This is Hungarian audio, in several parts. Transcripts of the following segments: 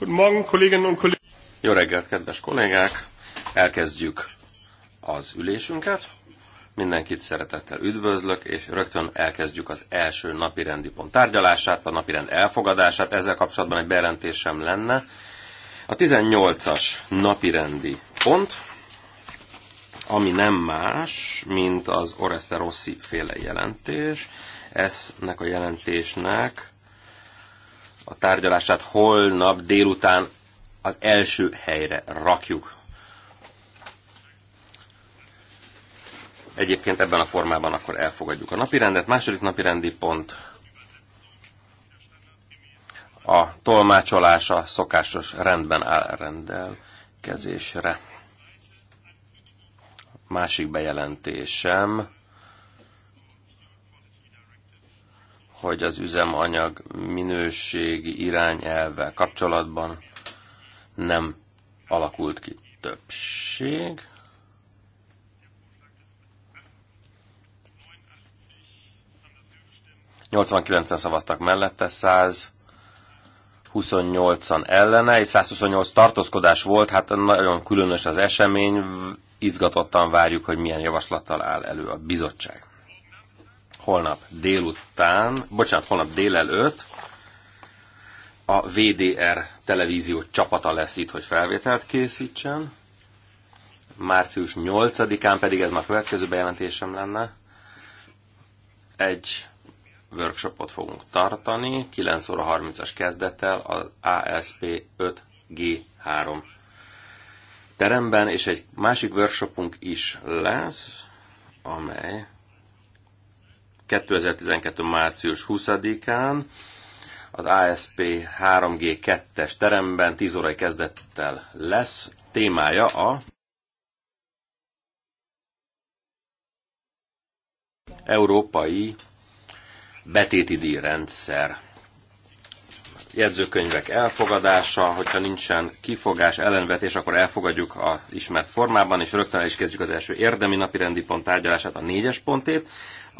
Guten Morgen, Kolleginnen und Kollegen. Jó reggelt, kedves kollégák! Elkezdjük az ülésünket. Mindenkit szeretettel üdvözlök, és rögtön elkezdjük az első napi rendi pont tárgyalását, a napi rend elfogadását. Ezzel kapcsolatban egy bejelentésem lenne. A 18-as napi rendi pont, ami nem más, mint az Oreste Rossi féle jelentés. Eznek a jelentésnek a tárgyalását holnap délután az első helyre rakjuk. Egyébként ebben a formában akkor elfogadjuk a napirendet. Második napirendi pont a tolmácsolása szokásos rendben áll rendelkezésre. Másik bejelentésem hogy az üzemanyag minőségi irányelvvel kapcsolatban nem alakult ki többség. en szavaztak mellette, 128-an ellene, és 128 tartózkodás volt, hát nagyon különös az esemény, izgatottan várjuk, hogy milyen javaslattal áll elő a bizottság holnap délután, bocsánat, holnap délelőtt a VDR televízió csapata lesz itt, hogy felvételt készítsen. Március 8-án pedig ez már a következő bejelentésem lenne. Egy workshopot fogunk tartani, 9 óra 30-as kezdettel az ASP 5G3 teremben, és egy másik workshopunk is lesz, amely 2012. március 20-án az ASP 3G2-es teremben 10 órai kezdettel lesz. Témája a Európai Betéti Díjrendszer. Jegyzőkönyvek elfogadása, hogyha nincsen kifogás, ellenvetés, akkor elfogadjuk az ismert formában, és rögtön el is kezdjük az első érdemi napi rendi pont tárgyalását, a négyes pontét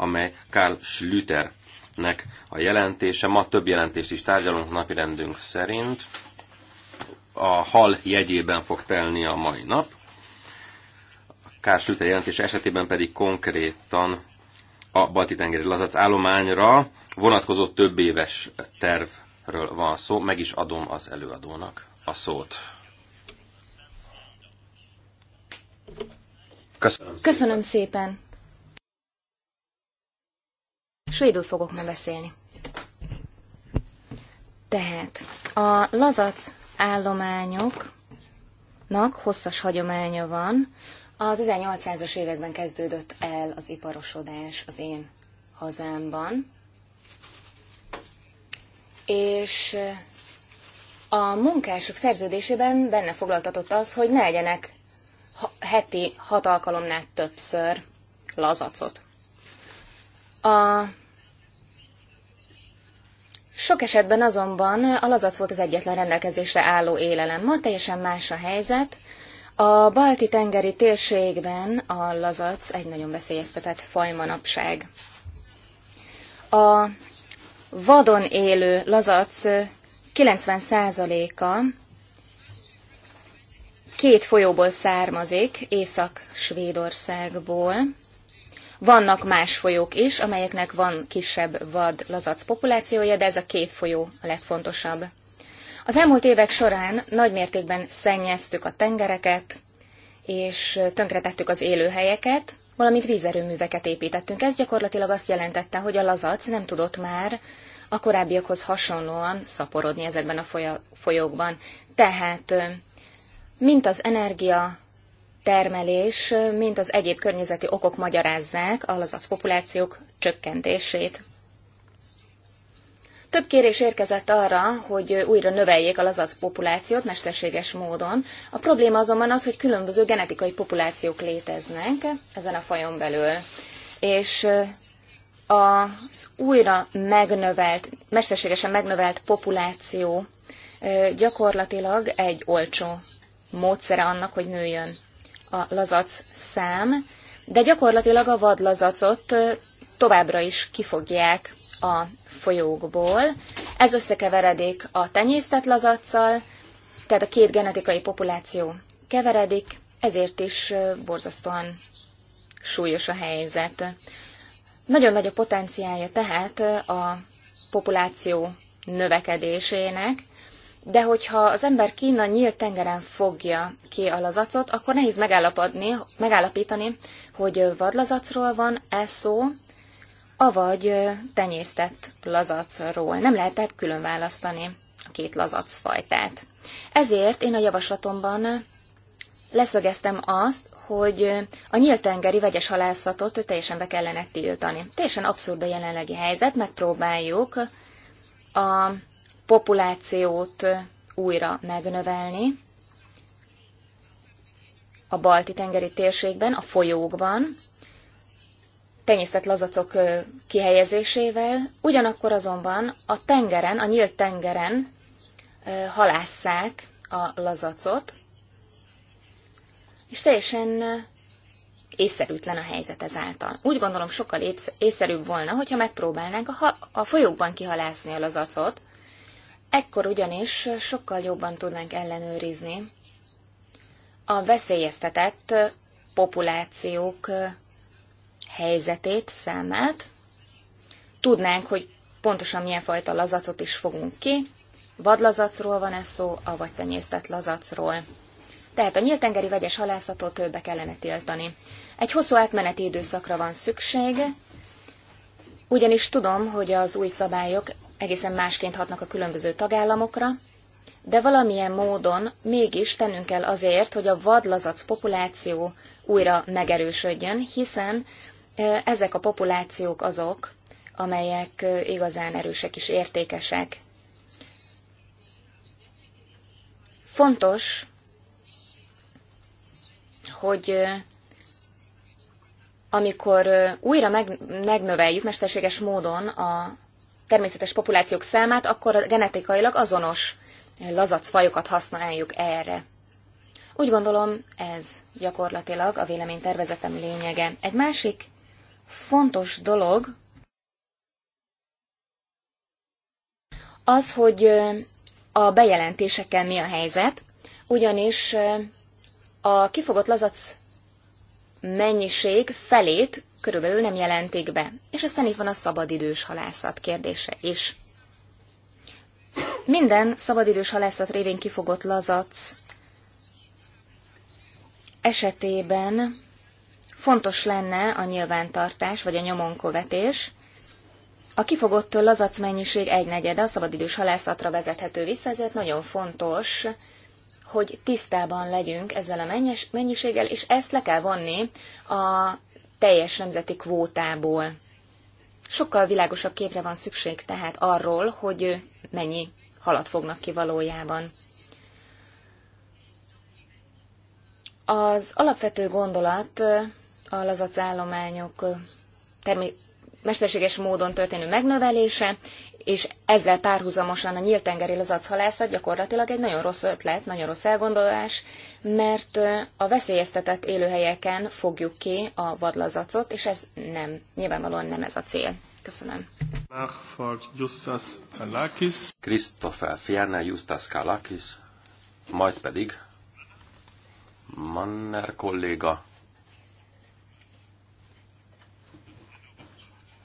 amely Karl Schlüternek a jelentése. Ma több jelentést is tárgyalunk napirendünk szerint. A hal jegyében fog telni a mai nap. A Karl Schlüter jelentés esetében pedig konkrétan a Balti-tengeri lazac állományra vonatkozó több éves tervről van szó. Meg is adom az előadónak a szót. Köszönöm, Köszönöm szépen. Svédul fogok ma beszélni. Tehát a lazac állományoknak hosszas hagyománya van. Az 1800-as években kezdődött el az iparosodás az én hazámban. És eh, a munkások szerződésében benne foglaltatott az, hogy ne legyenek heti hat alkalomnál többször lazacot. A sok esetben azonban a lazac volt az egyetlen rendelkezésre álló élelem. Ma teljesen más a helyzet. A balti tengeri térségben a lazac egy nagyon veszélyeztetett faj manapság. A vadon élő lazac 90%-a két folyóból származik, Észak-Svédországból, vannak más folyók is, amelyeknek van kisebb vad lazac populációja, de ez a két folyó a legfontosabb. Az elmúlt évek során nagymértékben szennyeztük a tengereket, és tönkretettük az élőhelyeket, valamint vízerőműveket építettünk. Ez gyakorlatilag azt jelentette, hogy a lazac nem tudott már a korábbiakhoz hasonlóan szaporodni ezekben a folyókban. Tehát mint az energia, termelés, mint az egyéb környezeti okok magyarázzák a lazac populációk csökkentését. Több kérés érkezett arra, hogy újra növeljék a lazac populációt mesterséges módon. A probléma azonban az, hogy különböző genetikai populációk léteznek ezen a fajon belül. És az újra megnövelt, mesterségesen megnövelt populáció gyakorlatilag egy olcsó módszere annak, hogy nőjön a lazac szám, de gyakorlatilag a vadlazacot továbbra is kifogják a folyókból. Ez összekeveredik a tenyésztett lazacsal, tehát a két genetikai populáció keveredik, ezért is borzasztóan súlyos a helyzet. Nagyon nagy a potenciálja tehát a populáció növekedésének, de hogyha az ember Kína nyílt tengeren fogja ki a lazacot, akkor nehéz megállapodni, megállapítani, hogy vadlazacról van e szó, avagy tenyésztett lazacról. Nem lehet tehát külön választani a két lazac fajtát. Ezért én a javaslatomban leszögeztem azt, hogy a nyíltengeri vegyes halászatot teljesen be kellene tiltani. Teljesen abszurd a jelenlegi helyzet, megpróbáljuk a populációt újra megnövelni a balti tengeri térségben, a folyókban, tenyésztett lazacok kihelyezésével, ugyanakkor azonban a tengeren, a nyílt tengeren halásszák a lazacot, és teljesen észszerűtlen a helyzet ezáltal. Úgy gondolom sokkal észszerűbb volna, hogyha megpróbálnánk a, a folyókban kihalászni a lazacot, Ekkor ugyanis sokkal jobban tudnánk ellenőrizni a veszélyeztetett populációk helyzetét, számát. Tudnánk, hogy pontosan milyen fajta lazacot is fogunk ki. Vadlazacról van ez szó, avagy tenyésztett lazacról. Tehát a nyíltengeri vegyes halászatot többe kellene tiltani. Egy hosszú átmeneti időszakra van szükség, ugyanis tudom, hogy az új szabályok egészen másként hatnak a különböző tagállamokra, de valamilyen módon mégis tennünk kell azért, hogy a vadlazac populáció újra megerősödjön, hiszen ezek a populációk azok, amelyek igazán erősek és értékesek. Fontos, hogy amikor újra megnöveljük mesterséges módon a természetes populációk számát, akkor genetikailag azonos lazac fajokat használjuk erre. Úgy gondolom, ez gyakorlatilag a véleménytervezetem lényege. Egy másik fontos dolog az, hogy a bejelentésekkel mi a helyzet, ugyanis a kifogott lazac mennyiség felét körülbelül nem jelentik be. És aztán itt van a szabadidős halászat kérdése is. Minden szabadidős halászat révén kifogott lazac esetében fontos lenne a nyilvántartás vagy a nyomonkövetés. A kifogott lazac mennyiség egynegyede a szabadidős halászatra vezethető vissza, ezért nagyon fontos, hogy tisztában legyünk ezzel a mennyiséggel, és ezt le kell vonni a teljes nemzeti kvótából. Sokkal világosabb képre van szükség tehát arról, hogy mennyi halat fognak ki valójában. Az alapvető gondolat a lazac állományok mesterséges módon történő megnövelése, és ezzel párhuzamosan a nyílt tengeri lazachalászat gyakorlatilag egy nagyon rossz ötlet, nagyon rossz elgondolás, mert a veszélyeztetett élőhelyeken fogjuk ki a vadlazacot, és ez nem, nyilvánvalóan nem ez a cél. Köszönöm. Kalakis. Christopher Justas Kalakis, majd pedig Manner kolléga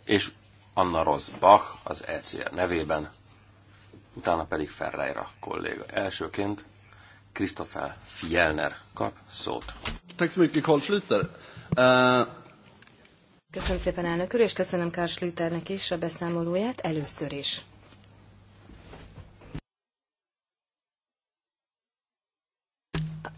és Anna Bach az ECR nevében, utána pedig Ferreira kolléga. Elsőként Christopher Fjellner kap szót. Eh, köszönöm szépen elnök úr, és köszönöm Karl Schlüternek is a beszámolóját először is.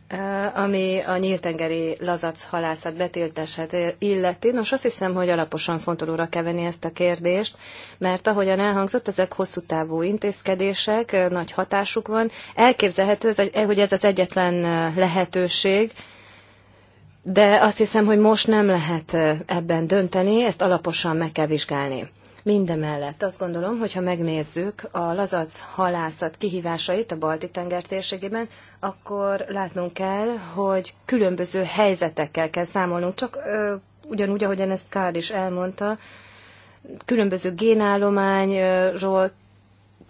Eh, ami a nyíltengeri lazac halászat betiltását illeti. Nos, azt hiszem, hogy alaposan fontolóra kell venni ezt a kérdést, mert ahogyan elhangzott, ezek hosszú távú intézkedések, eh, nagy hatásuk van. Elképzelhető, eh, hogy ez az egyetlen lehetőség, de azt hiszem, hogy most nem lehet ebben dönteni, ezt alaposan meg kell vizsgálni. Mindemellett azt gondolom, hogy ha megnézzük a lazac halászat kihívásait a Balti-tenger térségében, akkor látnunk kell, hogy különböző helyzetekkel kell számolnunk, csak ö, ugyanúgy, ahogyan ezt Kár is elmondta, különböző génállományról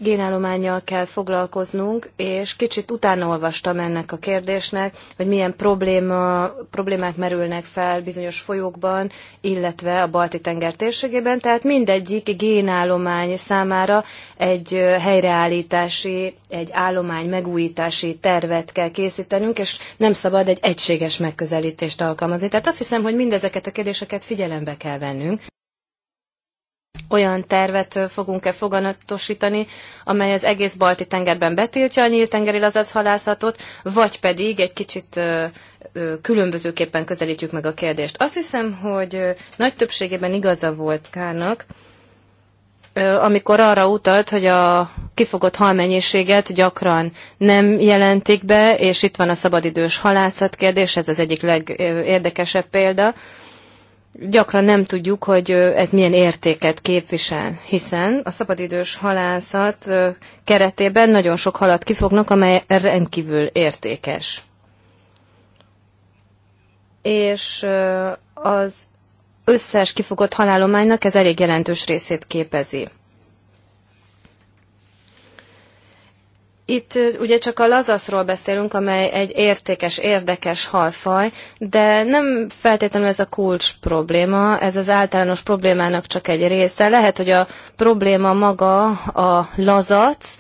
génállományjal kell foglalkoznunk, és kicsit utána olvastam ennek a kérdésnek, hogy milyen probléma, problémák merülnek fel bizonyos folyókban, illetve a Balti-tenger térségében, tehát mindegyik génállomány számára egy helyreállítási, egy állomány megújítási tervet kell készítenünk, és nem szabad egy egységes megközelítést alkalmazni. Tehát azt hiszem, hogy mindezeket a kérdéseket figyelembe kell vennünk olyan tervet fogunk-e foganatosítani, amely az egész balti tengerben betiltja a nyílt tengeri lazac halászatot, vagy pedig egy kicsit különbözőképpen közelítjük meg a kérdést. Azt hiszem, hogy nagy többségében igaza volt Kárnak, amikor arra utalt, hogy a kifogott halmennyiséget gyakran nem jelentik be, és itt van a szabadidős halászat kérdés, ez az egyik legérdekesebb példa gyakran nem tudjuk, hogy ez milyen értéket képvisel, hiszen a szabadidős halászat keretében nagyon sok halat kifognak, amely rendkívül értékes. És az összes kifogott halálománynak ez elég jelentős részét képezi. Itt ugye csak a lazaszról beszélünk, amely egy értékes, érdekes halfaj, de nem feltétlenül ez a kulcs probléma, ez az általános problémának csak egy része. Lehet, hogy a probléma maga a lazac,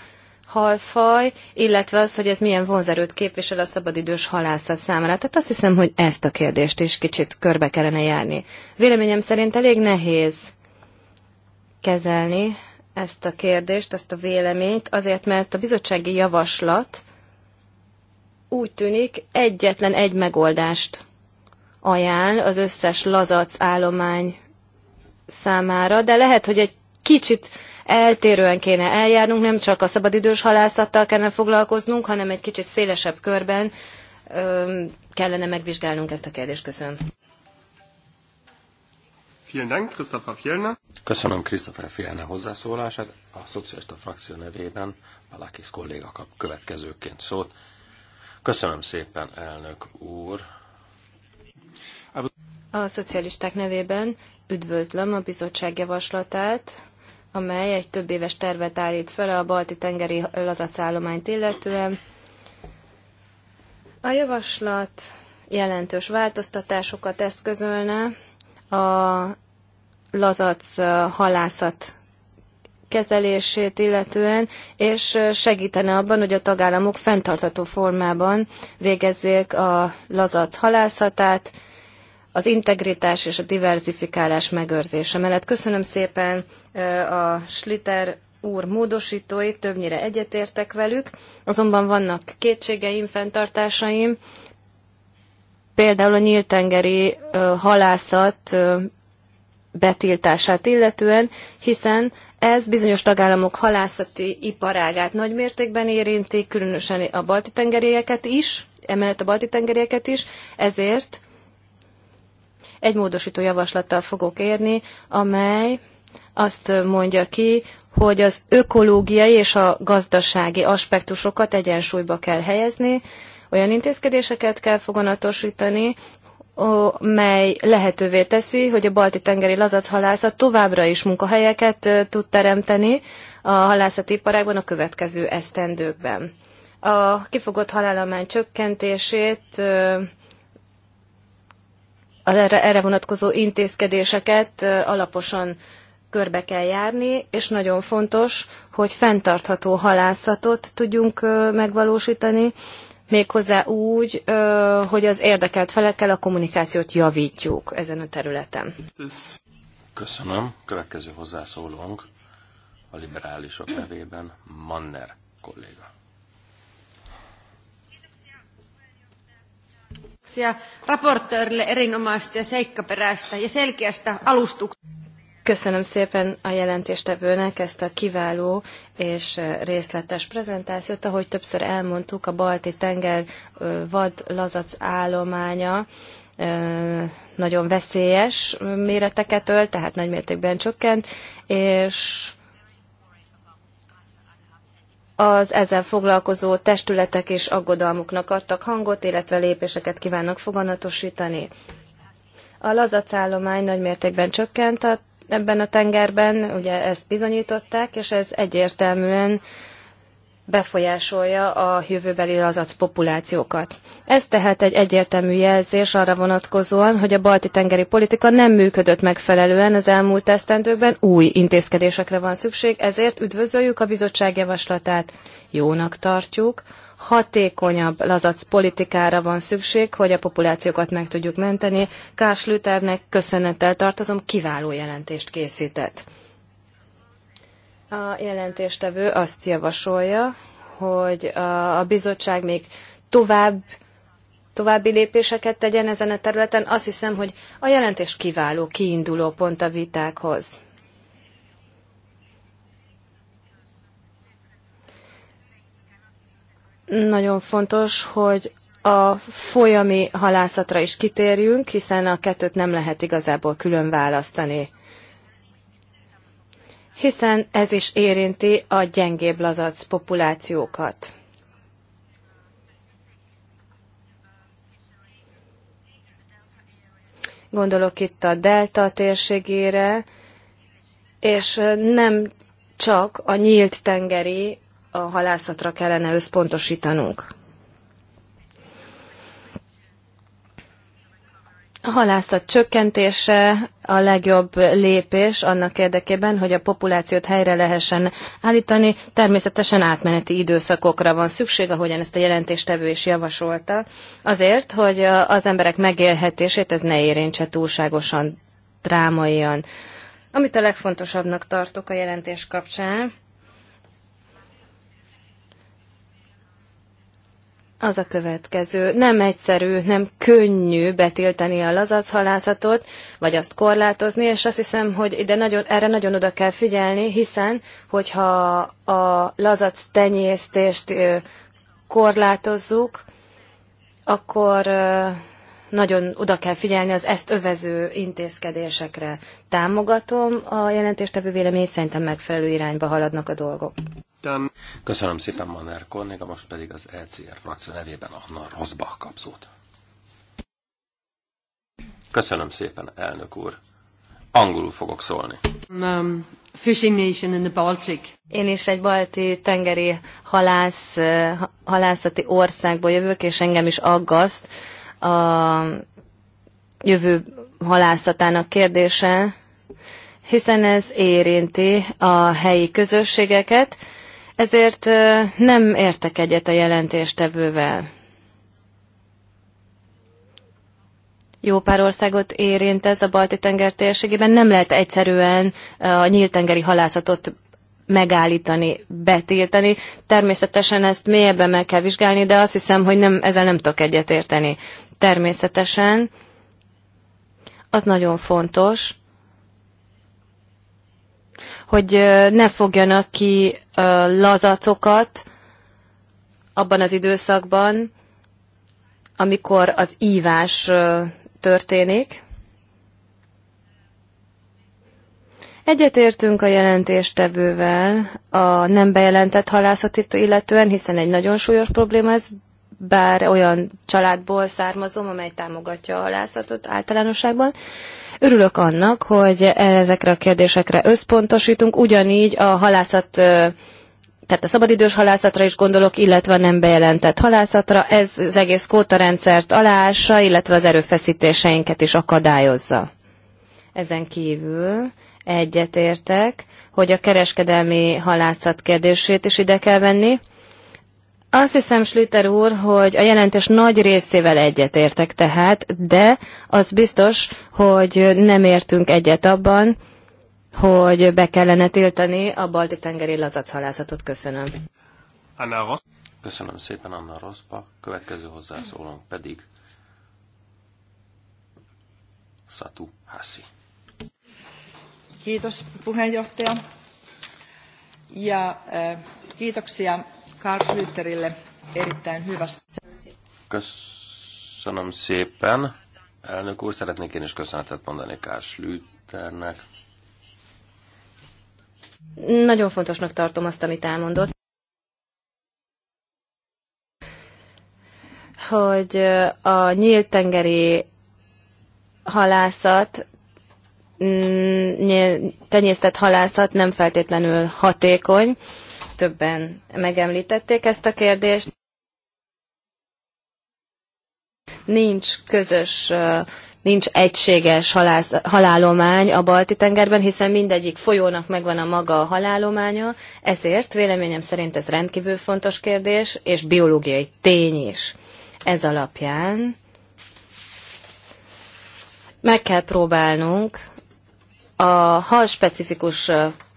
halfaj, illetve az, hogy ez milyen vonzerőt képvisel a szabadidős halászat számára. Tehát azt hiszem, hogy ezt a kérdést is kicsit körbe kellene járni. Véleményem szerint elég nehéz kezelni ezt a kérdést, ezt a véleményt, azért mert a bizottsági javaslat úgy tűnik egyetlen egy megoldást ajánl az összes lazac állomány számára, de lehet, hogy egy kicsit eltérően kéne eljárnunk, nem csak a szabadidős halászattal kellene foglalkoznunk, hanem egy kicsit szélesebb körben öm, kellene megvizsgálnunk ezt a kérdést. Köszönöm. Vielen Dank, Christopher Fjellner. Köszönöm Christopher Fjellner hozzászólását. A szocialista frakció nevében Balakis kolléga kap következőként szót. Köszönöm szépen, elnök úr. A szocialisták nevében üdvözlöm a bizottság javaslatát, amely egy több éves tervet állít fel a balti tengeri lazacállományt illetően. A javaslat jelentős változtatásokat eszközölne, a lazac halászat kezelését illetően, és segítene abban, hogy a tagállamok fenntartató formában végezzék a lazac halászatát, az integritás és a diverzifikálás megőrzése mellett. Köszönöm szépen a Schlitter úr módosítói többnyire egyetértek velük, azonban vannak kétségeim, fenntartásaim, például a nyíltengeri halászat betiltását illetően, hiszen ez bizonyos tagállamok halászati iparágát nagymértékben érinti, különösen a balti tengerieket is, emellett a balti tengerieket is, ezért egy módosító javaslattal fogok érni, amely azt mondja ki, hogy az ökológiai és a gazdasági aspektusokat egyensúlyba kell helyezni, olyan intézkedéseket kell foganatosítani, mely lehetővé teszi, hogy a balti tengeri lazachalászat továbbra is munkahelyeket tud teremteni a halászati iparágban a következő esztendőkben. A kifogott halálamány csökkentését az erre, erre vonatkozó intézkedéseket alaposan körbe kell járni, és nagyon fontos, hogy fenntartható halászatot tudjunk megvalósítani, méghozzá úgy, hogy az érdekelt felekkel a kommunikációt javítjuk ezen a területen. Köszönöm. Következő hozzászólónk a liberálisok nevében Manner kolléga. raportöörille erinomaista ja seikkaperäistä ja selkeästä alustuksesta. Köszönöm szépen a jelentéstevőnek ezt a kiváló és részletes prezentációt. Ahogy többször elmondtuk, a balti tenger vad lazac állománya nagyon veszélyes méreteket ölt, tehát nagy mértékben csökkent, és az ezzel foglalkozó testületek és aggodalmuknak adtak hangot, illetve lépéseket kívánnak foganatosítani. A lazacállomány nagymértékben csökkent a ebben a tengerben, ugye ezt bizonyították, és ez egyértelműen befolyásolja a jövőbeli lazac populációkat. Ez tehát egy egyértelmű jelzés arra vonatkozóan, hogy a balti tengeri politika nem működött megfelelően az elmúlt esztendőkben, új intézkedésekre van szükség, ezért üdvözöljük a bizottság javaslatát, jónak tartjuk, hatékonyabb lazac politikára van szükség, hogy a populációkat meg tudjuk menteni. Kás Lüternek köszönettel tartozom, kiváló jelentést készített. A jelentéstevő azt javasolja, hogy a bizottság még tovább további lépéseket tegyen ezen a területen. Azt hiszem, hogy a jelentés kiváló kiinduló pont a vitákhoz. Nagyon fontos, hogy a folyami halászatra is kitérjünk, hiszen a kettőt nem lehet igazából külön választani. Hiszen ez is érinti a gyengébb lazac populációkat. Gondolok itt a delta térségére, és nem csak a nyílt tengeri a halászatra kellene összpontosítanunk. A halászat csökkentése a legjobb lépés annak érdekében, hogy a populációt helyre lehessen állítani. Természetesen átmeneti időszakokra van szükség, ahogyan ezt a jelentéstevő is javasolta, azért, hogy az emberek megélhetését ez ne érintse túlságosan drámaian. Amit a legfontosabbnak tartok a jelentés kapcsán, az a következő. Nem egyszerű, nem könnyű betiltani a lazac halászatot, vagy azt korlátozni, és azt hiszem, hogy ide nagyon, erre nagyon oda kell figyelni, hiszen, hogyha a lazac tenyésztést korlátozzuk, akkor nagyon oda kell figyelni az ezt övező intézkedésekre. Támogatom a jelentéstevő véleményét, szerintem megfelelő irányba haladnak a dolgok. Köszönöm szépen Manner kolléga, most pedig az ECR frakció nevében Anna Rosbach kap szót. Köszönöm szépen, elnök úr. Angolul fogok szólni. Um, fishing nation in the Baltic. Én is egy balti tengeri halász, halászati országból jövök, és engem is aggaszt, a jövő halászatának kérdése, hiszen ez érinti a helyi közösségeket, ezért nem értek egyet a jelentéstevővel. Jó pár országot érint ez a Balti-tenger térségében. Nem lehet egyszerűen a nyíltengeri halászatot megállítani, betiltani. Természetesen ezt mélyebben meg kell vizsgálni, de azt hiszem, hogy nem, ezzel nem tudok egyetérteni természetesen az nagyon fontos, hogy ne fogjanak ki lazacokat abban az időszakban, amikor az ívás történik. Egyetértünk a jelentéstevővel a nem bejelentett halászat illetően, hiszen egy nagyon súlyos probléma ez, bár olyan családból származom, amely támogatja a halászatot általánosságban. Örülök annak, hogy ezekre a kérdésekre összpontosítunk, ugyanígy a halászat tehát a szabadidős halászatra is gondolok, illetve a nem bejelentett halászatra. Ez az egész kótarendszert alása, illetve az erőfeszítéseinket is akadályozza. Ezen kívül egyetértek, hogy a kereskedelmi halászat kérdését is ide kell venni. Azt hiszem, Slüter úr, hogy a jelentés nagy részével egyetértek tehát, de az biztos, hogy nem értünk egyet abban, hogy be kellene tiltani a balti-tengeri lazachalászatot. Köszönöm. Anna Rossz. Köszönöm szépen Anna Rosszba. Következő hozzászólónk pedig Satu Hassi. Kiitos puheenjohtaja. Ja, kiitoksia Karl Schlüterille erittäin hyvästä. Köszönöm szépen. Elnök úr, szeretnék én is köszönetet mondani Karl Schlüternek. Nagyon fontosnak tartom azt, amit elmondott. hogy a nyílt tengeri halászat tenyésztett halászat nem feltétlenül hatékony. Többen megemlítették ezt a kérdést. Nincs közös, nincs egységes halász, halálomány a Balti-tengerben, hiszen mindegyik folyónak megvan a maga a halálománya, ezért véleményem szerint ez rendkívül fontos kérdés, és biológiai tény is. Ez alapján meg kell próbálnunk a hal specifikus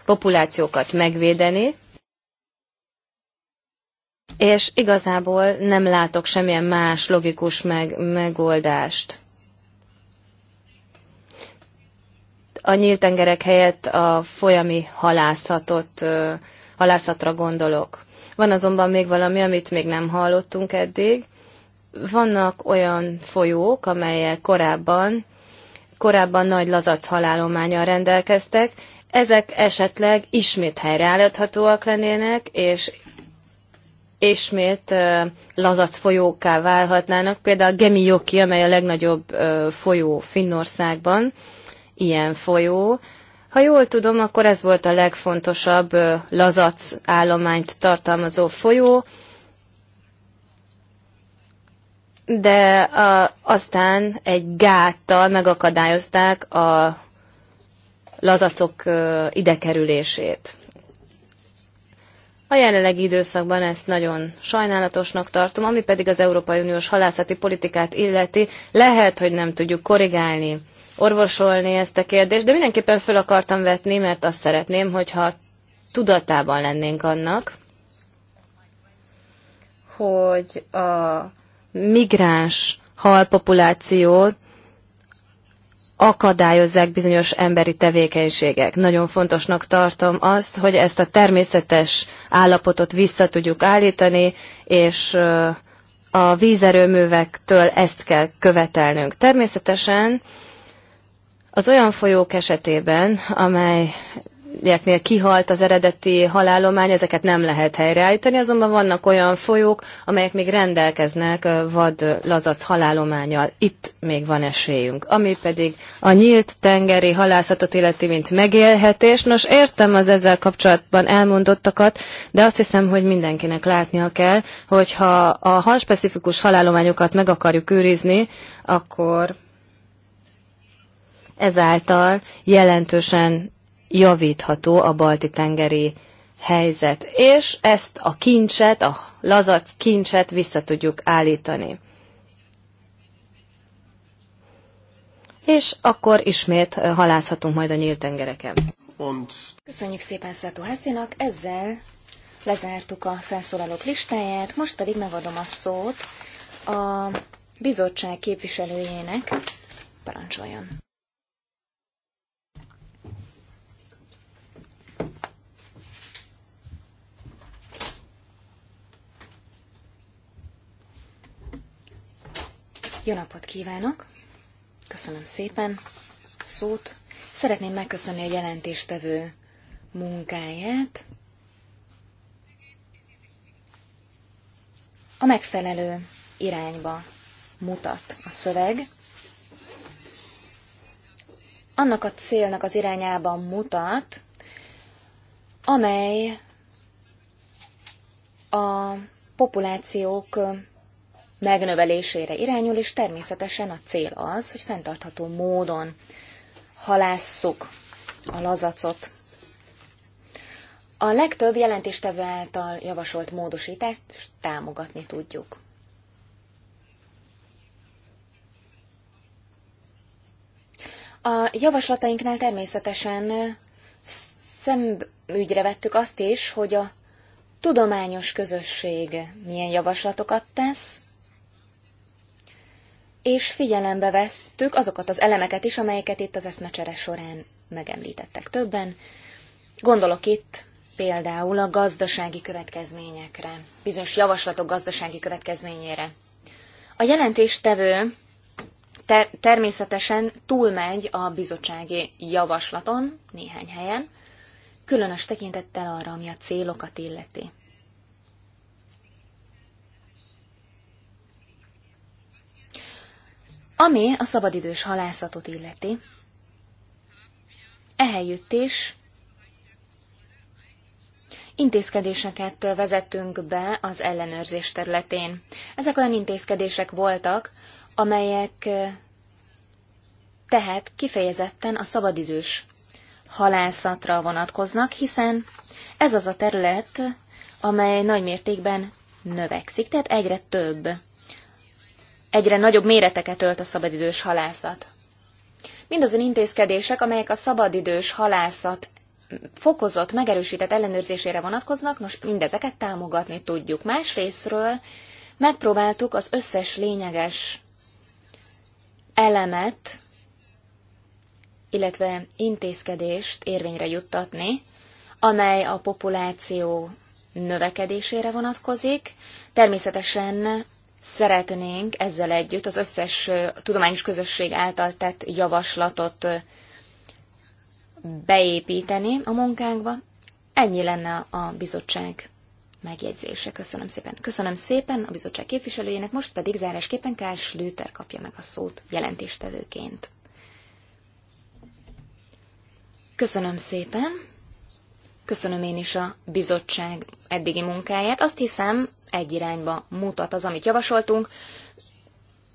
populációkat megvédeni, és igazából nem látok semmilyen más logikus meg, megoldást. A nyíltengerek helyett a folyami halászatot, halászatra gondolok. Van azonban még valami, amit még nem hallottunk eddig. Vannak olyan folyók, amelyek korábban korábban nagy lazac halálományjal rendelkeztek, ezek esetleg ismét helyreállíthatóak lennének, és ismét lazac folyókká válhatnának. Például a Gemijoki, amely a legnagyobb folyó Finnországban, ilyen folyó. Ha jól tudom, akkor ez volt a legfontosabb lazac állományt tartalmazó folyó, de a, aztán egy gáttal megakadályozták a lazacok idekerülését. A jelenlegi időszakban ezt nagyon sajnálatosnak tartom, ami pedig az Európai Uniós halászati politikát illeti, lehet, hogy nem tudjuk korrigálni, orvosolni ezt a kérdést, de mindenképpen föl akartam vetni, mert azt szeretném, hogyha tudatában lennénk annak, hogy a migráns halpopulációt akadályozzák bizonyos emberi tevékenységek. Nagyon fontosnak tartom azt, hogy ezt a természetes állapotot vissza tudjuk állítani, és a vízerőművektől ezt kell követelnünk. Természetesen az olyan folyók esetében, amely Ilyeknél kihalt az eredeti halálomány, ezeket nem lehet helyreállítani, azonban vannak olyan folyók, amelyek még rendelkeznek vad lazac halálományjal. Itt még van esélyünk. Ami pedig a nyílt tengeri halászatot illeti, mint megélhetés. Nos, értem az ezzel kapcsolatban elmondottakat, de azt hiszem, hogy mindenkinek látnia kell, hogyha a halspecifikus halálományokat meg akarjuk őrizni, akkor ezáltal jelentősen javítható a balti-tengeri helyzet, és ezt a kincset, a lazac kincset vissza tudjuk állítani. És akkor ismét halászhatunk majd a nyílt tengereken. Köszönjük szépen Szátó Hászinak, ezzel lezártuk a felszólalók listáját, most pedig megadom a szót a bizottság képviselőjének, parancsoljon. Jó napot kívánok! Köszönöm szépen szót. Szeretném megköszönni a jelentéstevő munkáját. A megfelelő irányba mutat a szöveg. Annak a célnak az irányába mutat, amely a populációk megnövelésére irányul, és természetesen a cél az, hogy fenntartható módon halásszuk a lazacot. A legtöbb jelentéstevő által javasolt módosítást támogatni tudjuk. A javaslatainknál természetesen szemügyre vettük azt is, hogy a tudományos közösség milyen javaslatokat tesz, és figyelembe vesztük azokat az elemeket is, amelyeket itt az eszmecsere során megemlítettek többen. Gondolok itt például a gazdasági következményekre, bizonyos javaslatok gazdasági következményére. A jelentéstevő ter- természetesen túlmegy a bizottsági javaslaton néhány helyen, különös tekintettel arra, ami a célokat illeti. Ami a szabadidős halászatot illeti, ehelyütt is intézkedéseket vezettünk be az ellenőrzés területén. Ezek olyan intézkedések voltak, amelyek eh, tehát kifejezetten a szabadidős halászatra vonatkoznak, hiszen ez az a terület, amely nagymértékben növekszik, tehát egyre több egyre nagyobb méreteket ölt a szabadidős halászat. Mindazon intézkedések, amelyek a szabadidős halászat fokozott, megerősített ellenőrzésére vonatkoznak, nos, mindezeket támogatni tudjuk. Másrésztről megpróbáltuk az összes lényeges elemet, illetve intézkedést érvényre juttatni, amely a populáció növekedésére vonatkozik. Természetesen szeretnénk ezzel együtt az összes tudományos közösség által tett javaslatot beépíteni a munkánkba. Ennyi lenne a bizottság megjegyzése. Köszönöm szépen. Köszönöm szépen a bizottság képviselőjének, most pedig zárásképpen Kár Slüter kapja meg a szót jelentéstevőként. Köszönöm szépen. Köszönöm én is a bizottság eddigi munkáját. Azt hiszem, egy irányba mutat az, amit javasoltunk.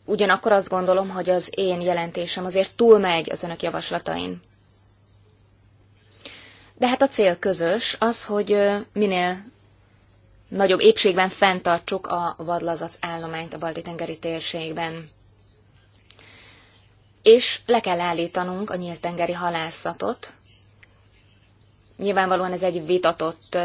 Ugyanakkor azt gondolom, hogy az én jelentésem azért túlmegy az önök javaslatain. De hát a cél közös az, hogy minél nagyobb épségben fenntartsuk a vadlazasz állományt a Balti-tengeri térségben. És le kell állítanunk a nyílt tengeri halászatot, Nyilvánvalóan ez egy vitatott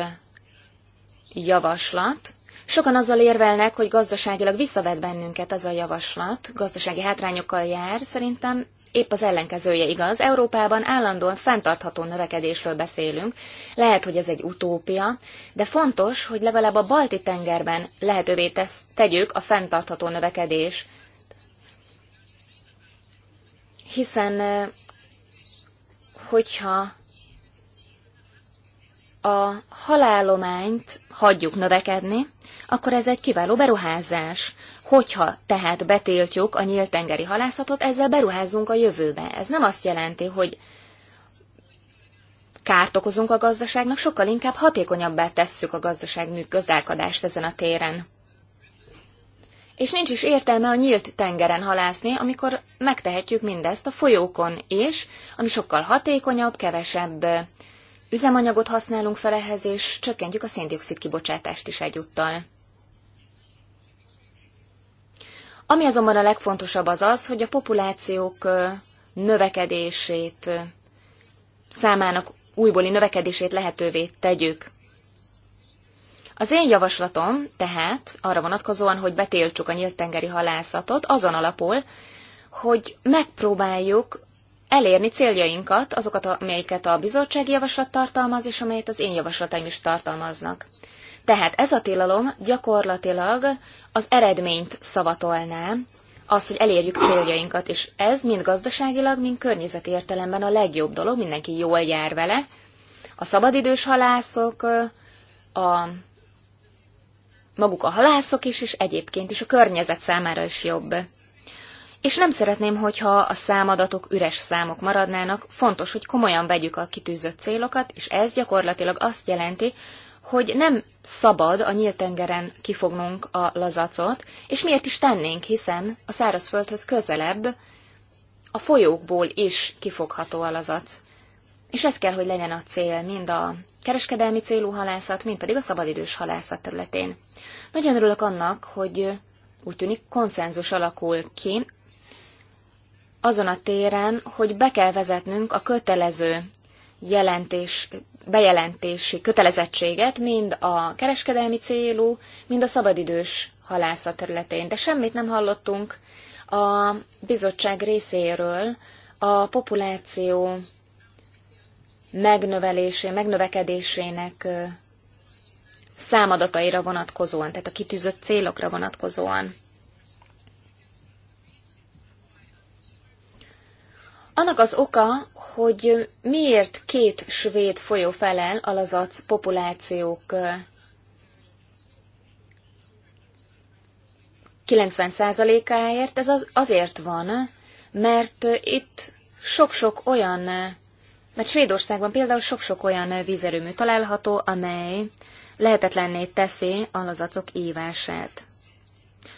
javaslat. Sokan azzal érvelnek, hogy gazdaságilag visszavet bennünket ez a javaslat, gazdasági hátrányokkal jár, szerintem épp az ellenkezője igaz. Európában állandóan fenntartható növekedésről beszélünk, lehet, hogy ez egy utópia, de fontos, hogy legalább a balti tengerben lehetővé tesz, tegyük a fenntartható növekedés. Hiszen hogyha a halálományt hagyjuk növekedni, akkor ez egy kiváló beruházás. Hogyha tehát betiltjuk a nyíltengeri halászatot, ezzel beruházunk a jövőbe. Ez nem azt jelenti, hogy kárt okozunk a gazdaságnak, sokkal inkább hatékonyabbá tesszük a gazdaság gazdálkodást ezen a téren. És nincs is értelme a nyílt tengeren halászni, amikor megtehetjük mindezt a folyókon és ami sokkal hatékonyabb, kevesebb üzemanyagot használunk fel ehhez, és csökkentjük a széndiokszid kibocsátást is egyúttal. Ami azonban a legfontosabb az az, hogy a populációk növekedését, számának újbóli növekedését lehetővé tegyük. Az én javaslatom tehát arra vonatkozóan, hogy betiltsuk a nyílt tengeri halászatot azon alapul, hogy megpróbáljuk elérni céljainkat, azokat, amelyeket a bizottsági javaslat tartalmaz, és amelyet az én javaslataim is tartalmaznak. Tehát ez a tilalom gyakorlatilag az eredményt szavatolná, az, hogy elérjük céljainkat, és ez mind gazdaságilag, mind környezeti értelemben a legjobb dolog, mindenki jól jár vele. A szabadidős halászok, a maguk a halászok is, és egyébként is a környezet számára is jobb és nem szeretném, hogyha a számadatok üres számok maradnának, fontos, hogy komolyan vegyük a kitűzött célokat, és ez gyakorlatilag azt jelenti, hogy nem szabad a nyílt tengeren kifognunk a lazacot, és miért is tennénk, hiszen a szárazföldhöz közelebb a folyókból is kifogható a lazac. És ez kell, hogy legyen a cél, mind a kereskedelmi célú halászat, mind pedig a szabadidős halászat területén. Nagyon örülök annak, hogy úgy tűnik konszenzus alakul ki azon a téren, hogy be kell vezetnünk a kötelező jelentés, bejelentési kötelezettséget mind a kereskedelmi célú, mind a szabadidős halászat területén. De semmit nem hallottunk a bizottság részéről a populáció megnövelésé, megnövekedésének számadataira vonatkozóan, tehát a kitűzött célokra vonatkozóan. Annak az oka, hogy miért két svéd folyó felel alazac populációk 90%-áért, ez az, azért van, mert itt sok-sok olyan, mert Svédországban például sok-sok olyan vízerőmű található, amely lehetetlenné teszi alazacok ívását.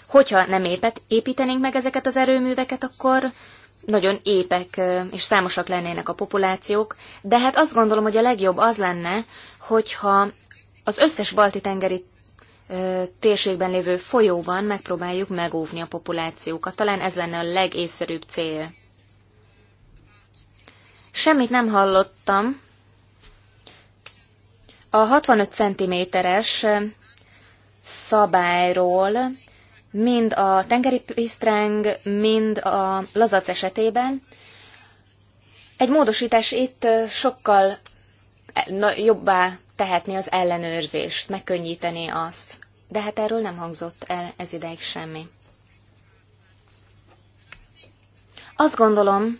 Hogyha nem épet, építenénk meg ezeket az erőműveket, akkor nagyon épek és számosak lennének a populációk, de hát azt gondolom, hogy a legjobb az lenne, hogyha az összes balti tengeri térségben lévő folyóban megpróbáljuk megóvni a populációkat. Talán ez lenne a legészszerűbb cél. Semmit nem hallottam. A 65 cm-es szabályról mind a tengeri pésztráng, mind a lazac esetében. Egy módosítás itt sokkal e, jobbá tehetni az ellenőrzést, megkönnyíteni azt. De hát erről nem hangzott el ez ideig semmi. Azt gondolom,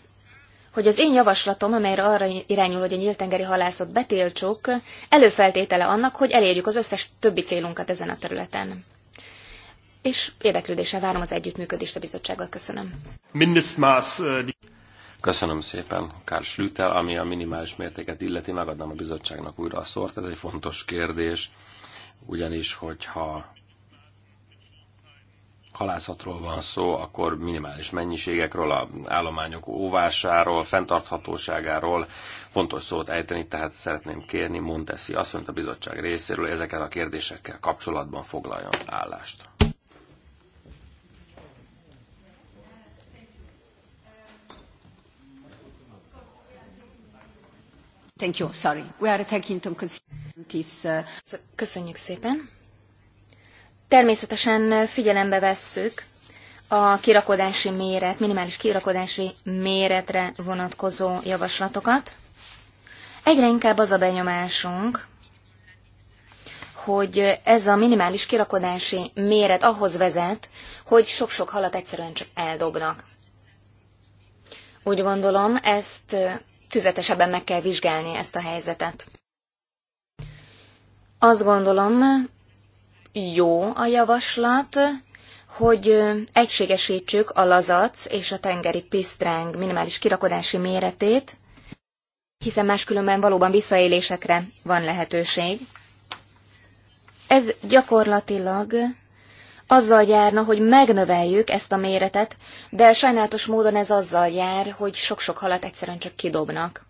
hogy az én javaslatom, amelyre arra irányul, hogy a nyíltengeri halászot betiltsuk, előfeltétele annak, hogy elérjük az összes többi célunkat ezen a területen és érdeklődéssel várom az együttműködést a bizottsággal. Köszönöm. Mindestmaß. Köszönöm szépen, Karl Schlüter, ami a minimális mértéket illeti, megadnám a bizottságnak újra a szort. Ez egy fontos kérdés, ugyanis, hogyha halászatról van szó, akkor minimális mennyiségekről, a állományok óvásáról, fenntarthatóságáról fontos szót ejteni, tehát szeretném kérni Monteszi hogy a bizottság részéről, ezekkel a kérdésekkel kapcsolatban foglaljon állást. Thank you. Sorry. We are taking into consideration uh, Köszönjük szépen. Természetesen figyelembe vesszük a kirakodási méret, minimális kirakodási méretre vonatkozó javaslatokat. Egyre inkább az a benyomásunk, hogy ez a minimális kirakodási méret ahhoz vezet, hogy sok-sok halat egyszerűen csak eldobnak. Úgy gondolom, ezt tüzetesebben meg kell vizsgálni ezt a helyzetet. Azt gondolom, jó a javaslat, hogy egységesítsük a lazac és a tengeri pisztráng minimális kirakodási méretét, hiszen máskülönben valóban visszaélésekre van lehetőség. Ez gyakorlatilag azzal járna, hogy megnöveljük ezt a méretet, de sajnálatos módon ez azzal jár, hogy sok-sok halat egyszerűen csak kidobnak.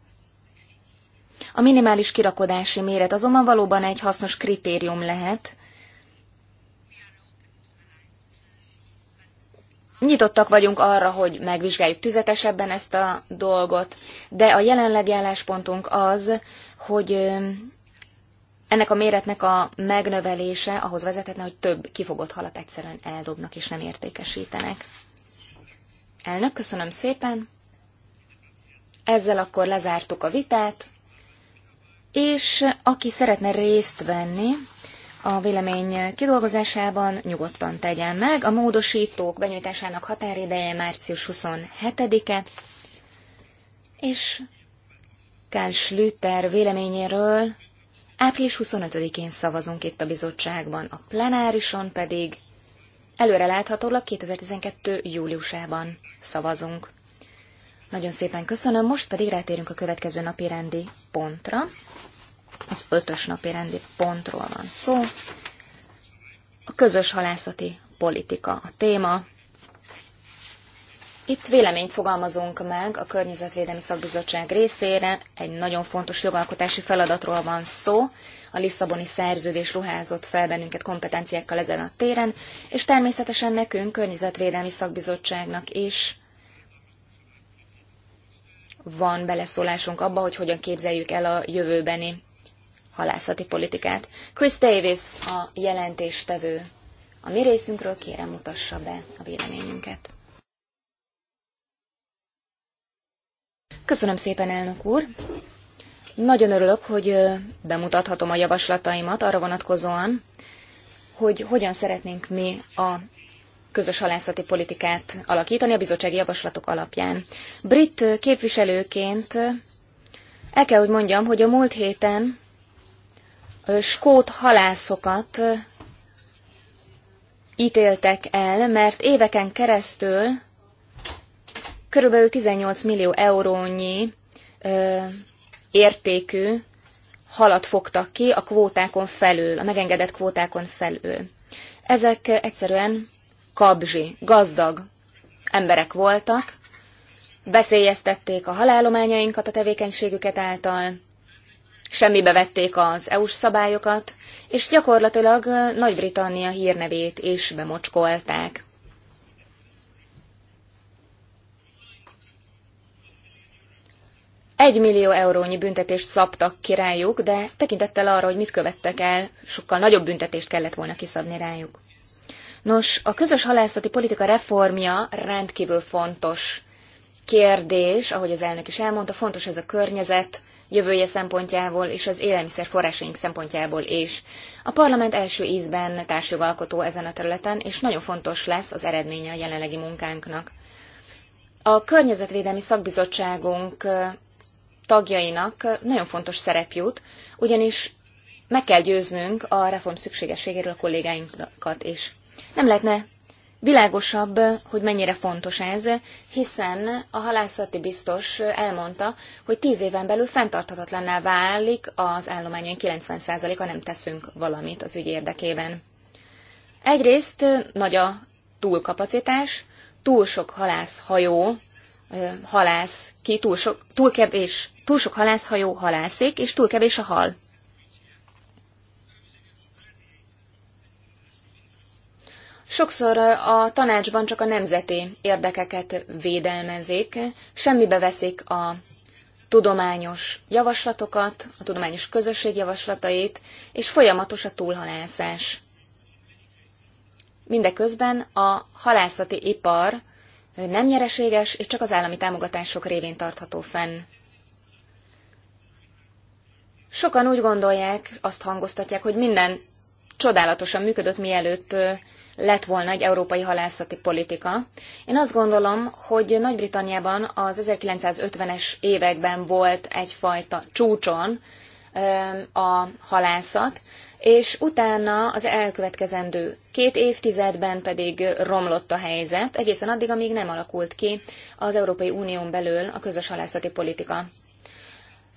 A minimális kirakodási méret azonban valóban egy hasznos kritérium lehet. Nyitottak vagyunk arra, hogy megvizsgáljuk tüzetesebben ezt a dolgot, de a jelenlegi álláspontunk az, hogy ennek a méretnek a megnövelése ahhoz vezethetne, hogy több kifogott halat egyszerűen eldobnak és nem értékesítenek. Elnök, köszönöm szépen! Ezzel akkor lezártuk a vitát, és aki szeretne részt venni a vélemény kidolgozásában, nyugodtan tegyen meg. A módosítók benyújtásának határideje március 27-e, és Kán Schlüter véleményéről Április 25-én szavazunk itt a bizottságban, a plenárison pedig előre láthatólag 2012. júliusában szavazunk. Nagyon szépen köszönöm, most pedig rátérünk a következő napi rendi pontra. Az ötös napi rendi pontról van szó. A közös halászati politika a téma. Itt véleményt fogalmazunk meg a Környezetvédelmi Szakbizottság részére. Egy nagyon fontos jogalkotási feladatról van szó. A Lisszaboni szerződés ruházott fel bennünket kompetenciákkal ezen a téren, és természetesen nekünk, Környezetvédelmi Szakbizottságnak is van beleszólásunk abba, hogy hogyan képzeljük el a jövőbeni halászati politikát. Chris Davis a jelentéstevő. A mi részünkről kérem mutassa be a véleményünket. Köszönöm szépen, elnök úr! Nagyon örülök, hogy bemutathatom a javaslataimat arra vonatkozóan, hogy hogyan szeretnénk mi a közös halászati politikát alakítani a bizottsági javaslatok alapján. Brit képviselőként el kell, hogy mondjam, hogy a múlt héten skót halászokat ítéltek el, mert éveken keresztül körülbelül 18 millió eurónyi ö, értékű halat fogtak ki a kvótákon felül, a megengedett kvótákon felül. Ezek egyszerűen kabzsi, gazdag emberek voltak, beszélyeztették a halálományainkat a tevékenységüket által, semmibe vették az EU-s szabályokat, és gyakorlatilag Nagy-Britannia hírnevét is bemocskolták. egy millió eurónyi büntetést szabtak ki rájuk, de tekintettel arra, hogy mit követtek el, sokkal nagyobb büntetést kellett volna kiszabni rájuk. Nos, a közös halászati politika reformja rendkívül fontos kérdés, ahogy az elnök is elmondta, fontos ez a környezet jövője szempontjából és az élelmiszer forrásaink szempontjából is. A parlament első ízben társjogalkotó ezen a területen, és nagyon fontos lesz az eredménye a jelenlegi munkánknak. A Környezetvédelmi Szakbizottságunk tagjainak nagyon fontos szerep jut, ugyanis meg kell győznünk a reform szükségességéről a kollégáinkat is. Nem lehetne világosabb, hogy mennyire fontos ez, hiszen a halászati biztos elmondta, hogy tíz éven belül fenntarthatatlanná válik az állományon 90%-a nem teszünk valamit az ügy érdekében. Egyrészt nagy a túlkapacitás, túl sok halászhajó halász ki, túl sok, túl kevés, túl sok halászhajó halászik, és túl kevés a hal. Sokszor a tanácsban csak a nemzeti érdekeket védelmezik, semmibe veszik a tudományos javaslatokat, a tudományos közösség javaslatait, és folyamatos a túlhalászás. Mindeközben a halászati ipar nem nyereséges, és csak az állami támogatások révén tartható fenn. Sokan úgy gondolják, azt hangoztatják, hogy minden csodálatosan működött, mielőtt lett volna egy európai halászati politika. Én azt gondolom, hogy Nagy-Britanniában az 1950-es években volt egyfajta csúcson a halászat, és utána az elkövetkezendő két évtizedben pedig romlott a helyzet, egészen addig, amíg nem alakult ki az Európai Unión belül a közös halászati politika.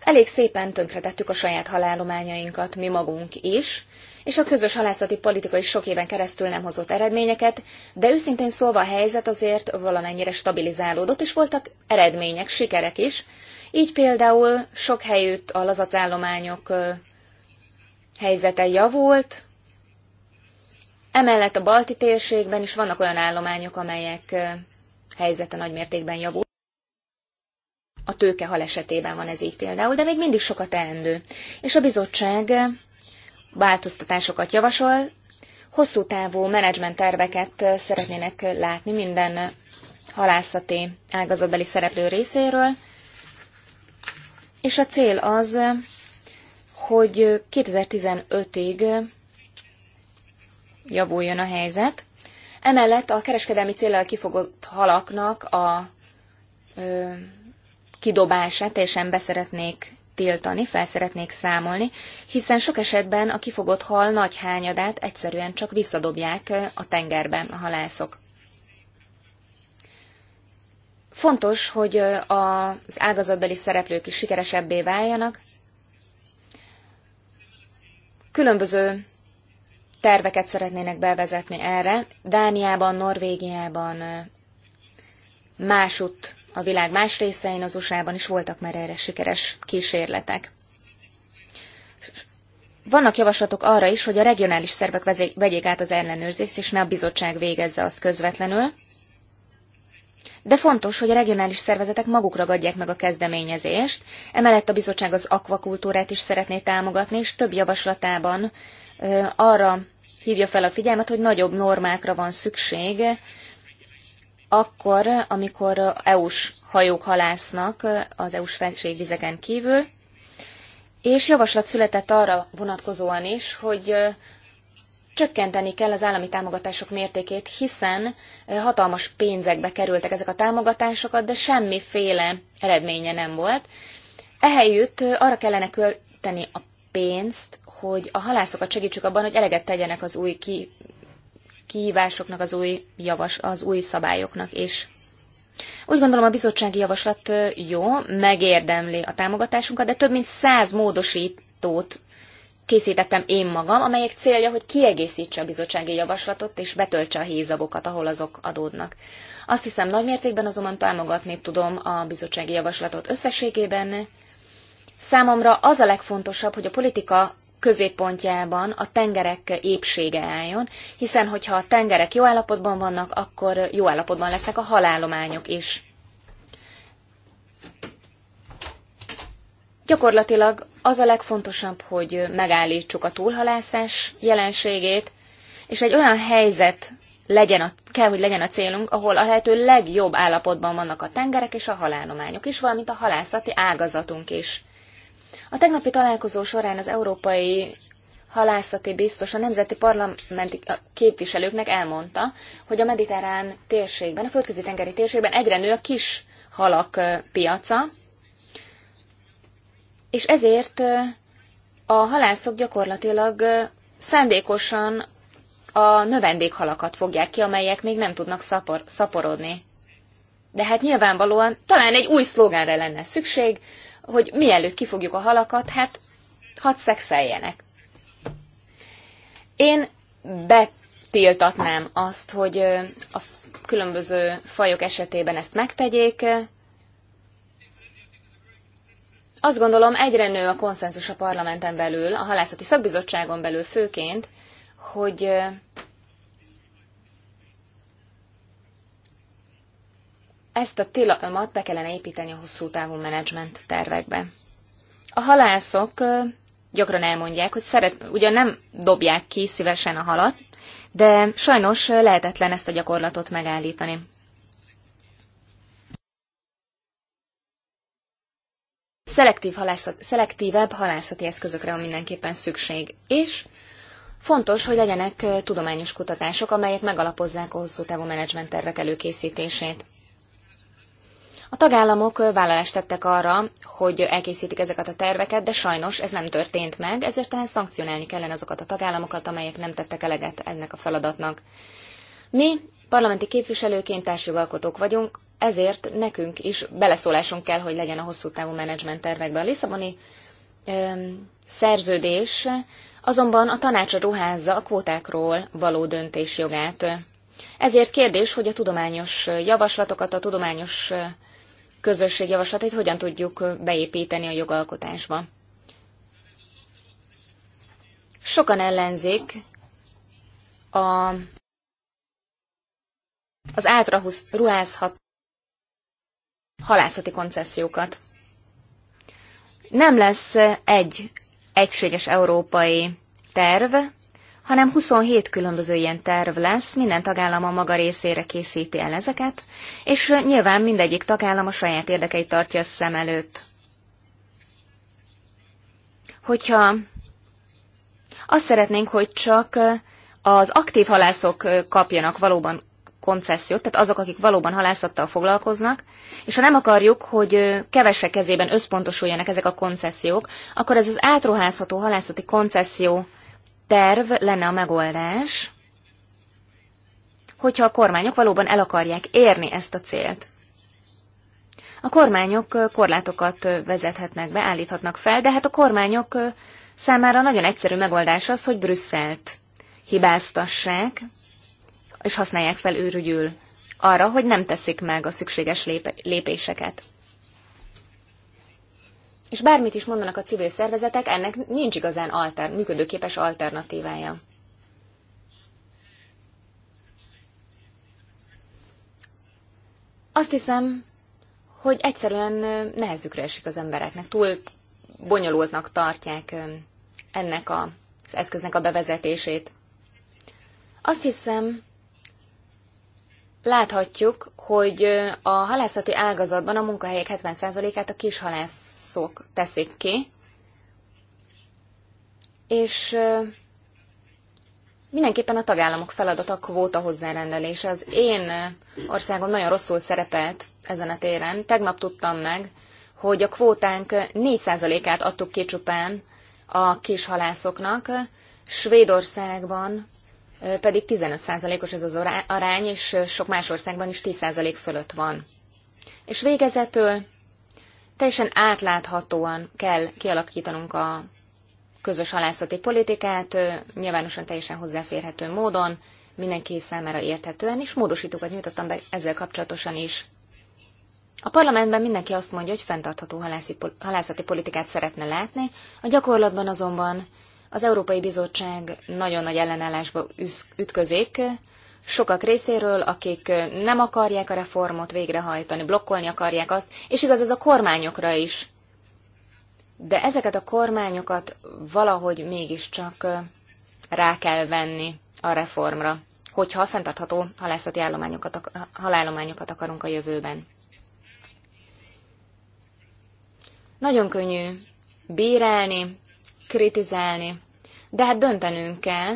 Elég szépen tönkretettük a saját halálományainkat mi magunk is, és a közös halászati politika is sok éven keresztül nem hozott eredményeket, de őszintén szólva a helyzet azért valamennyire stabilizálódott, és voltak eredmények, sikerek is. Így például sok helyütt a lazac állományok helyzete javult, emellett a balti térségben is vannak olyan állományok, amelyek helyzete nagymértékben javult. A hal esetében van ez így például, de még mindig sokat teendő. És a bizottság változtatásokat javasol, hosszú távú menedzsment terveket szeretnének látni minden halászati ágazatbeli szereplő részéről, és a cél az, hogy 2015-ig javuljon a helyzet. Emellett a kereskedelmi célral kifogott halaknak a ö, kidobását teljesen beszeretnék tiltani, felszeretnék számolni, hiszen sok esetben a kifogott hal nagy hányadát egyszerűen csak visszadobják a tengerben a halászok. Fontos, hogy az ágazatbeli szereplők is sikeresebbé váljanak, Különböző terveket szeretnének bevezetni erre. Dániában, Norvégiában, másutt a világ más részein, az USA-ban is voltak már erre sikeres kísérletek. Vannak javaslatok arra is, hogy a regionális szervek vegyék át az ellenőrzést, és ne a bizottság végezze azt közvetlenül de fontos, hogy a regionális szervezetek maguk ragadják meg a kezdeményezést, emellett a bizottság az akvakultúrát is szeretné támogatni, és több javaslatában arra hívja fel a figyelmet, hogy nagyobb normákra van szükség, akkor, amikor EU-s hajók halásznak az EU-s felségvizeken kívül, és javaslat született arra vonatkozóan is, hogy csökkenteni kell az állami támogatások mértékét, hiszen hatalmas pénzekbe kerültek ezek a támogatásokat, de semmiféle eredménye nem volt. Ehelyütt arra kellene költeni a pénzt, hogy a halászokat segítsük abban, hogy eleget tegyenek az új ki, kihívásoknak, az új, javas, az új szabályoknak is. Úgy gondolom a bizottsági javaslat jó, megérdemli a támogatásunkat, de több mint száz módosítót készítettem én magam, amelyek célja, hogy kiegészítse a bizottsági javaslatot és betöltse a hézagokat, ahol azok adódnak. Azt hiszem, nagy mértékben azonban támogatni tudom a bizottsági javaslatot összességében. Számomra az a legfontosabb, hogy a politika középpontjában a tengerek épsége álljon, hiszen hogyha a tengerek jó állapotban vannak, akkor jó állapotban lesznek a halálományok is. Gyakorlatilag az a legfontosabb, hogy megállítsuk a túlhalászás jelenségét, és egy olyan helyzet legyen a, kell, hogy legyen a célunk, ahol a lehető legjobb állapotban vannak a tengerek és a halálományok is, valamint a halászati ágazatunk is. A tegnapi találkozó során az Európai Halászati Biztos a nemzeti parlamenti képviselőknek elmondta, hogy a mediterrán térségben, a földközi tengeri térségben egyre nő a kis halak piaca, és ezért a halászok gyakorlatilag szándékosan a növendékhalakat fogják ki, amelyek még nem tudnak szapor, szaporodni. De hát nyilvánvalóan talán egy új szlogánra lenne szükség, hogy mielőtt kifogjuk a halakat, hát hadd szexeljenek. Én betiltatnám azt, hogy a különböző fajok esetében ezt megtegyék, azt gondolom, egyre nő a konszenzus a parlamenten belül, a halászati szakbizottságon belül főként, hogy ezt a tilalmat be kellene építeni a hosszú távú menedzsment tervekbe. A halászok gyakran elmondják, hogy szeret, ugyan nem dobják ki szívesen a halat, de sajnos lehetetlen ezt a gyakorlatot megállítani. szelektív halászat, szelektívebb halászati eszközökre van mindenképpen szükség. És fontos, hogy legyenek tudományos kutatások, amelyek megalapozzák a hosszú távú menedzsment tervek előkészítését. A tagállamok vállalást tettek arra, hogy elkészítik ezeket a terveket, de sajnos ez nem történt meg, ezért talán szankcionálni kellene azokat a tagállamokat, amelyek nem tettek eleget ennek a feladatnak. Mi parlamenti képviselőként társjogalkotók vagyunk, ezért nekünk is beleszólásunk kell, hogy legyen a hosszú távú menedzsment tervekben. A Lisszaboni öm, szerződés azonban a tanács ruházza a kvótákról való döntés jogát. Ezért kérdés, hogy a tudományos javaslatokat, a tudományos közösség javaslatait hogyan tudjuk beépíteni a jogalkotásba. Sokan ellenzik a, az átra ruházhat, halászati koncesziókat. Nem lesz egy egységes európai terv, hanem 27 különböző ilyen terv lesz, minden tagállam a maga részére készíti el ezeket, és nyilván mindegyik tagállam a saját érdekeit tartja szem előtt. Hogyha azt szeretnénk, hogy csak az aktív halászok kapjanak valóban koncesziót, tehát azok, akik valóban halászattal foglalkoznak, és ha nem akarjuk, hogy kevesek kezében összpontosuljanak ezek a koncesziók, akkor ez az átruházható halászati koncesszió terv lenne a megoldás, hogyha a kormányok valóban el akarják érni ezt a célt. A kormányok korlátokat vezethetnek be, állíthatnak fel, de hát a kormányok számára nagyon egyszerű megoldás az, hogy Brüsszelt hibáztassák, és használják fel őrügyül arra, hogy nem teszik meg a szükséges lépéseket. És bármit is mondanak a civil szervezetek, ennek nincs igazán alter, működőképes alternatívája. Azt hiszem, hogy egyszerűen nehezükre esik az embereknek. Túl bonyolultnak tartják ennek a, az eszköznek a bevezetését. Azt hiszem, láthatjuk, hogy a halászati ágazatban a munkahelyek 70%-át a kishalászok teszik ki, és mindenképpen a tagállamok feladata a kvóta hozzárendelés. Az én országom nagyon rosszul szerepelt ezen a téren. Tegnap tudtam meg, hogy a kvótánk 4%-át adtuk ki csupán a kishalászoknak. Svédországban pedig 15%-os ez az arány, és sok más országban is 10% fölött van. És végezetül teljesen átláthatóan kell kialakítanunk a közös halászati politikát, nyilvánosan teljesen hozzáférhető módon, mindenki számára érthetően, és módosítókat nyújtottam be ezzel kapcsolatosan is. A parlamentben mindenki azt mondja, hogy fenntartható halászati politikát szeretne látni, a gyakorlatban azonban az Európai Bizottság nagyon nagy ellenállásba ütközik, sokak részéről, akik nem akarják a reformot végrehajtani, blokkolni akarják azt, és igaz ez a kormányokra is. De ezeket a kormányokat valahogy mégiscsak rá kell venni a reformra, hogyha fenntartható halászati állományokat, halállományokat akarunk a jövőben. Nagyon könnyű bírálni, kritizálni. De hát döntenünk kell,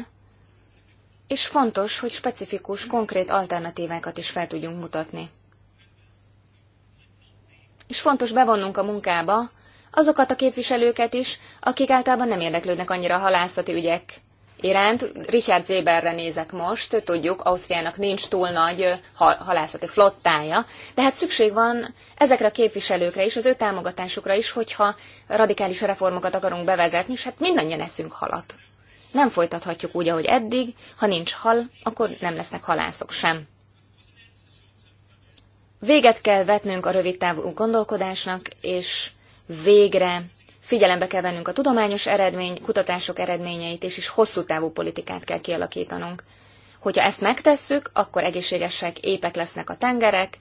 és fontos, hogy specifikus, konkrét alternatívákat is fel tudjunk mutatni. És fontos bevonnunk a munkába azokat a képviselőket is, akik általában nem érdeklődnek annyira a halászati ügyek iránt. Richard Zéberre nézek most, tudjuk, Ausztriának nincs túl nagy halászati flottája, de hát szükség van ezekre a képviselőkre is, az ő támogatásukra is, hogyha radikális reformokat akarunk bevezetni, és hát mindannyian eszünk halat. Nem folytathatjuk úgy, ahogy eddig, ha nincs hal, akkor nem lesznek halászok sem. Véget kell vetnünk a rövidtávú gondolkodásnak, és végre Figyelembe kell vennünk a tudományos eredmény, kutatások eredményeit, és is hosszú távú politikát kell kialakítanunk. Hogyha ezt megtesszük, akkor egészségesek, épek lesznek a tengerek,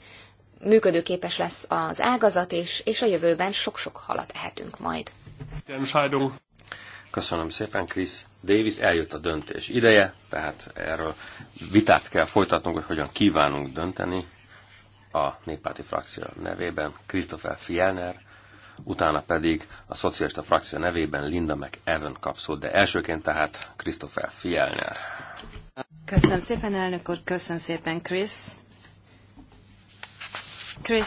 működőképes lesz az ágazat és és a jövőben sok-sok halat ehetünk majd. Köszönöm szépen, Krisz. Davis, eljött a döntés ideje, tehát erről vitát kell folytatnunk, hogy hogyan kívánunk dönteni a Néppárti frakció nevében. Christopher Fielner utána pedig a szocialista frakció nevében Linda McEwan kap szót, de elsőként tehát Christopher Fielner. Köszönöm szépen, elnök úr, köszönöm szépen, Chris. Chris,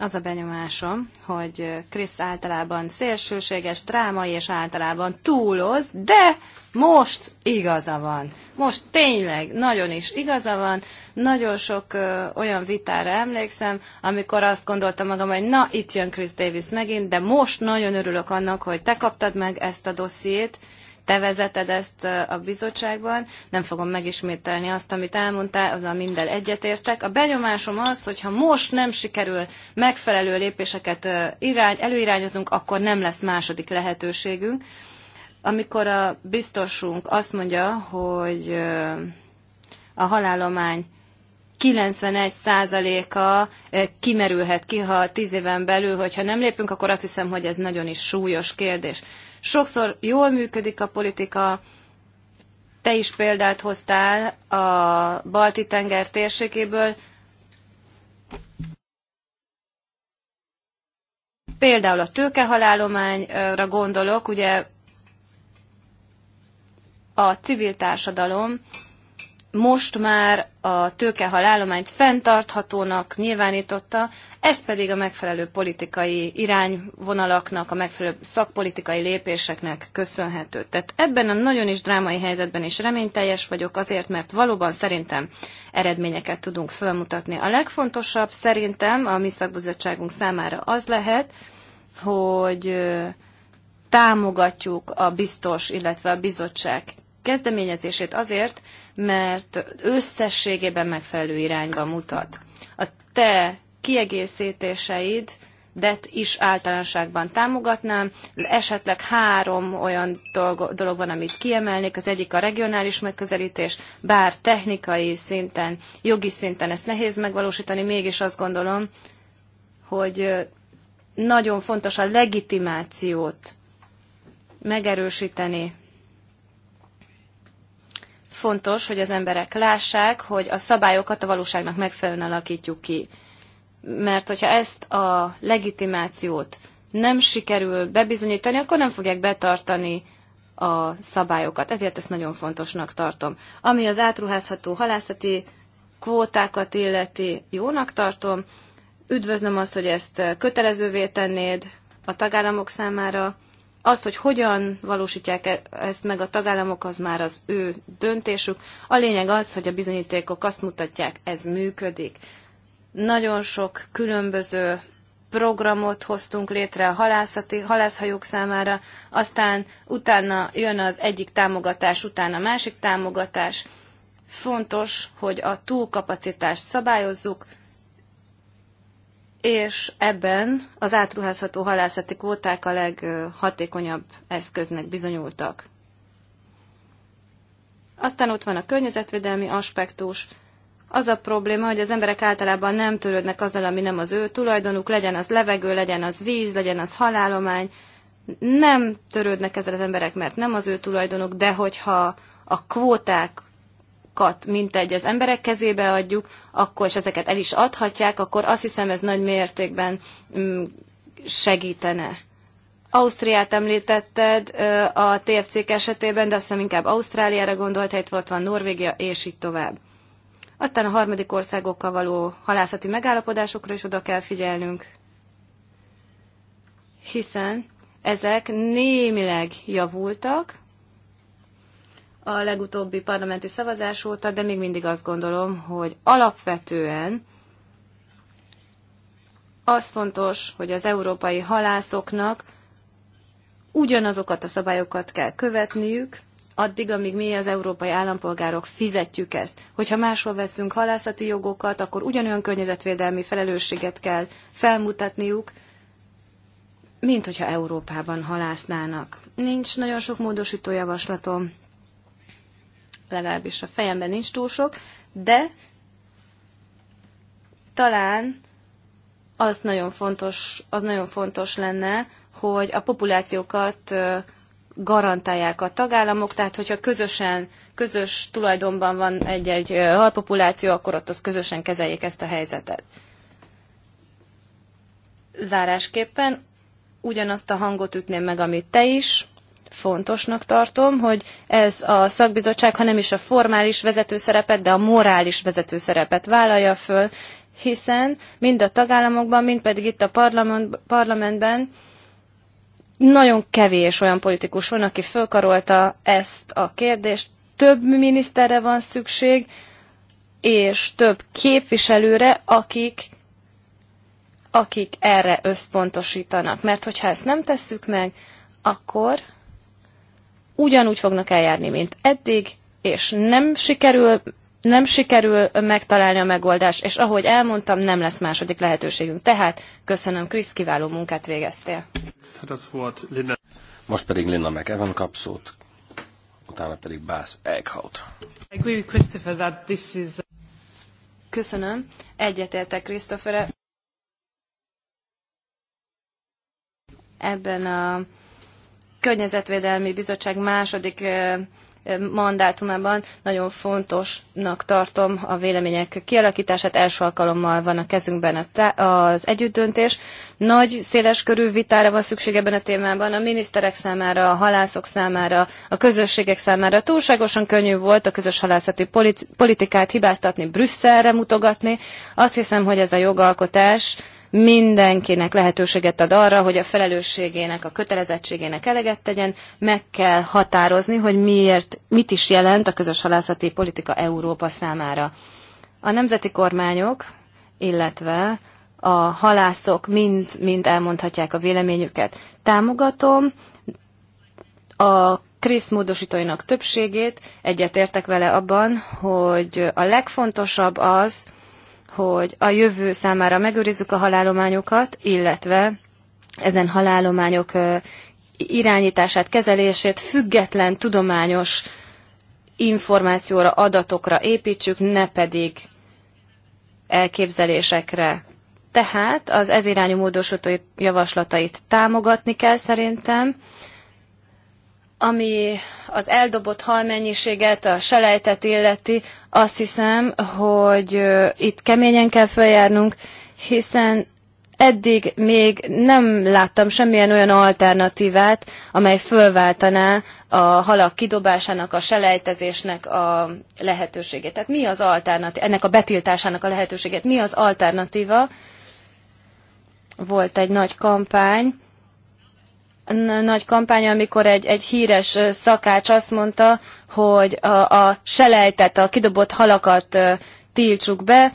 az a benyomásom, hogy Krisz általában szélsőséges, drámai és általában túloz, de most igaza van. Most tényleg nagyon is igaza van. Nagyon sok ö, olyan vitára emlékszem, amikor azt gondoltam magam, hogy na, itt jön Chris Davis megint, de most nagyon örülök annak, hogy te kaptad meg ezt a dossziét, te vezeted ezt a bizottságban, nem fogom megismételni azt, amit elmondtál, azzal minden egyetértek. A benyomásom az, hogy ha most nem sikerül megfelelő lépéseket irány, előirányoznunk, akkor nem lesz második lehetőségünk. Amikor a biztosunk azt mondja, hogy a halálomány 91%-a kimerülhet ki, ha 10 éven belül, hogyha nem lépünk, akkor azt hiszem, hogy ez nagyon is súlyos kérdés. Sokszor jól működik a politika, te is példát hoztál a Balti-tenger térségéből, Például a tőkehalálományra gondolok, ugye a civil társadalom most már a tőkehal állományt fenntarthatónak nyilvánította, ez pedig a megfelelő politikai irányvonalaknak, a megfelelő szakpolitikai lépéseknek köszönhető. Tehát ebben a nagyon is drámai helyzetben is reményteljes vagyok azért, mert valóban szerintem eredményeket tudunk felmutatni. A legfontosabb szerintem a mi szakbizottságunk számára az lehet, hogy támogatjuk a biztos, illetve a bizottság kezdeményezését azért, mert összességében megfelelő irányba mutat. A te kiegészítéseid de is általánosságban támogatnám. Esetleg három olyan dolog, dolog van, amit kiemelnék. Az egyik a regionális megközelítés, bár technikai szinten, jogi szinten ezt nehéz megvalósítani, mégis azt gondolom, hogy nagyon fontos a legitimációt megerősíteni Fontos, hogy az emberek lássák, hogy a szabályokat a valóságnak megfelelően alakítjuk ki. Mert hogyha ezt a legitimációt nem sikerül bebizonyítani, akkor nem fogják betartani a szabályokat. Ezért ezt nagyon fontosnak tartom. Ami az átruházható halászati kvótákat illeti, jónak tartom. Üdvözlöm azt, hogy ezt kötelezővé tennéd a tagállamok számára. Azt, hogy hogyan valósítják e- ezt meg a tagállamok, az már az ő döntésük. A lényeg az, hogy a bizonyítékok azt mutatják, ez működik. Nagyon sok különböző programot hoztunk létre a halászati, halászhajók számára, aztán utána jön az egyik támogatás, utána a másik támogatás. Fontos, hogy a túlkapacitást szabályozzuk, és ebben az átruházható halászati kvóták a leghatékonyabb eszköznek bizonyultak. Aztán ott van a környezetvédelmi aspektus. Az a probléma, hogy az emberek általában nem törődnek azzal, ami nem az ő tulajdonuk, legyen az levegő, legyen az víz, legyen az halálomány. Nem törődnek ezzel az emberek, mert nem az ő tulajdonuk, de hogyha a kvótákat, mint egy az emberek kezébe adjuk, akkor, és ezeket el is adhatják, akkor azt hiszem ez nagy mértékben mm, segítene. Ausztriát említetted a TFC-k esetében, de azt hiszem inkább Ausztráliára gondolt, itt volt van Norvégia, és így tovább. Aztán a harmadik országokkal való halászati megállapodásokra is oda kell figyelnünk, hiszen ezek némileg javultak, a legutóbbi parlamenti szavazás óta, de még mindig azt gondolom, hogy alapvetően az fontos, hogy az európai halászoknak ugyanazokat a szabályokat kell követniük, addig, amíg mi az európai állampolgárok fizetjük ezt. Hogyha máshol veszünk halászati jogokat, akkor ugyanolyan környezetvédelmi felelősséget kell felmutatniuk, mint hogyha Európában halásznának. Nincs nagyon sok módosító javaslatom legalábbis a fejemben nincs túl sok, de talán az nagyon fontos, az nagyon fontos lenne, hogy a populációkat garantálják a tagállamok, tehát hogyha közösen, közös tulajdonban van egy-egy halpopuláció, akkor ott az közösen kezeljék ezt a helyzetet. Zárásképpen ugyanazt a hangot ütném meg, amit te is, fontosnak tartom, hogy ez a szakbizottság, ha nem is a formális vezető szerepet, de a morális vezető szerepet vállalja föl, hiszen mind a tagállamokban, mind pedig itt a parlament, parlamentben nagyon kevés olyan politikus van, aki fölkarolta ezt a kérdést. Több miniszterre van szükség, és több képviselőre, akik, akik erre összpontosítanak. Mert hogyha ezt nem tesszük meg, akkor ugyanúgy fognak eljárni, mint eddig, és nem sikerül nem sikerül megtalálni a megoldást, és ahogy elmondtam, nem lesz második lehetőségünk. Tehát köszönöm, Krisz, kiváló munkát végeztél. Most pedig Linda meg Evan kap szót, utána pedig Bász Eichhout. Köszönöm. Egyetértek Christopher ebben a Környezetvédelmi Bizottság második mandátumában nagyon fontosnak tartom a vélemények kialakítását. Első alkalommal van a kezünkben az együttdöntés. Nagy, széles körű vitára van szükség ebben a témában. A miniszterek számára, a halászok számára, a közösségek számára túlságosan könnyű volt a közös halászati politikát hibáztatni, Brüsszelre mutogatni. Azt hiszem, hogy ez a jogalkotás mindenkinek lehetőséget ad arra, hogy a felelősségének, a kötelezettségének eleget tegyen, meg kell határozni, hogy miért, mit is jelent a közös halászati politika Európa számára. A nemzeti kormányok, illetve a halászok mind-mind elmondhatják a véleményüket. Támogatom a Krisz módosítóinak többségét, egyetértek vele abban, hogy a legfontosabb az, hogy a jövő számára megőrizzük a halálományokat, illetve ezen halálományok irányítását, kezelését független tudományos információra, adatokra építsük, ne pedig elképzelésekre. Tehát az ez irányú módosító javaslatait támogatni kell szerintem, ami az eldobott halmennyiséget, a selejtet illeti, azt hiszem, hogy itt keményen kell feljárnunk, hiszen eddig még nem láttam semmilyen olyan alternatívát, amely fölváltaná a halak kidobásának, a selejtezésnek a lehetőségét. Tehát mi az alternatív? ennek a betiltásának a lehetőségét, mi az alternatíva? Volt egy nagy kampány, nagy kampány, amikor egy, egy híres szakács azt mondta, hogy a, a a kidobott halakat tiltsuk be,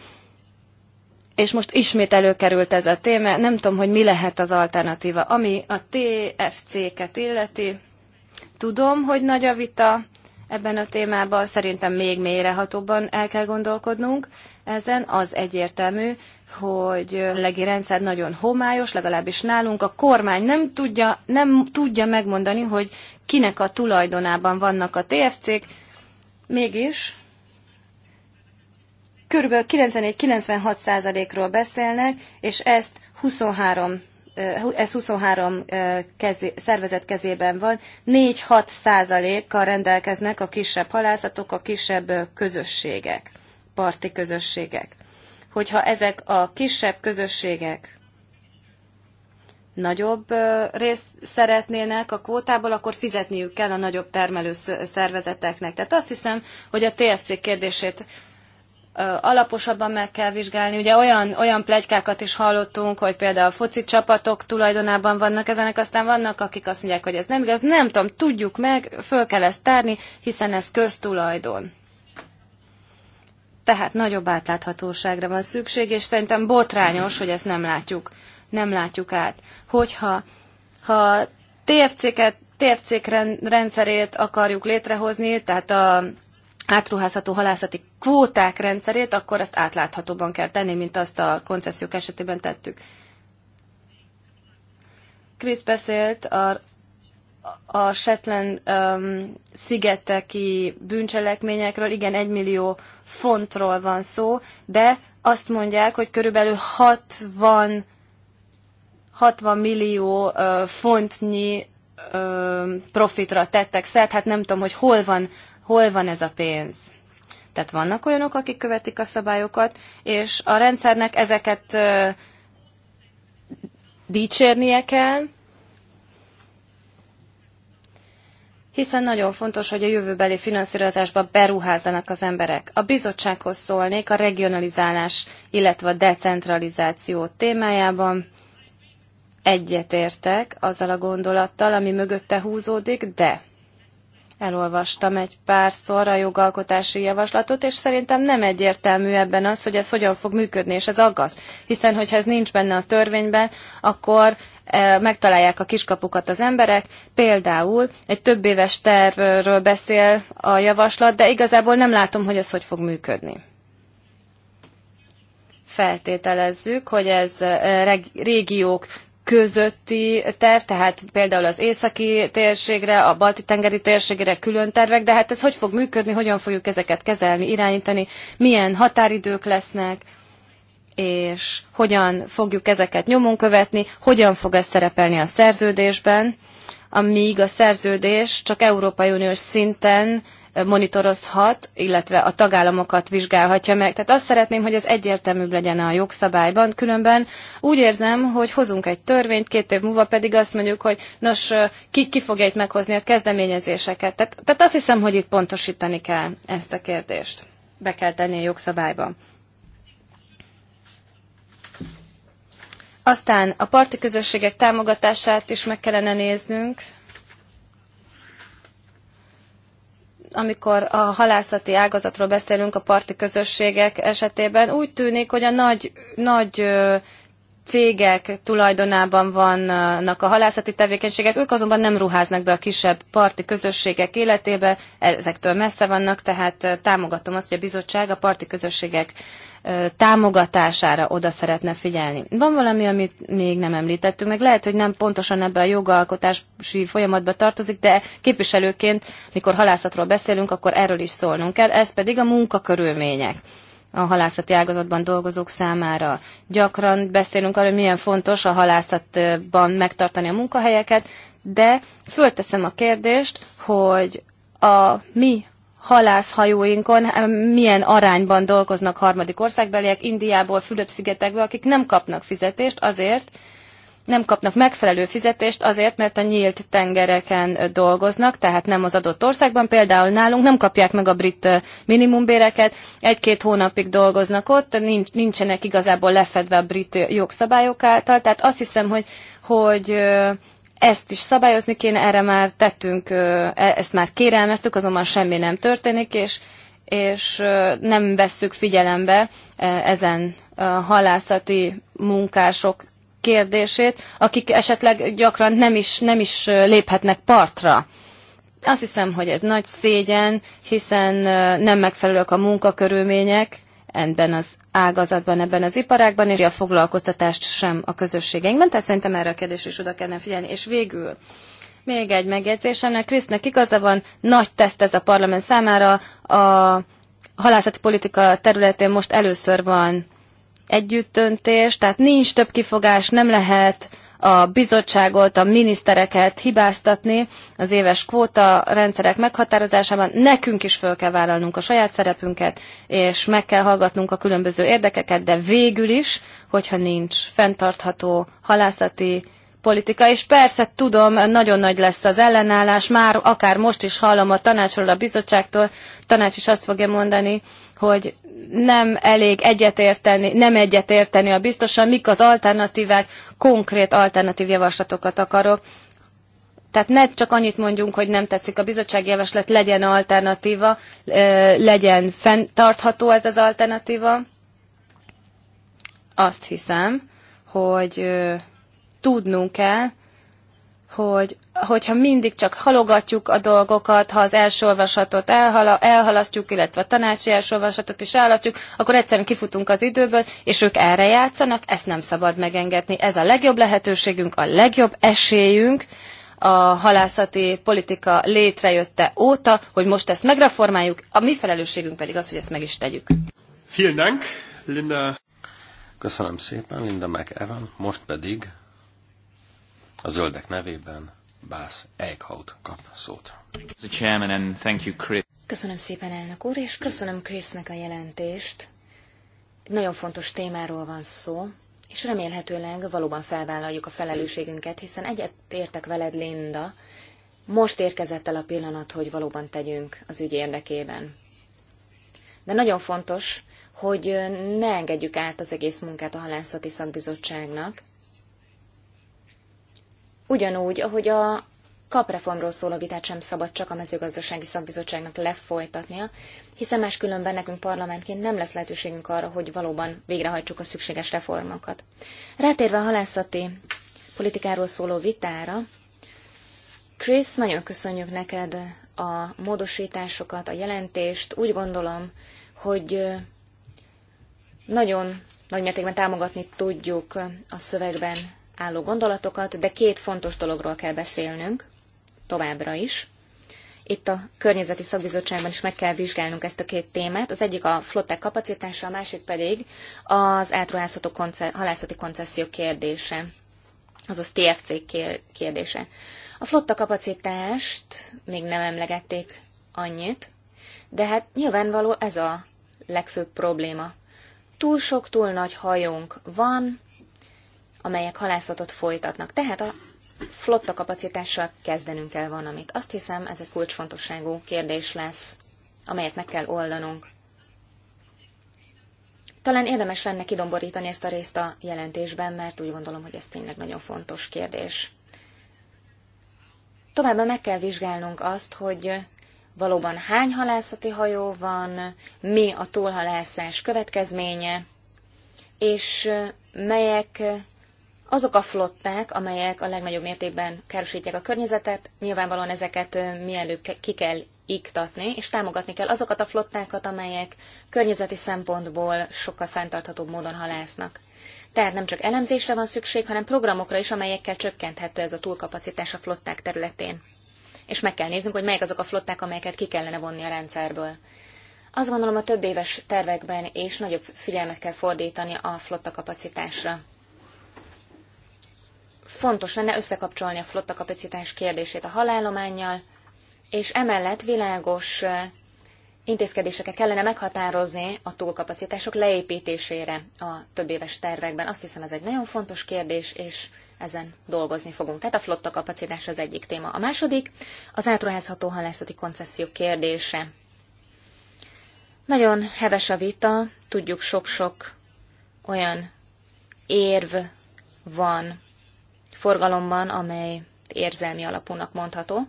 és most ismét előkerült ez a téma. Nem tudom, hogy mi lehet az alternatíva. Ami a TFC-ket illeti, tudom, hogy nagy a vita ebben a témában, szerintem még mélyrehatóbban el kell gondolkodnunk ezen, az egyértelmű, hogy a legi rendszer nagyon homályos, legalábbis nálunk a kormány nem tudja, nem tudja megmondani, hogy kinek a tulajdonában vannak a TFC-k, mégis kb. 94-96%-ról beszélnek, és ezt 23 eh, ez 23 eh, kezi, szervezet kezében van, 4-6 százalékkal rendelkeznek a kisebb halászatok, a kisebb eh, közösségek, parti közösségek hogyha ezek a kisebb közösségek nagyobb részt szeretnének a kvótából, akkor fizetniük kell a nagyobb termelő szervezeteknek. Tehát azt hiszem, hogy a TFC kérdését alaposabban meg kell vizsgálni. Ugye olyan, olyan plegykákat is hallottunk, hogy például a foci csapatok tulajdonában vannak ezenek, aztán vannak, akik azt mondják, hogy ez nem igaz. Nem tudom, tudjuk meg, föl kell ezt tárni, hiszen ez köztulajdon. Tehát nagyobb átláthatóságra van szükség, és szerintem botrányos, hogy ezt nem látjuk, nem látjuk át. Hogyha ha TFC-ket, TFC rendszerét akarjuk létrehozni, tehát a átruházható halászati kvóták rendszerét, akkor ezt átláthatóban kell tenni, mint azt a koncesziók esetében tettük. Krisz beszélt a a Shetland um, szigeteki bűncselekményekről, igen, egy millió fontról van szó, de azt mondják, hogy körülbelül 60, 60 millió uh, fontnyi uh, profitra tettek szert, hát nem tudom, hogy hol van, hol van ez a pénz. Tehát vannak olyanok, akik követik a szabályokat, és a rendszernek ezeket uh, dicsérnie kell, hiszen nagyon fontos, hogy a jövőbeli finanszírozásba beruházzanak az emberek. A bizottsághoz szólnék a regionalizálás, illetve a decentralizáció témájában. Egyetértek azzal a gondolattal, ami mögötte húzódik, de Elolvastam egy párszor a jogalkotási javaslatot, és szerintem nem egyértelmű ebben az, hogy ez hogyan fog működni, és ez aggaszt. Hiszen, hogyha ez nincs benne a törvényben, akkor megtalálják a kiskapukat az emberek. Például egy több éves tervről beszél a javaslat, de igazából nem látom, hogy ez hogy fog működni. Feltételezzük, hogy ez régiók közötti terv, tehát például az északi térségre, a balti tengeri térségre külön tervek, de hát ez hogy fog működni, hogyan fogjuk ezeket kezelni, irányítani, milyen határidők lesznek, és hogyan fogjuk ezeket nyomon követni, hogyan fog ez szerepelni a szerződésben, amíg a szerződés csak Európai Uniós szinten eh, monitorozhat, illetve a tagállamokat vizsgálhatja meg. Tehát azt szeretném, hogy ez egyértelműbb legyen a jogszabályban, különben úgy érzem, hogy hozunk egy törvényt, két év múlva pedig azt mondjuk, hogy nos, eh, ki, ki fogja itt meghozni a kezdeményezéseket. Tehát, tehát azt hiszem, hogy itt pontosítani kell ezt a kérdést. Be kell tenni a jogszabályba. Aztán a parti közösségek támogatását is meg kellene néznünk, amikor a halászati ágazatról beszélünk a parti közösségek esetében, úgy tűnik, hogy a nagy, nagy cégek tulajdonában vannak a halászati tevékenységek, ők azonban nem ruháznak be a kisebb parti közösségek életébe, ezektől messze vannak, tehát támogatom azt, hogy a bizottság a parti közösségek támogatására oda szeretne figyelni. Van valami, amit még nem említettünk, meg lehet, hogy nem pontosan ebbe a jogalkotási folyamatba tartozik, de képviselőként, mikor halászatról beszélünk, akkor erről is szólnunk kell, ez pedig a munkakörülmények a halászati ágazatban dolgozók számára. Gyakran beszélünk arról, hogy milyen fontos a halászatban megtartani a munkahelyeket, de fölteszem a kérdést, hogy a mi halászhajóinkon milyen arányban dolgoznak harmadik országbeliek Indiából, Fülöp-szigetekből, akik nem kapnak fizetést azért, nem kapnak megfelelő fizetést azért, mert a nyílt tengereken dolgoznak, tehát nem az adott országban. Például nálunk nem kapják meg a brit minimumbéreket, egy-két hónapig dolgoznak ott, nincsenek igazából lefedve a brit jogszabályok által. Tehát azt hiszem, hogy, hogy ezt is szabályozni kéne, erre már tettünk, e, ezt már kérelmeztük, azonban semmi nem történik, és, és nem vesszük figyelembe ezen halászati munkások kérdését, akik esetleg gyakran nem is, nem is léphetnek partra. Azt hiszem, hogy ez nagy szégyen, hiszen nem megfelelők a munkakörülmények, ebben az ágazatban, ebben az iparágban, és a foglalkoztatást sem a közösségeinkben. Tehát szerintem erre a kérdésre is oda kellene figyelni. És végül még egy mert Krisznek igaza van, nagy teszt ez a parlament számára. A halászati politika területén most először van együttöntés, tehát nincs több kifogás, nem lehet a bizottságot, a minisztereket hibáztatni az éves kvóta rendszerek meghatározásában. Nekünk is föl kell vállalnunk a saját szerepünket, és meg kell hallgatnunk a különböző érdekeket, de végül is, hogyha nincs fenntartható halászati politika, és persze tudom, nagyon nagy lesz az ellenállás, már akár most is hallom a tanácsról, a bizottságtól, a tanács is azt fogja mondani, hogy nem elég egyetérteni, nem egyetérteni a biztosan, mik az alternatívák, konkrét alternatív javaslatokat akarok. Tehát ne csak annyit mondjunk, hogy nem tetszik a bizottsági javaslat, legyen alternatíva, legyen fenntartható ez az alternatíva. Azt hiszem, hogy tudnunk kell, hogy hogyha mindig csak halogatjuk a dolgokat, ha az első olvasatot elhala, elhalasztjuk, illetve a tanácsi első olvasatot is elhalasztjuk, akkor egyszerűen kifutunk az időből, és ők erre játszanak, ezt nem szabad megengedni. Ez a legjobb lehetőségünk, a legjobb esélyünk a halászati politika létrejötte óta, hogy most ezt megreformáljuk, a mi felelősségünk pedig az, hogy ezt meg is tegyük. Vielen Dank, Linda. Köszönöm szépen, Linda McEwan. Most pedig a zöldek nevében Bász Eichhout kap szót. Köszönöm szépen, elnök úr, és köszönöm Krisznek a jelentést. Egy nagyon fontos témáról van szó, és remélhetőleg valóban felvállaljuk a felelősségünket, hiszen egyet értek veled, Linda, most érkezett el a pillanat, hogy valóban tegyünk az ügy érdekében. De nagyon fontos, hogy ne engedjük át az egész munkát a halászati szakbizottságnak, Ugyanúgy, ahogy a kapreformról szóló vitát sem szabad csak a mezőgazdasági szakbizottságnak lefolytatnia, hiszen máskülönben nekünk parlamentként nem lesz lehetőségünk arra, hogy valóban végrehajtsuk a szükséges reformokat. Rátérve a halászati politikáról szóló vitára, Chris, nagyon köszönjük neked a módosításokat, a jelentést. Úgy gondolom, hogy nagyon nagy mértékben támogatni tudjuk a szövegben álló gondolatokat, de két fontos dologról kell beszélnünk továbbra is. Itt a környezeti szakbizottságban is meg kell vizsgálnunk ezt a két témát. Az egyik a flották kapacitása, a másik pedig az átruházható konce- halászati koncesszió kérdése, azaz TFC kérdése. A flotta kapacitást még nem emlegették annyit, de hát nyilvánvaló ez a legfőbb probléma. Túl sok, túl nagy hajónk van, amelyek halászatot folytatnak. Tehát a flotta kapacitással kezdenünk kell valamit. Azt hiszem, ez egy kulcsfontosságú kérdés lesz, amelyet meg kell oldanunk. Talán érdemes lenne kidomborítani ezt a részt a jelentésben, mert úgy gondolom, hogy ez tényleg nagyon fontos kérdés. Továbbá meg kell vizsgálnunk azt, hogy valóban hány halászati hajó van, mi a túlhalászás következménye, és melyek azok a flották, amelyek a legnagyobb mértékben károsítják a környezetet, nyilvánvalóan ezeket mielőbb ki kell iktatni, és támogatni kell azokat a flottákat, amelyek környezeti szempontból sokkal fenntarthatóbb módon halásznak. Tehát nem csak elemzésre van szükség, hanem programokra is, amelyekkel csökkenthető ez a túlkapacitás a flották területén. És meg kell néznünk, hogy melyek azok a flották, amelyeket ki kellene vonni a rendszerből. Azt gondolom, a több éves tervekben és nagyobb figyelmet kell fordítani a flotta kapacitásra fontos lenne összekapcsolni a flotta kapacitás kérdését a halállományjal, és emellett világos intézkedéseket kellene meghatározni a túlkapacitások leépítésére a többéves tervekben. Azt hiszem ez egy nagyon fontos kérdés, és ezen dolgozni fogunk. Tehát a flotta kapacitás az egyik téma. A második az átruházható halászati koncesszió kérdése. Nagyon heves a vita, tudjuk sok-sok olyan érv van forgalomban, amely érzelmi alapúnak mondható.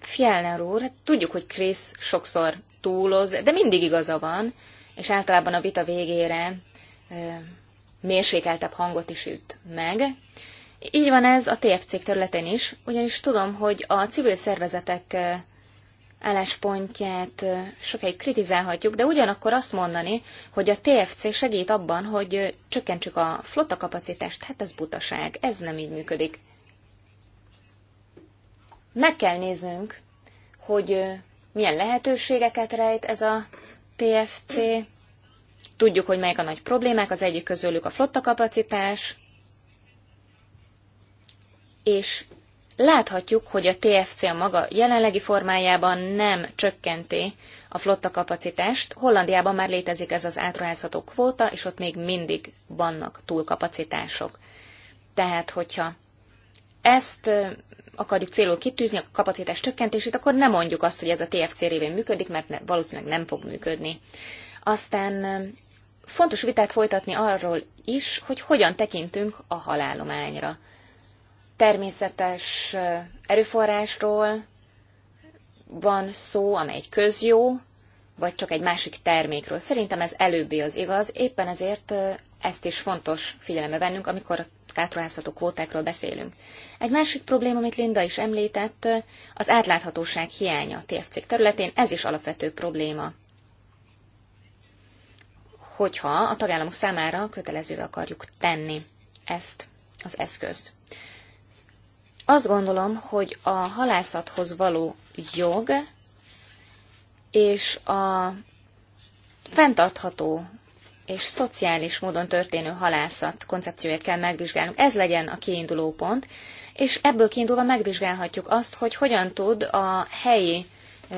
Fjellner úr, hát tudjuk, hogy Krisz sokszor túloz, de mindig igaza van, és általában a vita végére e, mérsékeltebb hangot is üt meg. Így van ez a TFC területén is, ugyanis tudom, hogy a civil szervezetek álláspontját sokáig kritizálhatjuk, de ugyanakkor azt mondani, hogy a TFC segít abban, hogy csökkentsük a flotta kapacitást, hát ez butaság, ez nem így működik. Meg kell néznünk, hogy milyen lehetőségeket rejt ez a TFC. Tudjuk, hogy melyek a nagy problémák, az egyik közülük a flotta kapacitás, és Láthatjuk, hogy a TFC a maga jelenlegi formájában nem csökkenti a flotta kapacitást. Hollandiában már létezik ez az átruházható kvóta, és ott még mindig vannak túlkapacitások. Tehát, hogyha ezt akarjuk célul kitűzni, a kapacitás csökkentését, akkor nem mondjuk azt, hogy ez a TFC révén működik, mert valószínűleg nem fog működni. Aztán fontos vitát folytatni arról is, hogy hogyan tekintünk a halálományra természetes erőforrásról van szó, amely egy közjó, vagy csak egy másik termékről. Szerintem ez előbbi az igaz, éppen ezért ezt is fontos figyelembe vennünk, amikor a átruházható kvótákról beszélünk. Egy másik probléma, amit Linda is említett, az átláthatóság hiánya a tfc területén, ez is alapvető probléma. Hogyha a tagállamok számára kötelezővé akarjuk tenni ezt az eszközt. Azt gondolom, hogy a halászathoz való jog és a fenntartható és szociális módon történő halászat koncepcióját kell megvizsgálnunk. Ez legyen a kiinduló pont, és ebből kiindulva megvizsgálhatjuk azt, hogy hogyan tud a helyi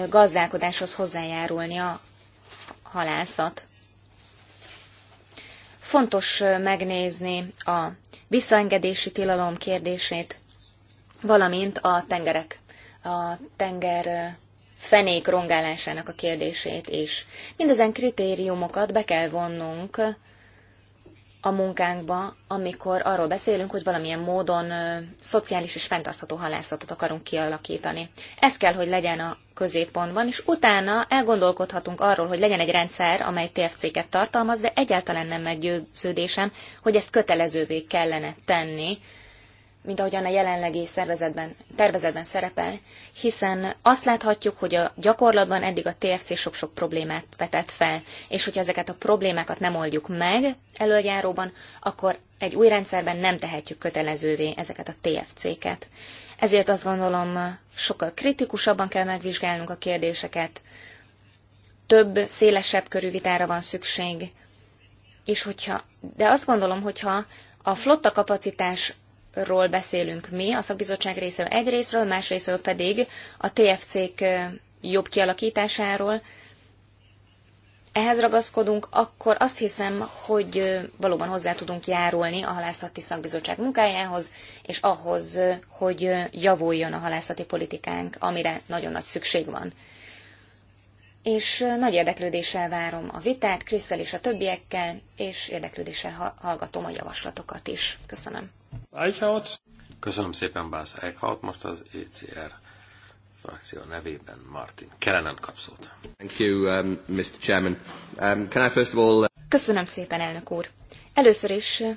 gazdálkodáshoz hozzájárulni a halászat. Fontos megnézni a visszaengedési tilalom kérdését, valamint a tengerek, a tenger fenék rongálásának a kérdését is. Mindezen kritériumokat be kell vonnunk a munkánkba, amikor arról beszélünk, hogy valamilyen módon szociális és fenntartható halászatot akarunk kialakítani. Ez kell, hogy legyen a középpontban, és utána elgondolkodhatunk arról, hogy legyen egy rendszer, amely TFC-ket tartalmaz, de egyáltalán nem meggyőződésem, hogy ezt kötelezővé kellene tenni mint ahogyan a jelenlegi szervezetben, tervezetben szerepel, hiszen azt láthatjuk, hogy a gyakorlatban eddig a TFC sok-sok problémát vetett fel, és hogyha ezeket a problémákat nem oldjuk meg előjáróban, akkor egy új rendszerben nem tehetjük kötelezővé ezeket a TFC-ket. Ezért azt gondolom, sokkal kritikusabban kell megvizsgálnunk a kérdéseket, több, szélesebb körű vitára van szükség, és hogyha, de azt gondolom, hogyha a flotta kapacitás ról beszélünk mi, a szakbizottság részéről egy részről, más részről pedig a TFC-k jobb kialakításáról. Ehhez ragaszkodunk, akkor azt hiszem, hogy valóban hozzá tudunk járulni a halászati szakbizottság munkájához, és ahhoz, hogy javuljon a halászati politikánk, amire nagyon nagy szükség van. És nagy érdeklődéssel várom a vitát Kriszel és a többiekkel, és érdeklődéssel hallgatom a javaslatokat is. Köszönöm. Eichhout. Köszönöm szépen, Bász Eichhout. Most az ECR frakció nevében Martin Kellenen kap szót. Thank you, um, Mr. Chairman. Um, can I first of all... Uh, Köszönöm szépen, elnök úr. Először is uh,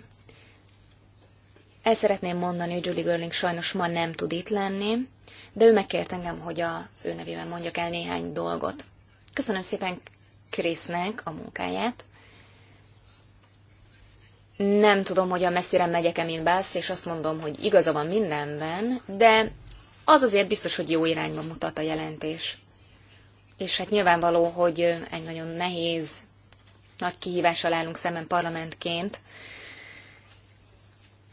el szeretném mondani, hogy Julie Görling sajnos ma nem tud itt lenni, de ő megkért engem, hogy az ő nevében mondjak el néhány dolgot. Köszönöm szépen Krisznek a munkáját nem tudom, hogy a messzire megyek-e, mint Bász, és azt mondom, hogy igaza van mindenben, de az azért biztos, hogy jó irányba mutat a jelentés. És hát nyilvánvaló, hogy egy nagyon nehéz, nagy kihívással állunk szemben parlamentként.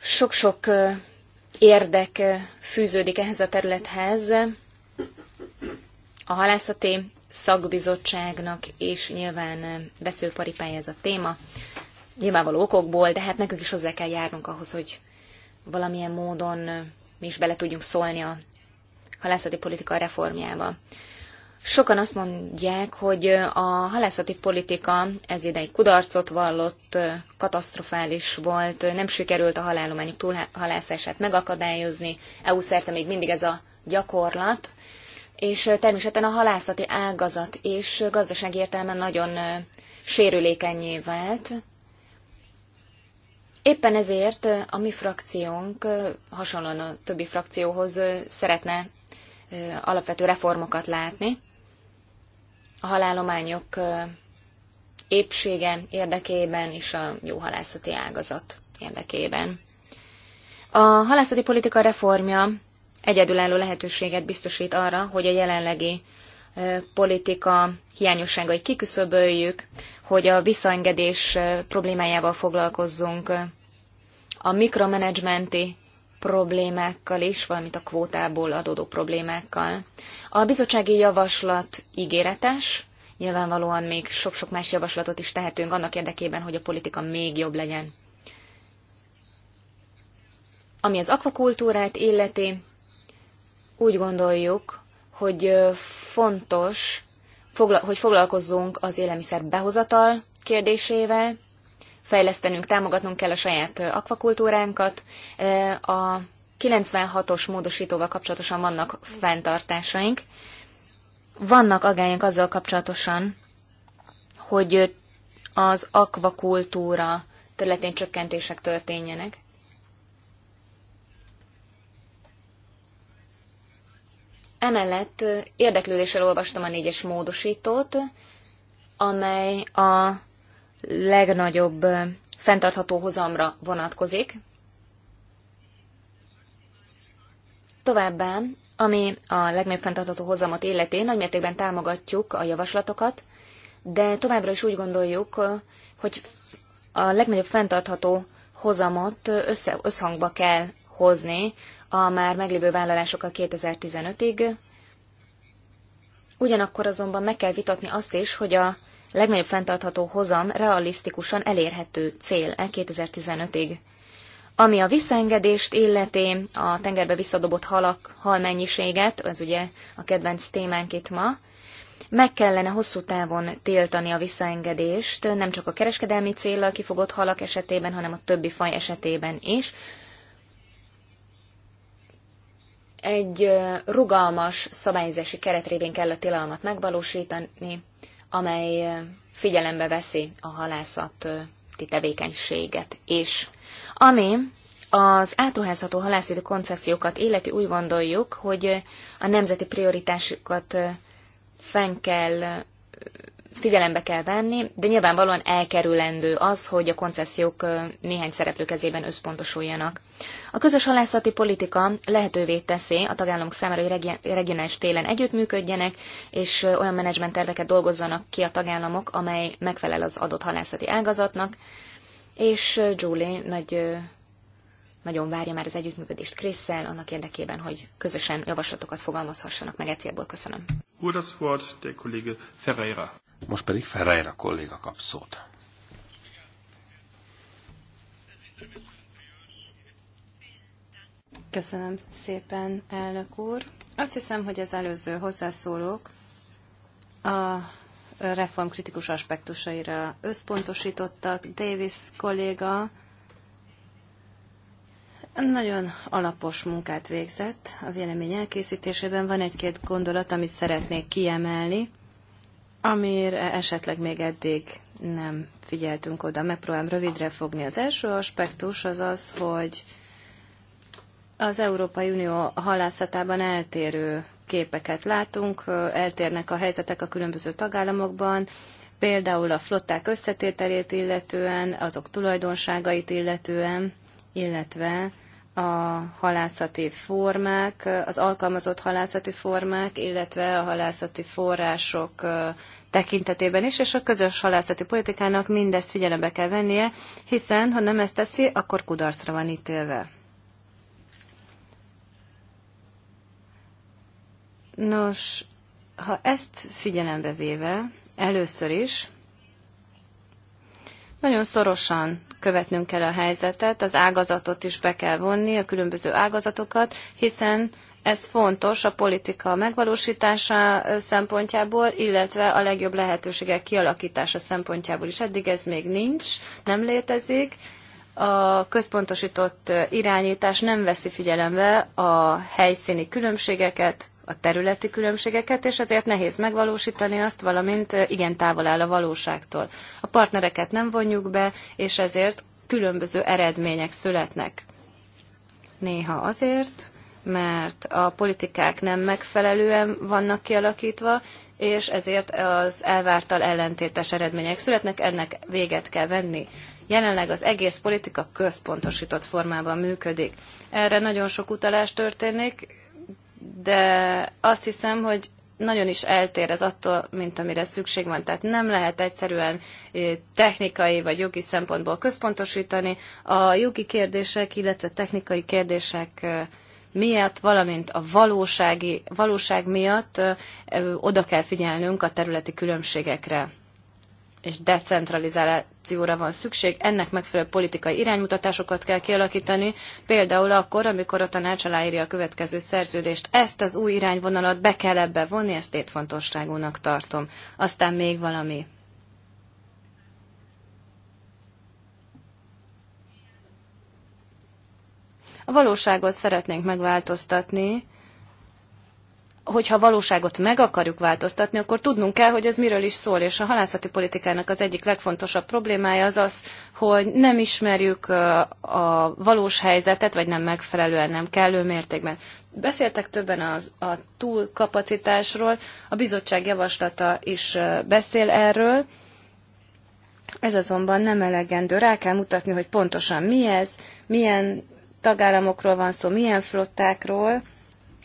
Sok-sok érdek fűződik ehhez a területhez. A halászati szakbizottságnak és nyilván veszőparipája ez a téma nyilvánvaló okokból, de hát nekünk is hozzá kell járnunk ahhoz, hogy valamilyen módon mi is bele tudjunk szólni a halászati politika reformjába. Sokan azt mondják, hogy a halászati politika ez ideig kudarcot vallott, katasztrofális volt, nem sikerült a halálományok túlhalászását megakadályozni, EU szerte még mindig ez a gyakorlat, és természetesen a halászati ágazat és gazdasági értelemben nagyon sérülékenyé vált, Éppen ezért a mi frakciónk hasonlóan a többi frakcióhoz szeretne alapvető reformokat látni. A halálományok épsége érdekében és a jó halászati ágazat érdekében. A halászati politika reformja egyedülálló lehetőséget biztosít arra, hogy a jelenlegi politika hiányosságait kiküszöböljük, hogy a visszaengedés problémájával foglalkozzunk, a mikromanagementi problémákkal is, valamint a kvótából adódó problémákkal. A bizottsági javaslat ígéretes, nyilvánvalóan még sok-sok más javaslatot is tehetünk annak érdekében, hogy a politika még jobb legyen. Ami az akvakultúrát illeti, úgy gondoljuk, hogy fontos hogy foglalkozzunk az élelmiszer behozatal kérdésével, fejlesztenünk, támogatnunk kell a saját akvakultúránkat. A 96-os módosítóval kapcsolatosan vannak fenntartásaink. Vannak agályunk azzal kapcsolatosan, hogy az akvakultúra területén csökkentések történjenek. Emellett érdeklődéssel olvastam a négyes módosítót, amely a legnagyobb fenntartható hozamra vonatkozik. Továbbá, ami a legnagyobb fenntartható hozamot illeti, nagymértékben támogatjuk a javaslatokat, de továbbra is úgy gondoljuk, hogy a legnagyobb fenntartható hozamot össze, összhangba kell hozni a már meglévő vállalásokkal 2015-ig. Ugyanakkor azonban meg kell vitatni azt is, hogy a legnagyobb fenntartható hozam realisztikusan elérhető cél e 2015-ig. Ami a visszaengedést illeti, a tengerbe visszadobott halak halmennyiséget, ez ugye a kedvenc témánk itt ma, meg kellene hosszú távon tiltani a visszaengedést, nem csak a kereskedelmi célral kifogott halak esetében, hanem a többi faj esetében is, egy rugalmas szabályzási keretrévén kell a tilalmat megvalósítani, amely figyelembe veszi a halászati tevékenységet is. Ami az átruházható halászati koncesziókat illeti úgy gondoljuk, hogy a nemzeti prioritásokat fenn kell figyelembe kell venni, de nyilvánvalóan elkerülendő az, hogy a koncesziók néhány szereplő kezében összpontosuljanak. A közös halászati politika lehetővé teszi a tagállamok számára, hogy regionális télen együttműködjenek, és olyan terveket dolgozzanak ki a tagállamok, amely megfelel az adott halászati ágazatnak, és Julie nagy, nagyon várja már az együttműködést Krisszel, annak érdekében, hogy közösen javaslatokat fogalmazhassanak meg. Egyébként köszönöm. Úr, das Wort der Kollege Ferreira. Most pedig Ferreira kolléga kap szót. Köszönöm szépen, elnök úr. Azt hiszem, hogy az előző hozzászólók a reform kritikus aspektusaira összpontosítottak. Davis kolléga nagyon alapos munkát végzett a vélemény elkészítésében. Van egy-két gondolat, amit szeretnék kiemelni amire esetleg még eddig nem figyeltünk oda. Megpróbálom rövidre fogni. Az első aspektus az az, hogy az Európai Unió halászatában eltérő képeket látunk, eltérnek a helyzetek a különböző tagállamokban, például a flották összetételét illetően, azok tulajdonságait illetően, illetve a halászati formák, az alkalmazott halászati formák, illetve a halászati források tekintetében is, és a közös halászati politikának mindezt figyelembe kell vennie, hiszen ha nem ezt teszi, akkor kudarcra van ítélve. Nos, ha ezt figyelembe véve, először is nagyon szorosan követnünk kell a helyzetet, az ágazatot is be kell vonni, a különböző ágazatokat, hiszen ez fontos a politika megvalósítása szempontjából, illetve a legjobb lehetőségek kialakítása szempontjából is. Eddig ez még nincs, nem létezik. A központosított irányítás nem veszi figyelembe a helyszíni különbségeket, a területi különbségeket, és ezért nehéz megvalósítani azt, valamint igen távol áll a valóságtól. A partnereket nem vonjuk be, és ezért különböző eredmények születnek. Néha azért, mert a politikák nem megfelelően vannak kialakítva, és ezért az elvártal ellentétes eredmények születnek, ennek véget kell venni. Jelenleg az egész politika központosított formában működik. Erre nagyon sok utalás történik, de azt hiszem, hogy nagyon is eltér ez attól, mint amire szükség van. Tehát nem lehet egyszerűen technikai vagy jogi szempontból központosítani. A jogi kérdések, illetve technikai kérdések miatt, valamint a valósági, valóság miatt oda kell figyelnünk a területi különbségekre és decentralizációra van szükség, ennek megfelelő politikai iránymutatásokat kell kialakítani, például akkor, amikor a tanács aláírja a következő szerződést. Ezt az új irányvonalat be kell ebbe vonni, ezt létfontosságúnak tartom. Aztán még valami. A valóságot szeretnénk megváltoztatni, hogyha valóságot meg akarjuk változtatni, akkor tudnunk kell, hogy ez miről is szól, és a halászati politikának az egyik legfontosabb problémája az az, hogy nem ismerjük a valós helyzetet, vagy nem megfelelően, nem kellő mértékben. Beszéltek többen az, a túlkapacitásról, a bizottság javaslata is beszél erről, ez azonban nem elegendő. Rá kell mutatni, hogy pontosan mi ez, milyen tagállamokról van szó, milyen flottákról,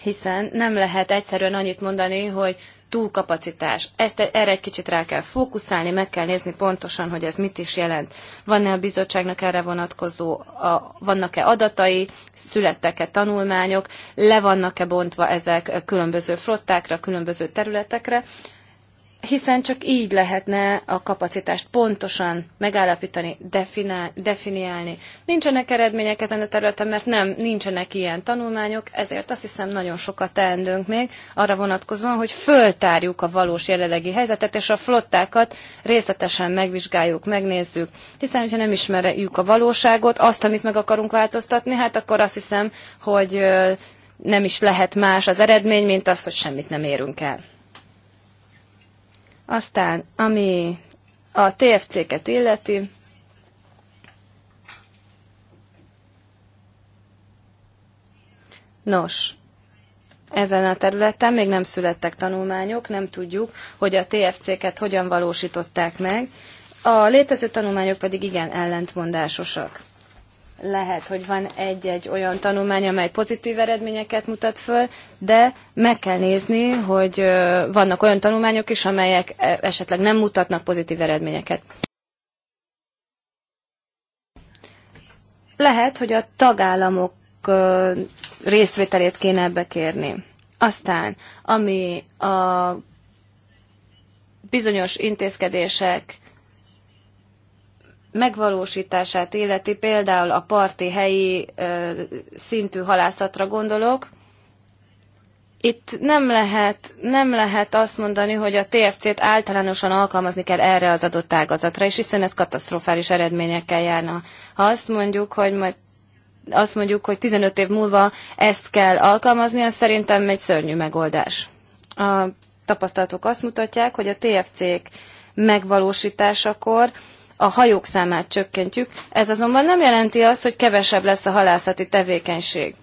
hiszen nem lehet egyszerűen annyit mondani, hogy túlkapacitás. Ezt, erre egy kicsit rá kell fókuszálni, meg kell nézni pontosan, hogy ez mit is jelent. Van-e a bizottságnak erre vonatkozó, vannak-e adatai, születtek-e tanulmányok, le vannak-e bontva ezek különböző flottákra, különböző területekre, hiszen csak így lehetne a kapacitást pontosan megállapítani, definál, definiálni. Nincsenek eredmények ezen a területen, mert nem, nincsenek ilyen tanulmányok, ezért azt hiszem nagyon sokat teendünk még arra vonatkozóan, hogy föltárjuk a valós jelenlegi helyzetet, és a flottákat részletesen megvizsgáljuk, megnézzük. Hiszen, hogyha nem ismerjük a valóságot, azt, amit meg akarunk változtatni, hát akkor azt hiszem, hogy nem is lehet más az eredmény, mint az, hogy semmit nem érünk el. Aztán, ami a TFC-ket illeti, Nos, ezen a területen még nem születtek tanulmányok, nem tudjuk, hogy a TFC-ket hogyan valósították meg, a létező tanulmányok pedig igen ellentmondásosak lehet, hogy van egy-egy olyan tanulmány, amely pozitív eredményeket mutat föl, de meg kell nézni, hogy vannak olyan tanulmányok is, amelyek esetleg nem mutatnak pozitív eredményeket. Lehet, hogy a tagállamok részvételét kéne ebbe kérni. Aztán, ami a bizonyos intézkedések megvalósítását illeti, például a parti helyi szintű halászatra gondolok, itt nem lehet, nem lehet azt mondani, hogy a TFC-t általánosan alkalmazni kell erre az adott ágazatra, és hiszen ez katasztrofális eredményekkel járna. Ha azt mondjuk, hogy majd azt mondjuk, hogy 15 év múlva ezt kell alkalmazni, az szerintem egy szörnyű megoldás. A tapasztalatok azt mutatják, hogy a TFC-k megvalósításakor a hajók számát csökkentjük. Ez azonban nem jelenti azt, hogy kevesebb lesz a halászati tevékenység.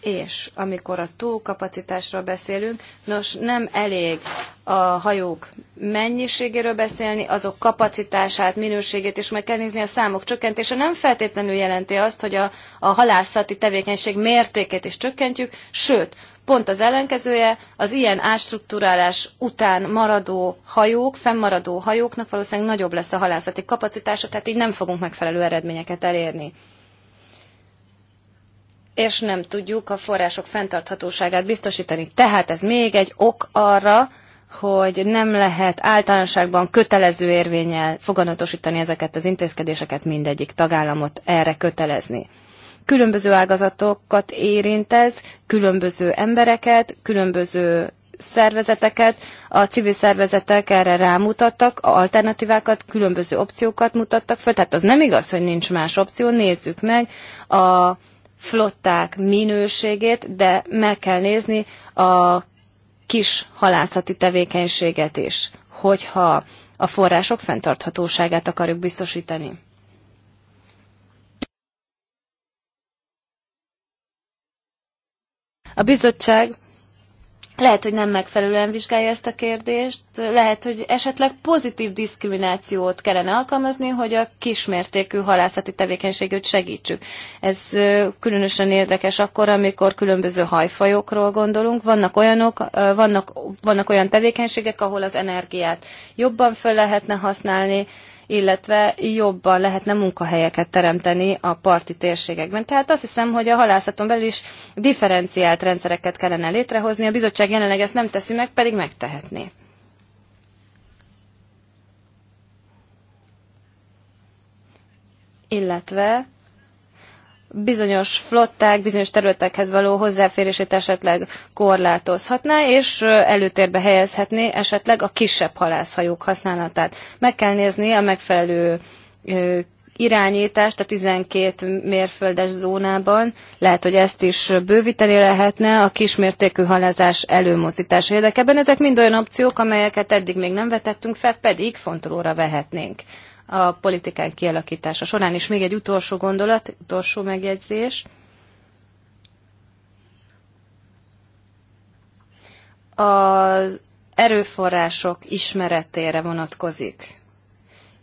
És amikor a túlkapacitásról beszélünk, nos nem elég a hajók mennyiségéről beszélni, azok kapacitását, minőségét is meg kell nézni, a számok csökkentése nem feltétlenül jelenti azt, hogy a, a halászati tevékenység mértékét is csökkentjük, sőt, Pont az ellenkezője, az ilyen ástruktúrálás után maradó hajók, fennmaradó hajóknak valószínűleg nagyobb lesz a halászati kapacitása, tehát így nem fogunk megfelelő eredményeket elérni. És nem tudjuk a források fenntarthatóságát biztosítani. Tehát ez még egy ok arra, hogy nem lehet általánosságban kötelező érvényel foganatosítani ezeket az intézkedéseket, mindegyik tagállamot erre kötelezni. Különböző ágazatokat érint ez, különböző embereket, különböző szervezeteket, a civil szervezetek erre rámutattak, a alternatívákat, különböző opciókat mutattak föl, tehát az nem igaz, hogy nincs más opció, nézzük meg a flották minőségét, de meg kell nézni a kis halászati tevékenységet is, hogyha a források fenntarthatóságát akarjuk biztosítani. A bizottság lehet, hogy nem megfelelően vizsgálja ezt a kérdést, lehet, hogy esetleg pozitív diszkriminációt kellene alkalmazni, hogy a kismértékű halászati tevékenységet segítsük. Ez különösen érdekes akkor, amikor különböző hajfajokról gondolunk. Vannak, olyanok, vannak, vannak olyan tevékenységek, ahol az energiát jobban föl lehetne használni, illetve jobban lehetne munkahelyeket teremteni a parti térségekben. Tehát azt hiszem, hogy a halászaton belül is differenciált rendszereket kellene létrehozni, a bizottság jelenleg ezt nem teszi meg, pedig megtehetné. Illetve bizonyos flották, bizonyos területekhez való hozzáférését esetleg korlátozhatná, és előtérbe helyezhetné esetleg a kisebb halászhajók használatát. Meg kell nézni a megfelelő irányítást a 12 mérföldes zónában. Lehet, hogy ezt is bővíteni lehetne a kismértékű halázás előmozítása érdekében. Ezek mind olyan opciók, amelyeket eddig még nem vetettünk fel, pedig fontolóra vehetnénk a politikánk kialakítása során. És még egy utolsó gondolat, utolsó megjegyzés. Az erőforrások ismeretére vonatkozik.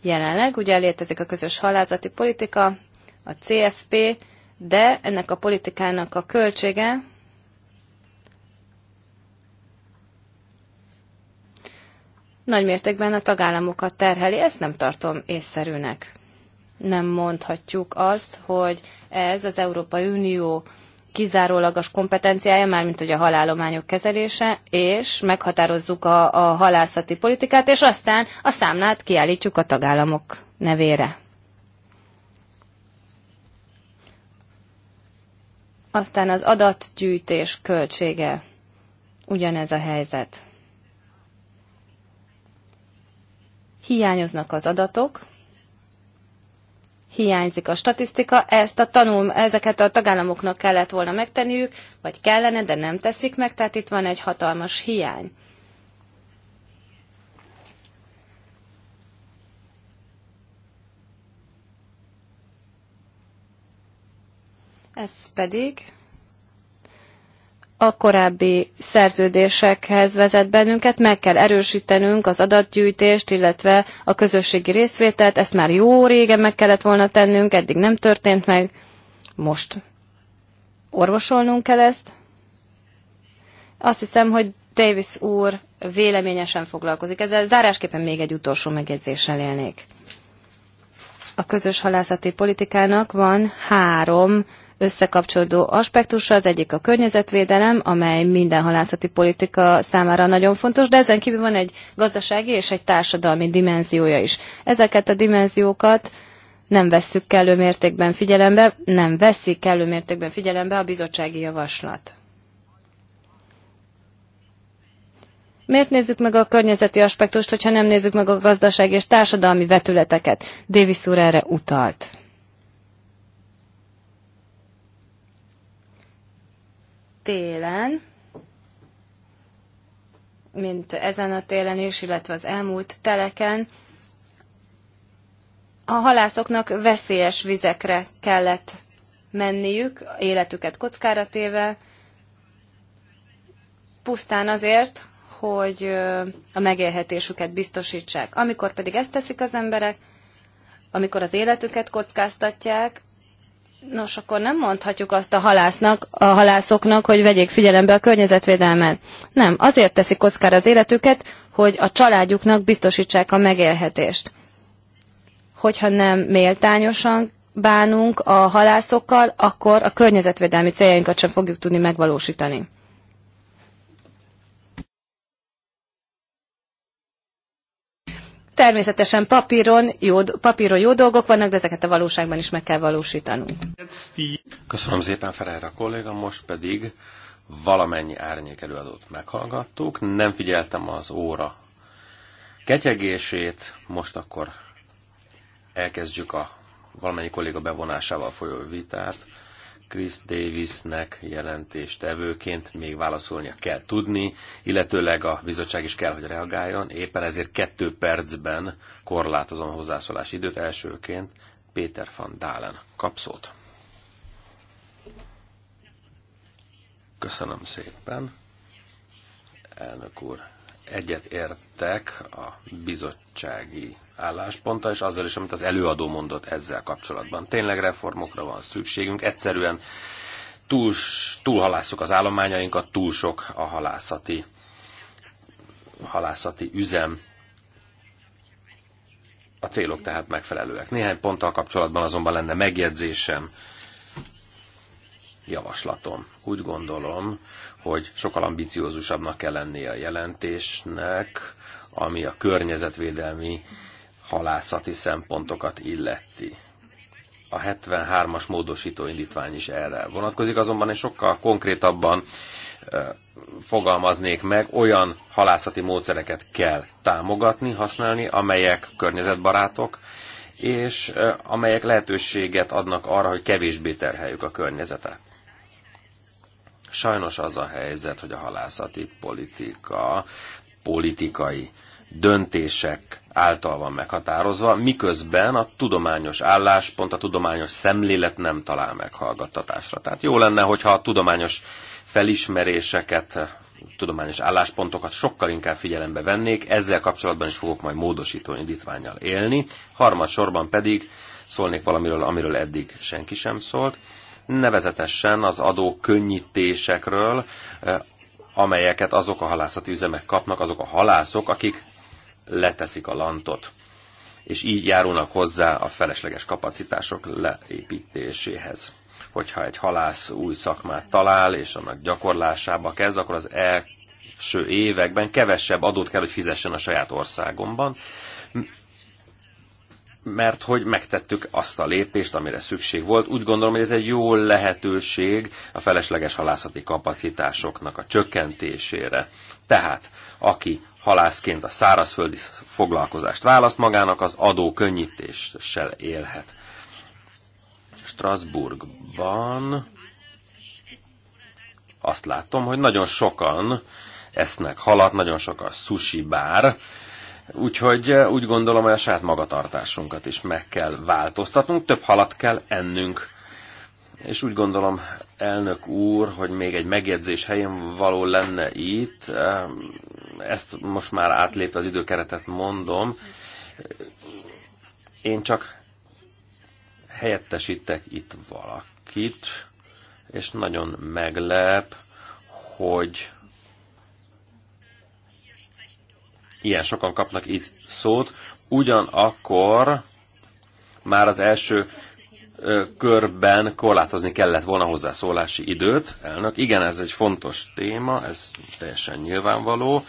Jelenleg ugye létezik a közös halázati politika, a CFP, de ennek a politikának a költsége nagy mértékben a tagállamokat terheli, ezt nem tartom észszerűnek. Nem mondhatjuk azt, hogy ez az Európai Unió kizárólagos kompetenciája, mármint hogy a halálományok kezelése, és meghatározzuk a, a halászati politikát, és aztán a számlát kiállítjuk a tagállamok nevére. Aztán az adatgyűjtés költsége. Ugyanez a helyzet. hiányoznak az adatok, hiányzik a statisztika, ezt a tanul, ezeket a tagállamoknak kellett volna megtenniük, vagy kellene, de nem teszik meg, tehát itt van egy hatalmas hiány. Ez pedig a korábbi szerződésekhez vezet bennünket, meg kell erősítenünk az adatgyűjtést, illetve a közösségi részvételt, ezt már jó régen meg kellett volna tennünk, eddig nem történt meg, most orvosolnunk kell ezt. Azt hiszem, hogy Davis úr véleményesen foglalkozik. Ezzel zárásképpen még egy utolsó megjegyzéssel élnék. A közös halászati politikának van három összekapcsolódó aspektusa. Az egyik a környezetvédelem, amely minden halászati politika számára nagyon fontos, de ezen kívül van egy gazdasági és egy társadalmi dimenziója is. Ezeket a dimenziókat nem vesszük kellő mértékben figyelembe, nem veszik kellő mértékben figyelembe a bizottsági javaslat. Miért nézzük meg a környezeti aspektust, hogyha nem nézzük meg a gazdaság és társadalmi vetületeket? Davis úr erre utalt. télen, mint ezen a télen is, illetve az elmúlt teleken, a halászoknak veszélyes vizekre kellett menniük, életüket kockára téve, pusztán azért, hogy a megélhetésüket biztosítsák. Amikor pedig ezt teszik az emberek, amikor az életüket kockáztatják, Nos, akkor nem mondhatjuk azt a halásznak, a halászoknak, hogy vegyék figyelembe a környezetvédelmet. Nem, azért teszik kockára az életüket, hogy a családjuknak biztosítsák a megélhetést. Hogyha nem méltányosan bánunk a halászokkal, akkor a környezetvédelmi céljainkat sem fogjuk tudni megvalósítani. Természetesen papíron jó, papíron jó dolgok vannak, de ezeket a valóságban is meg kell valósítanunk. Köszönöm szépen Ferreira kolléga, most pedig valamennyi árnyék előadót meghallgattuk. Nem figyeltem az óra ketyegését, most akkor elkezdjük a valamennyi kolléga bevonásával folyó vitát. Chris Davisnek jelentéstevőként még válaszolnia kell tudni, illetőleg a bizottság is kell, hogy reagáljon. Éppen ezért kettő percben korlátozom a hozzászólás időt. Elsőként Péter van Dálen kap szót. Köszönöm szépen. Elnök úr, egyet értek a bizottsági állásponta, és azzal is, amit az előadó mondott ezzel kapcsolatban. Tényleg reformokra van szükségünk, egyszerűen túl, túlhalásszuk az állományainkat, túl sok a halászati, halászati üzem. A célok tehát megfelelőek. Néhány ponttal kapcsolatban azonban lenne megjegyzésem javaslatom. Úgy gondolom, hogy sokkal ambiciózusabbnak kell lennie a jelentésnek, ami a környezetvédelmi halászati szempontokat illeti. A 73-as módosító indítvány is erre vonatkozik, azonban én sokkal konkrétabban fogalmaznék meg, olyan halászati módszereket kell támogatni, használni, amelyek környezetbarátok, és amelyek lehetőséget adnak arra, hogy kevésbé terheljük a környezetet. Sajnos az a helyzet, hogy a halászati politika politikai döntések által van meghatározva, miközben a tudományos álláspont, a tudományos szemlélet nem talál meghallgattatásra. Tehát jó lenne, hogyha a tudományos felismeréseket, tudományos álláspontokat sokkal inkább figyelembe vennék, ezzel kapcsolatban is fogok majd módosító indítványjal élni. Harmadsorban pedig szólnék valamiről, amiről eddig senki sem szólt nevezetesen az adó könnyítésekről, eh, amelyeket azok a halászati üzemek kapnak, azok a halászok, akik leteszik a lantot és így járulnak hozzá a felesleges kapacitások leépítéséhez. Hogyha egy halász új szakmát talál, és annak gyakorlásába kezd, akkor az első években kevesebb adót kell, hogy fizessen a saját országomban, mert hogy megtettük azt a lépést, amire szükség volt. Úgy gondolom, hogy ez egy jó lehetőség a felesleges halászati kapacitásoknak a csökkentésére. Tehát, aki halászként a szárazföldi foglalkozást választ magának, az adó könnyítéssel élhet. Strasbourgban azt látom, hogy nagyon sokan esznek halat, nagyon sok a sushi bár, Úgyhogy eh, úgy gondolom, hogy a saját magatartásunkat is meg kell változtatnunk, több halat kell ennünk. És úgy gondolom, elnök úr, hogy még egy megjegyzés helyén való lenne itt, eh, ezt most már átlépve az időkeretet mondom, én csak helyettesítek itt valakit, és nagyon meglep, hogy ilyen sokan kapnak itt szót, ugyanakkor már az első körben korlátozni kellett volna hozzászólási időt. Elnök, igen, ez egy fontos téma, ez teljesen nyilvánvaló,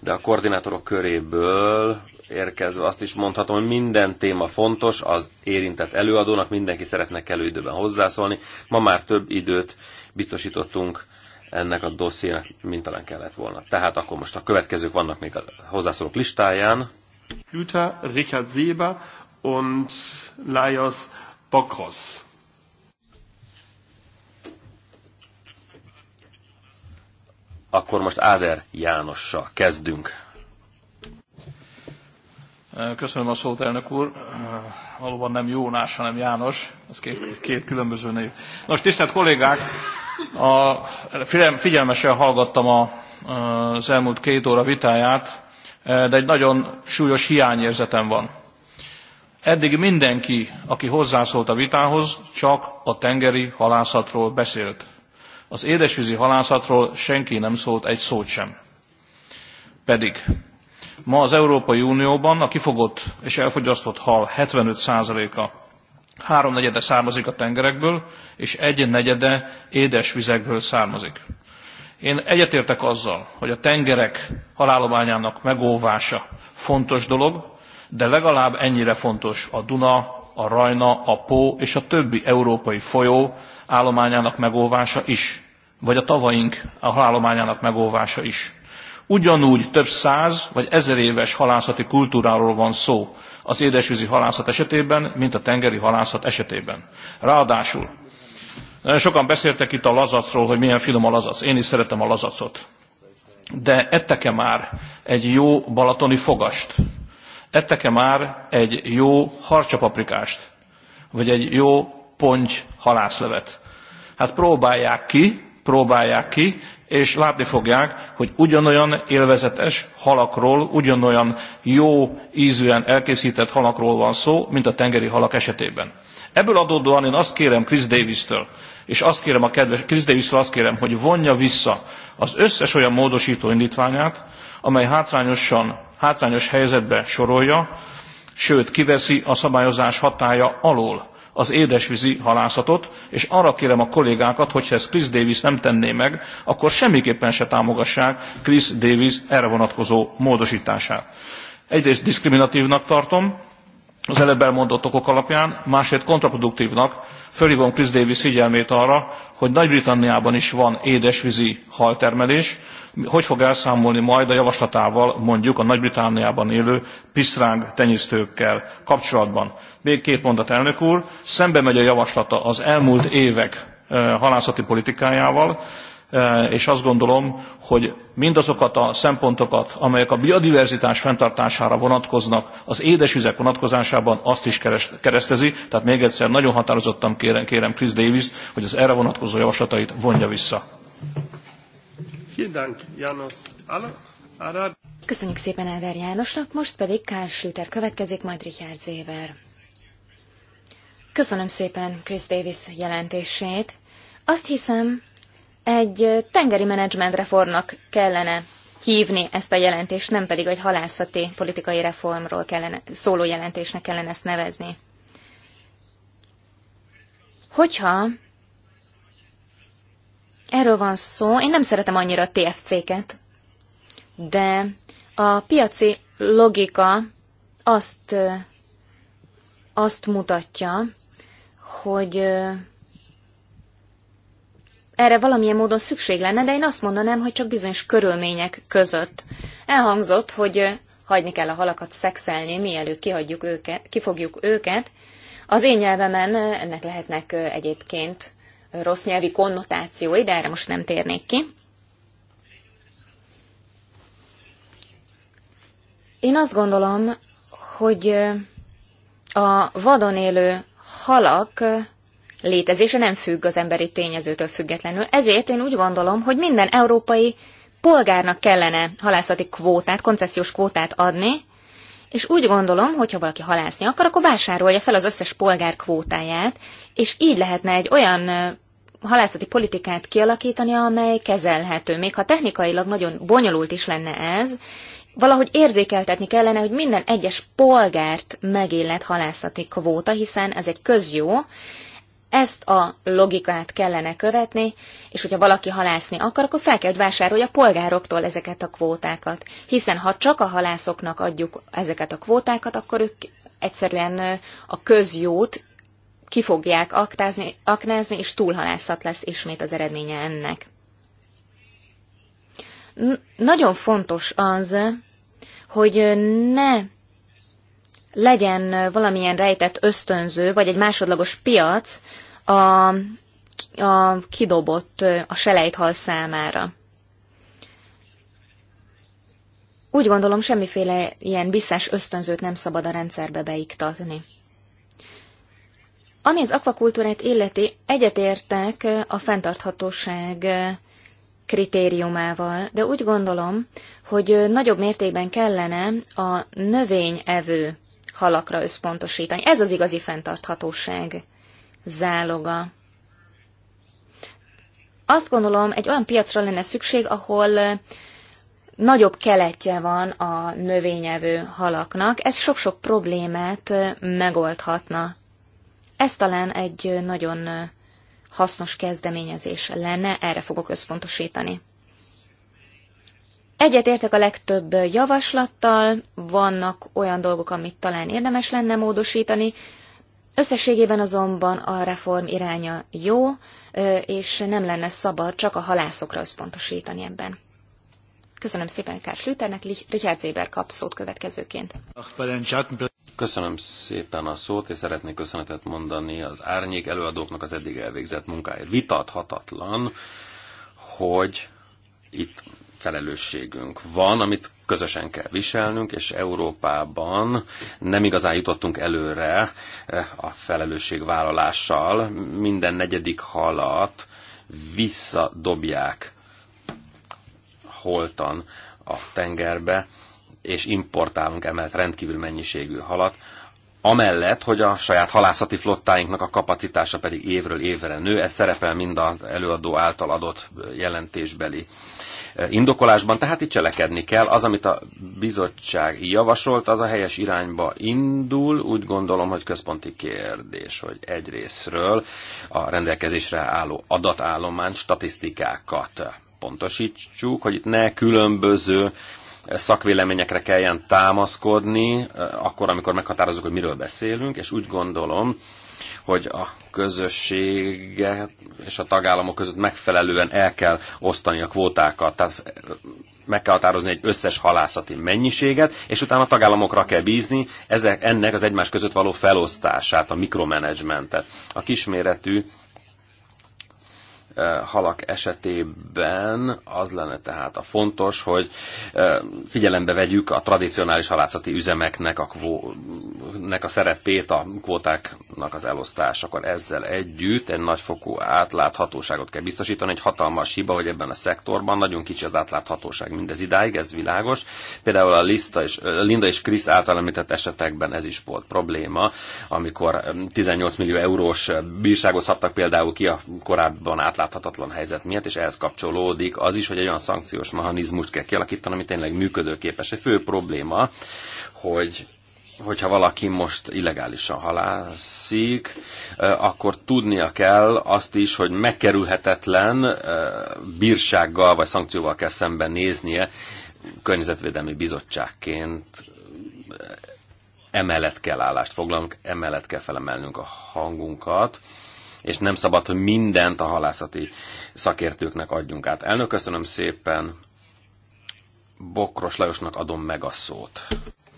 de a koordinátorok köréből érkezve azt is mondhatom, hogy minden téma fontos, az érintett előadónak mindenki szeretne kellő időben hozzászólni. Ma már több időt biztosítottunk ennek a dossziének mintalán kellett volna. Tehát akkor most a következők vannak még a hozzászólók listáján. Jutta, Richard Seba und Lajos Bokros. Akkor most Áder Jánossal kezdünk. Köszönöm a szót, elnök úr. Valóban nem Jónás, hanem János. Ez két, két különböző név. Nos, tisztelt kollégák, a, figyelmesen hallgattam a, az elmúlt két óra vitáját, e, de egy nagyon súlyos hiányérzetem van. Eddig mindenki, aki hozzászólt a vitához, csak a tengeri halászatról beszélt. Az édesvízi halászatról senki nem szólt egy szót sem. Pedig ma az Európai Unióban a kifogott és elfogyasztott hal 75%-a háromnegyede származik a tengerekből, és egy negyede édes vizekből származik. Én egyetértek azzal, hogy a tengerek halálományának megóvása fontos dolog, de legalább ennyire fontos a Duna, a Rajna, a Pó és a többi európai folyó állományának megóvása is, vagy a tavaink a halálományának megóvása is. Ugyanúgy több száz vagy ezer éves halászati kultúráról van szó, az édesvízi halászat esetében, mint a tengeri halászat esetében. Ráadásul nagyon sokan beszéltek itt a lazacról, hogy milyen finom a lazac. Én is szeretem a lazacot. De ettek-e már egy jó balatoni fogast? Ettek-e már egy jó harcsapaprikást? Vagy egy jó ponty halászlevet? Hát próbálják ki, próbálják ki, és látni fogják, hogy ugyanolyan élvezetes halakról, ugyanolyan jó ízűen elkészített halakról van szó, mint a tengeri halak esetében. Ebből adódóan én azt kérem Chris Davis-től, és azt kérem a kedves, Chris davis azt kérem, hogy vonja vissza az összes olyan módosító indítványát, amely hátrányosan, hátrányos helyzetbe sorolja, sőt kiveszi a szabályozás hatája alól az édesvízi halászatot, és arra kérem a kollégákat, hogyha ezt Chris Davis nem tenné meg, akkor semmiképpen se támogassák Chris Davis erre vonatkozó módosítását. Egyrészt diszkriminatívnak tartom, az előbb elmondott okok alapján, másrészt kontraproduktívnak fölhívom Chris Davis figyelmét arra, hogy Nagy-Britanniában is van édesvízi haltermelés, hogy fog elszámolni majd a javaslatával mondjuk a Nagy-Britanniában élő pisztráng tenyésztőkkel kapcsolatban. Még két mondat, elnök úr, szembe megy a javaslata az elmúlt évek eh, halászati politikájával, és azt gondolom, hogy mindazokat a szempontokat, amelyek a biodiverzitás fenntartására vonatkoznak, az édesvizek vonatkozásában azt is keresztezi. Tehát még egyszer nagyon határozottan kérem, kérem Chris Davis, hogy az erre vonatkozó javaslatait vonja vissza. Köszönjük szépen Áder Jánosnak, most pedig Kál Schlüter következik, majd Richard Zéber. Köszönöm szépen Chris Davis jelentését. Azt hiszem, egy tengeri menedzsment reformnak kellene hívni ezt a jelentést, nem pedig egy halászati politikai reformról kellene, szóló jelentésnek kellene ezt nevezni. Hogyha erről van szó, én nem szeretem annyira a TFC-ket, de a piaci logika azt, azt mutatja, hogy erre valamilyen módon szükség lenne, de én azt mondanám, hogy csak bizonyos körülmények között. Elhangzott, hogy hagyni kell a halakat szexelni, mielőtt kihagyjuk őket, kifogjuk őket. Az én nyelvemen ennek lehetnek egyébként rossz nyelvi konnotációi, de erre most nem térnék ki. Én azt gondolom, hogy a vadon élő halak létezése nem függ az emberi tényezőtől függetlenül. Ezért én úgy gondolom, hogy minden európai polgárnak kellene halászati kvótát, koncesziós kvótát adni, és úgy gondolom, hogy ha valaki halászni akar, akkor vásárolja fel az összes polgár kvótáját, és így lehetne egy olyan halászati politikát kialakítani, amely kezelhető. Még ha technikailag nagyon bonyolult is lenne ez, valahogy érzékeltetni kellene, hogy minden egyes polgárt megillet halászati kvóta, hiszen ez egy közjó, ezt a logikát kellene követni, és hogyha valaki halászni akar, akkor fel kell, hogy vásárolja a polgároktól ezeket a kvótákat. Hiszen ha csak a halászoknak adjuk ezeket a kvótákat, akkor ők egyszerűen a közjót ki fogják aktázni, aknázni, és túlhalászat lesz ismét az eredménye ennek. N nagyon fontos az, hogy ne legyen valamilyen rejtett ösztönző, vagy egy másodlagos piac a, a kidobott, a selejthal számára. Úgy gondolom, semmiféle ilyen visszás ösztönzőt nem szabad a rendszerbe beiktatni. Ami az akvakultúrát illeti, egyetértek a fenntarthatóság kritériumával, de úgy gondolom, hogy nagyobb mértékben kellene a növényevő halakra összpontosítani. Ez az igazi fenntarthatóság záloga. Azt gondolom, egy olyan piacra lenne szükség, ahol nagyobb keletje van a növényevő halaknak. Ez sok-sok problémát megoldhatna. Ez talán egy nagyon hasznos kezdeményezés lenne, erre fogok összpontosítani. Egyetértek a legtöbb javaslattal, vannak olyan dolgok, amit talán érdemes lenne módosítani, összességében azonban a reform iránya jó, és nem lenne szabad csak a halászokra összpontosítani ebben. Köszönöm szépen Kár Slüternek, Richard Zéber kap szót következőként. Köszönöm szépen a szót, és szeretnék köszönetet mondani az árnyék előadóknak az eddig elvégzett munkáért. Vitathatatlan, hogy itt felelősségünk van, amit közösen kell viselnünk, és Európában nem igazán jutottunk előre eh, a felelősségvállalással. Minden negyedik halat visszadobják holtan a tengerbe, és importálunk emellett rendkívül mennyiségű halat, Amellett, hogy a saját halászati flottáinknak a kapacitása pedig évről évre nő, ez szerepel mind az előadó által adott jelentésbeli indokolásban, tehát itt cselekedni kell. Az, amit a bizottság javasolt, az a helyes irányba indul. Úgy gondolom, hogy központi kérdés, hogy egyrésztről a rendelkezésre álló adatállomány statisztikákat pontosítsuk, hogy itt ne különböző szakvéleményekre kelljen támaszkodni, eh, akkor, amikor meghatározunk, hogy miről beszélünk, és úgy gondolom, hogy a közössége és a tagállamok között megfelelően el kell osztani a kvótákat. Tehát eh, meg kell határozni egy összes halászati mennyiséget, és utána a tagállamokra kell bízni ezek, ennek az egymás között való felosztását, a mikromanagementet. A kisméretű Eh, halak esetében az lenne tehát a fontos, hogy eh, figyelembe vegyük a tradicionális halászati üzemeknek a, kvó, nek a szerepét a kvótáknak az elosztásakor. Ezzel együtt egy nagyfokú átláthatóságot kell biztosítani. Egy hatalmas hiba, hogy ebben a szektorban nagyon kicsi az átláthatóság mindez idáig, ez világos. Például a Lista és, eh, Linda és Krisz által említett esetekben ez is volt probléma, amikor 18 millió eurós bírságot szabtak például ki a korábban átláthatóság átláthatatlan helyzet miatt, és ehhez kapcsolódik az is, hogy egy olyan szankciós mechanizmust kell kialakítani, ami tényleg működőképes. Egy fő probléma, hogy hogyha valaki most illegálisan halászik, akkor tudnia kell azt is, hogy megkerülhetetlen bírsággal vagy szankcióval kell szemben néznie környezetvédelmi bizottságként emellett kell állást foglalunk emellett kell felemelnünk a hangunkat, és nem szabad, hogy mindent a halászati szakértőknek adjunk át. Elnök, köszönöm szépen. Bokros Lajosnak adom meg a szót.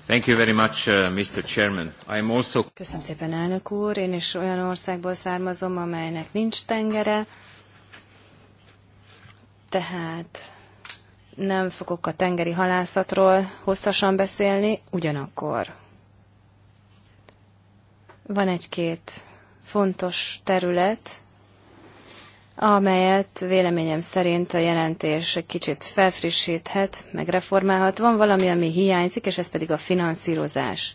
Thank you very much, uh, Mr. Chairman. I'm also... Köszönöm szépen, elnök úr. Én is olyan országból származom, amelynek nincs tengere, tehát nem fogok a tengeri halászatról hosszasan beszélni, ugyanakkor van egy-két fontos terület, amelyet véleményem szerint a jelentés egy kicsit felfrissíthet, megreformálhat. Van valami, ami hiányzik, és ez pedig a finanszírozás.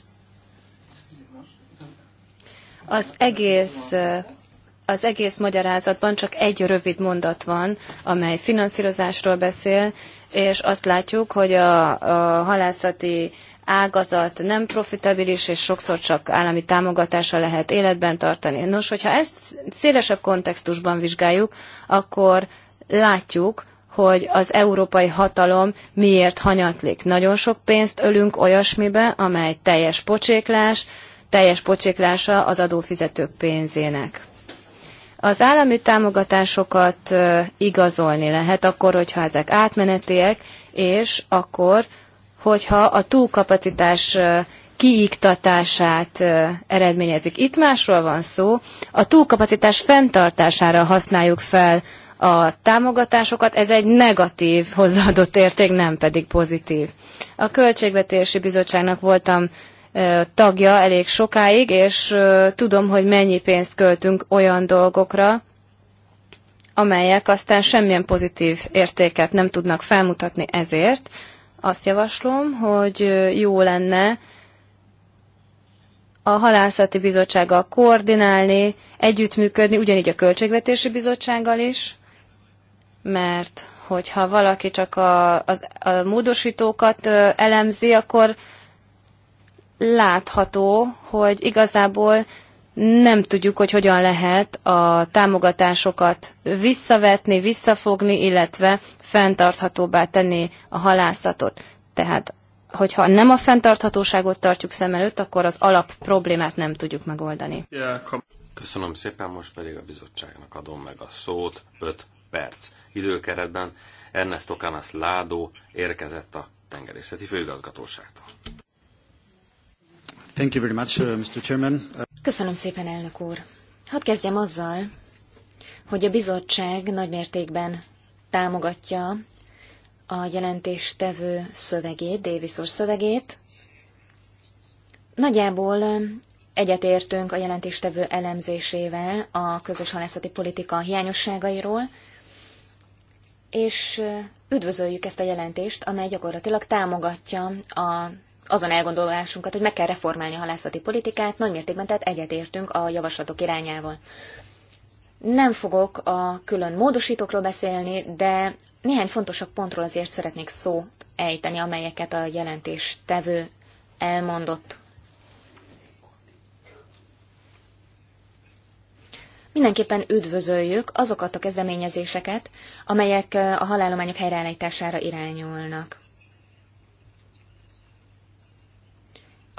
Az egész az egész magyarázatban csak egy rövid mondat van, amely finanszírozásról beszél, és azt látjuk, hogy a, a halászati ágazat nem profitabilis, és sokszor csak állami támogatása lehet életben tartani. Nos, hogyha ezt szélesebb kontextusban vizsgáljuk, akkor látjuk, hogy az európai hatalom miért hanyatlik. Nagyon sok pénzt ölünk olyasmibe, amely teljes pocséklás, teljes pocséklása az adófizetők pénzének. Az állami támogatásokat igazolni lehet akkor, hogyha ezek átmenetiek, és akkor, hogyha a túlkapacitás kiiktatását eredményezik. Itt másról van szó, a túlkapacitás fenntartására használjuk fel a támogatásokat, ez egy negatív hozzáadott érték, nem pedig pozitív. A Költségvetési Bizottságnak voltam tagja elég sokáig, és tudom, hogy mennyi pénzt költünk olyan dolgokra, amelyek aztán semmilyen pozitív értéket nem tudnak felmutatni ezért, azt javaslom, hogy jó lenne a halászati bizottsággal koordinálni, együttműködni, ugyanígy a költségvetési bizottsággal is, mert hogyha valaki csak a, a, a módosítókat elemzi, akkor látható, hogy igazából nem tudjuk, hogy hogyan lehet a támogatásokat visszavetni, visszafogni, illetve fenntarthatóbbá tenni a halászatot. Tehát, hogyha nem a fenntarthatóságot tartjuk szem előtt, akkor az alap problémát nem tudjuk megoldani. Köszönöm szépen, most pedig a bizottságnak adom meg a szót 5 perc időkeretben. Ernesto Canas Ládó érkezett a tengerészeti főigazgatóságtól. Thank you very much, uh, Mr. Chairman. Köszönöm szépen, elnök úr. Hadd kezdjem azzal, hogy a bizottság nagymértékben támogatja a jelentéstevő szövegét, Davis úr szövegét. Nagyjából egyetértünk a jelentéstevő elemzésével a közös halászati politika hiányosságairól, és üdvözöljük ezt a jelentést, amely gyakorlatilag támogatja a azon elgondolásunkat, hogy meg kell reformálni a halászati politikát, mértékben tehát egyetértünk a javaslatok irányával. Nem fogok a külön módosítókról beszélni, de néhány fontosabb pontról azért szeretnék szó ejteni, amelyeket a jelentés tevő elmondott. Mindenképpen üdvözöljük azokat a kezdeményezéseket, amelyek a halálományok helyreállítására irányulnak.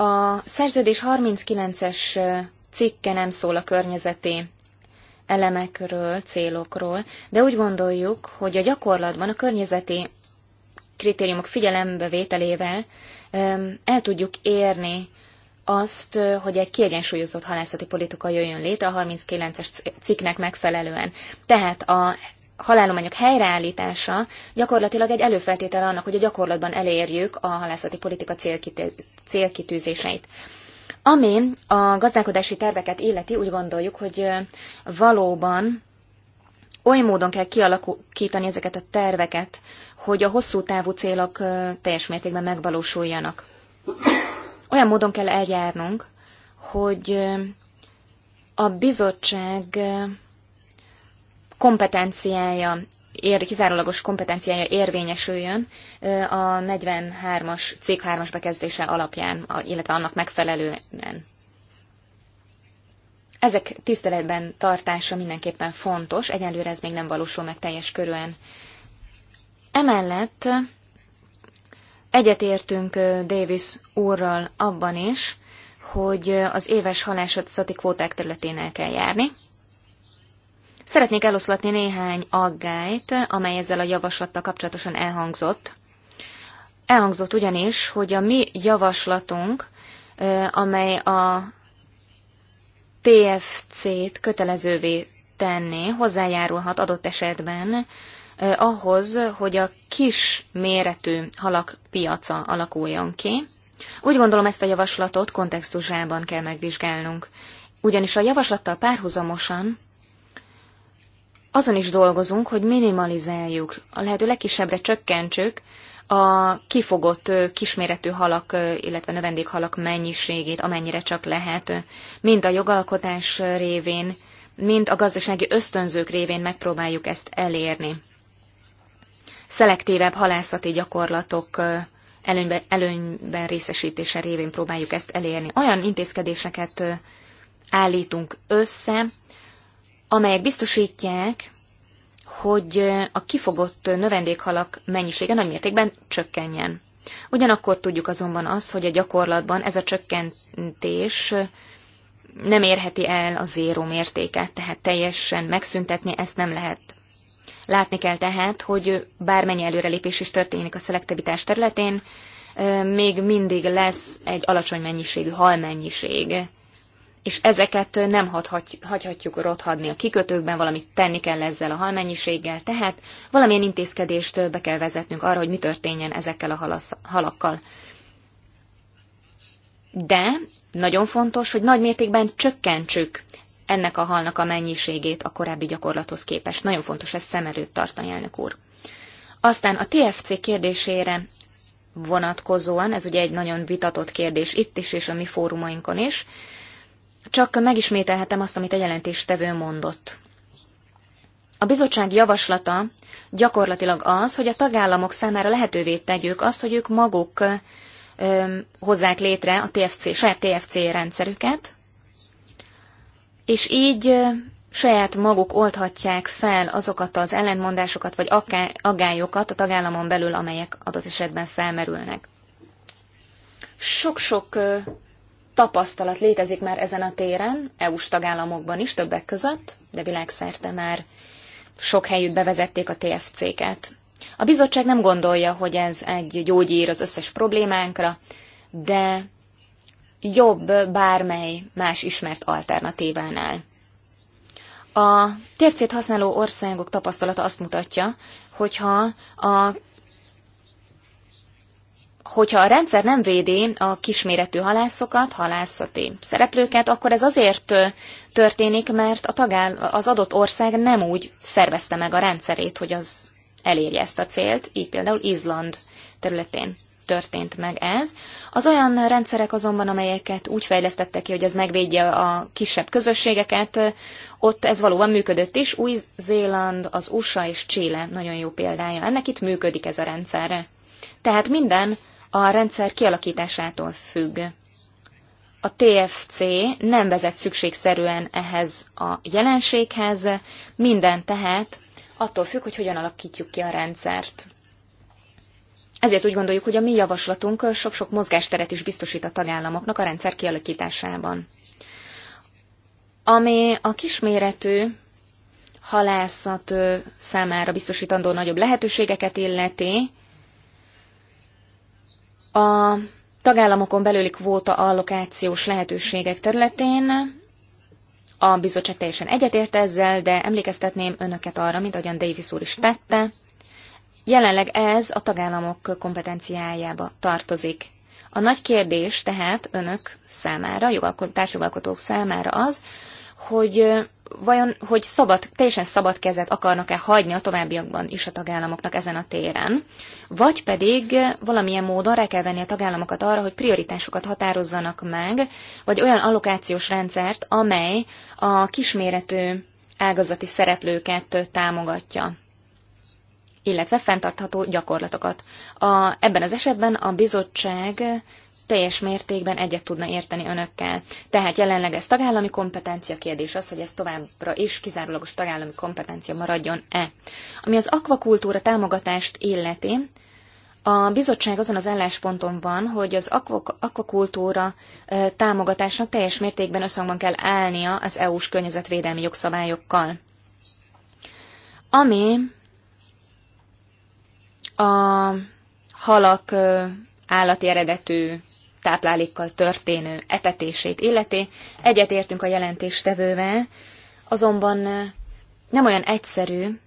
A szerződés 39-es cikke nem szól a környezeti elemekről, célokról, de úgy gondoljuk, hogy a gyakorlatban a környezeti kritériumok vételével el tudjuk érni azt, hogy egy kiegyensúlyozott halászati politika jöjjön létre a 39-es cikknek megfelelően. Tehát a halállományok helyreállítása gyakorlatilag egy előfeltétele annak, hogy a gyakorlatban elérjük a halászati politika célkitűzéseit. Ami a gazdálkodási terveket illeti, úgy gondoljuk, hogy valóban oly módon kell kialakítani ezeket a terveket, hogy a hosszú távú célok teljes mértékben megvalósuljanak. Olyan módon kell eljárnunk, hogy a bizottság kompetenciája, ér, kizárólagos kompetenciája érvényesüljön a 43-as cikk 3-as bekezdése alapján, illetve annak megfelelően. Ezek tiszteletben tartása mindenképpen fontos, egyelőre ez még nem valósul meg teljes körülön. Emellett egyetértünk Davis úrral abban is, hogy az éves halászati kvóták területén el kell járni. Szeretnék eloszlatni néhány aggályt, amely ezzel a javaslattal kapcsolatosan elhangzott. Elhangzott ugyanis, hogy a mi javaslatunk, amely a TFC-t kötelezővé tenné, hozzájárulhat adott esetben ahhoz, hogy a kis méretű halak piaca alakuljon ki. Úgy gondolom ezt a javaslatot kontextusában kell megvizsgálnunk. Ugyanis a javaslattal párhuzamosan azon is dolgozunk, hogy minimalizáljuk, a lehető legkisebbre csökkentsük a kifogott kisméretű halak, illetve növendékhalak mennyiségét, amennyire csak lehet, mind a jogalkotás révén, mind a gazdasági ösztönzők révén megpróbáljuk ezt elérni. Szelektívebb halászati gyakorlatok előnyben, előnyben részesítése révén próbáljuk ezt elérni. Olyan intézkedéseket állítunk össze, amelyek biztosítják, hogy a kifogott növendékhalak mennyisége nagymértékben csökkenjen. Ugyanakkor tudjuk azonban azt, hogy a gyakorlatban ez a csökkentés nem érheti el a zéró mértéket, tehát teljesen megszüntetni ezt nem lehet. Látni kell tehát, hogy bármennyi előrelépés is történik a szelektivitás területén, még mindig lesz egy alacsony mennyiségű halmennyiség és ezeket nem hagyhatjuk rothadni a kikötőkben, valamit tenni kell ezzel a halmennyiséggel, tehát valamilyen intézkedést be kell vezetnünk arra, hogy mi történjen ezekkel a halasz, halakkal. De nagyon fontos, hogy nagy mértékben csökkentsük ennek a halnak a mennyiségét a korábbi gyakorlathoz képest. Nagyon fontos ezt szem előtt tartani, elnök úr. Aztán a TFC kérdésére vonatkozóan, ez ugye egy nagyon vitatott kérdés itt is, és a mi fórumainkon is, csak megismételhetem azt, amit a jelentéstevő mondott. A bizottság javaslata gyakorlatilag az, hogy a tagállamok számára lehetővé tegyük azt, hogy ők maguk ö, hozzák létre a TFC, saját TFC rendszerüket, és így saját maguk oldhatják fel azokat az ellentmondásokat vagy agályokat a tagállamon belül, amelyek adott esetben felmerülnek. Sok-sok tapasztalat létezik már ezen a téren, EU-s tagállamokban is többek között, de világszerte már sok helyütt bevezették a TFC-ket. A bizottság nem gondolja, hogy ez egy gyógyír az összes problémánkra, de jobb bármely más ismert alternatívánál. A tércét használó országok tapasztalata azt mutatja, hogyha a hogyha a rendszer nem védi a kisméretű halászokat, halászati szereplőket, akkor ez azért történik, mert a tagáll, az adott ország nem úgy szervezte meg a rendszerét, hogy az elérje ezt a célt, így például Izland területén történt meg ez. Az olyan rendszerek azonban, amelyeket úgy fejlesztettek ki, hogy az megvédje a kisebb közösségeket, ott ez valóban működött is. Új-Zéland, az USA és Chile nagyon jó példája. Ennek itt működik ez a rendszer. Tehát minden a rendszer kialakításától függ. A TFC nem vezet szükségszerűen ehhez a jelenséghez, minden tehát attól függ, hogy hogyan alakítjuk ki a rendszert. Ezért úgy gondoljuk, hogy a mi javaslatunk sok-sok mozgásteret is biztosít a tagállamoknak a rendszer kialakításában. Ami a kisméretű halászat számára biztosítandó nagyobb lehetőségeket illeti, a tagállamokon belüli kvóta allokációs lehetőségek területén a bizottság teljesen egyetért ezzel, de emlékeztetném önöket arra, mint ahogyan Davis úr is tette, jelenleg ez a tagállamok kompetenciájába tartozik. A nagy kérdés tehát önök számára, jogalkot, társjogalkotók számára az, hogy vajon, hogy szabad, teljesen szabad kezet akarnak-e hagyni a továbbiakban is a tagállamoknak ezen a téren, vagy pedig valamilyen módon rá kell venni a tagállamokat arra, hogy prioritásokat határozzanak meg, vagy olyan allokációs rendszert, amely a kisméretű ágazati szereplőket támogatja illetve fenntartható gyakorlatokat. A, ebben az esetben a bizottság teljes mértékben egyet tudna érteni önökkel. Tehát jelenleg ez tagállami kompetencia kérdés az, hogy ez továbbra is kizárólagos tagállami kompetencia maradjon-e. Ami az akvakultúra támogatást illeti, a bizottság azon az állásponton van, hogy az akvakultúra támogatásnak teljes mértékben összhangban kell állnia az EU-s környezetvédelmi jogszabályokkal. Ami a halak állati eredetű táplálékkal történő etetését illeti. Egyetértünk a jelentéstevővel, azonban nem olyan egyszerű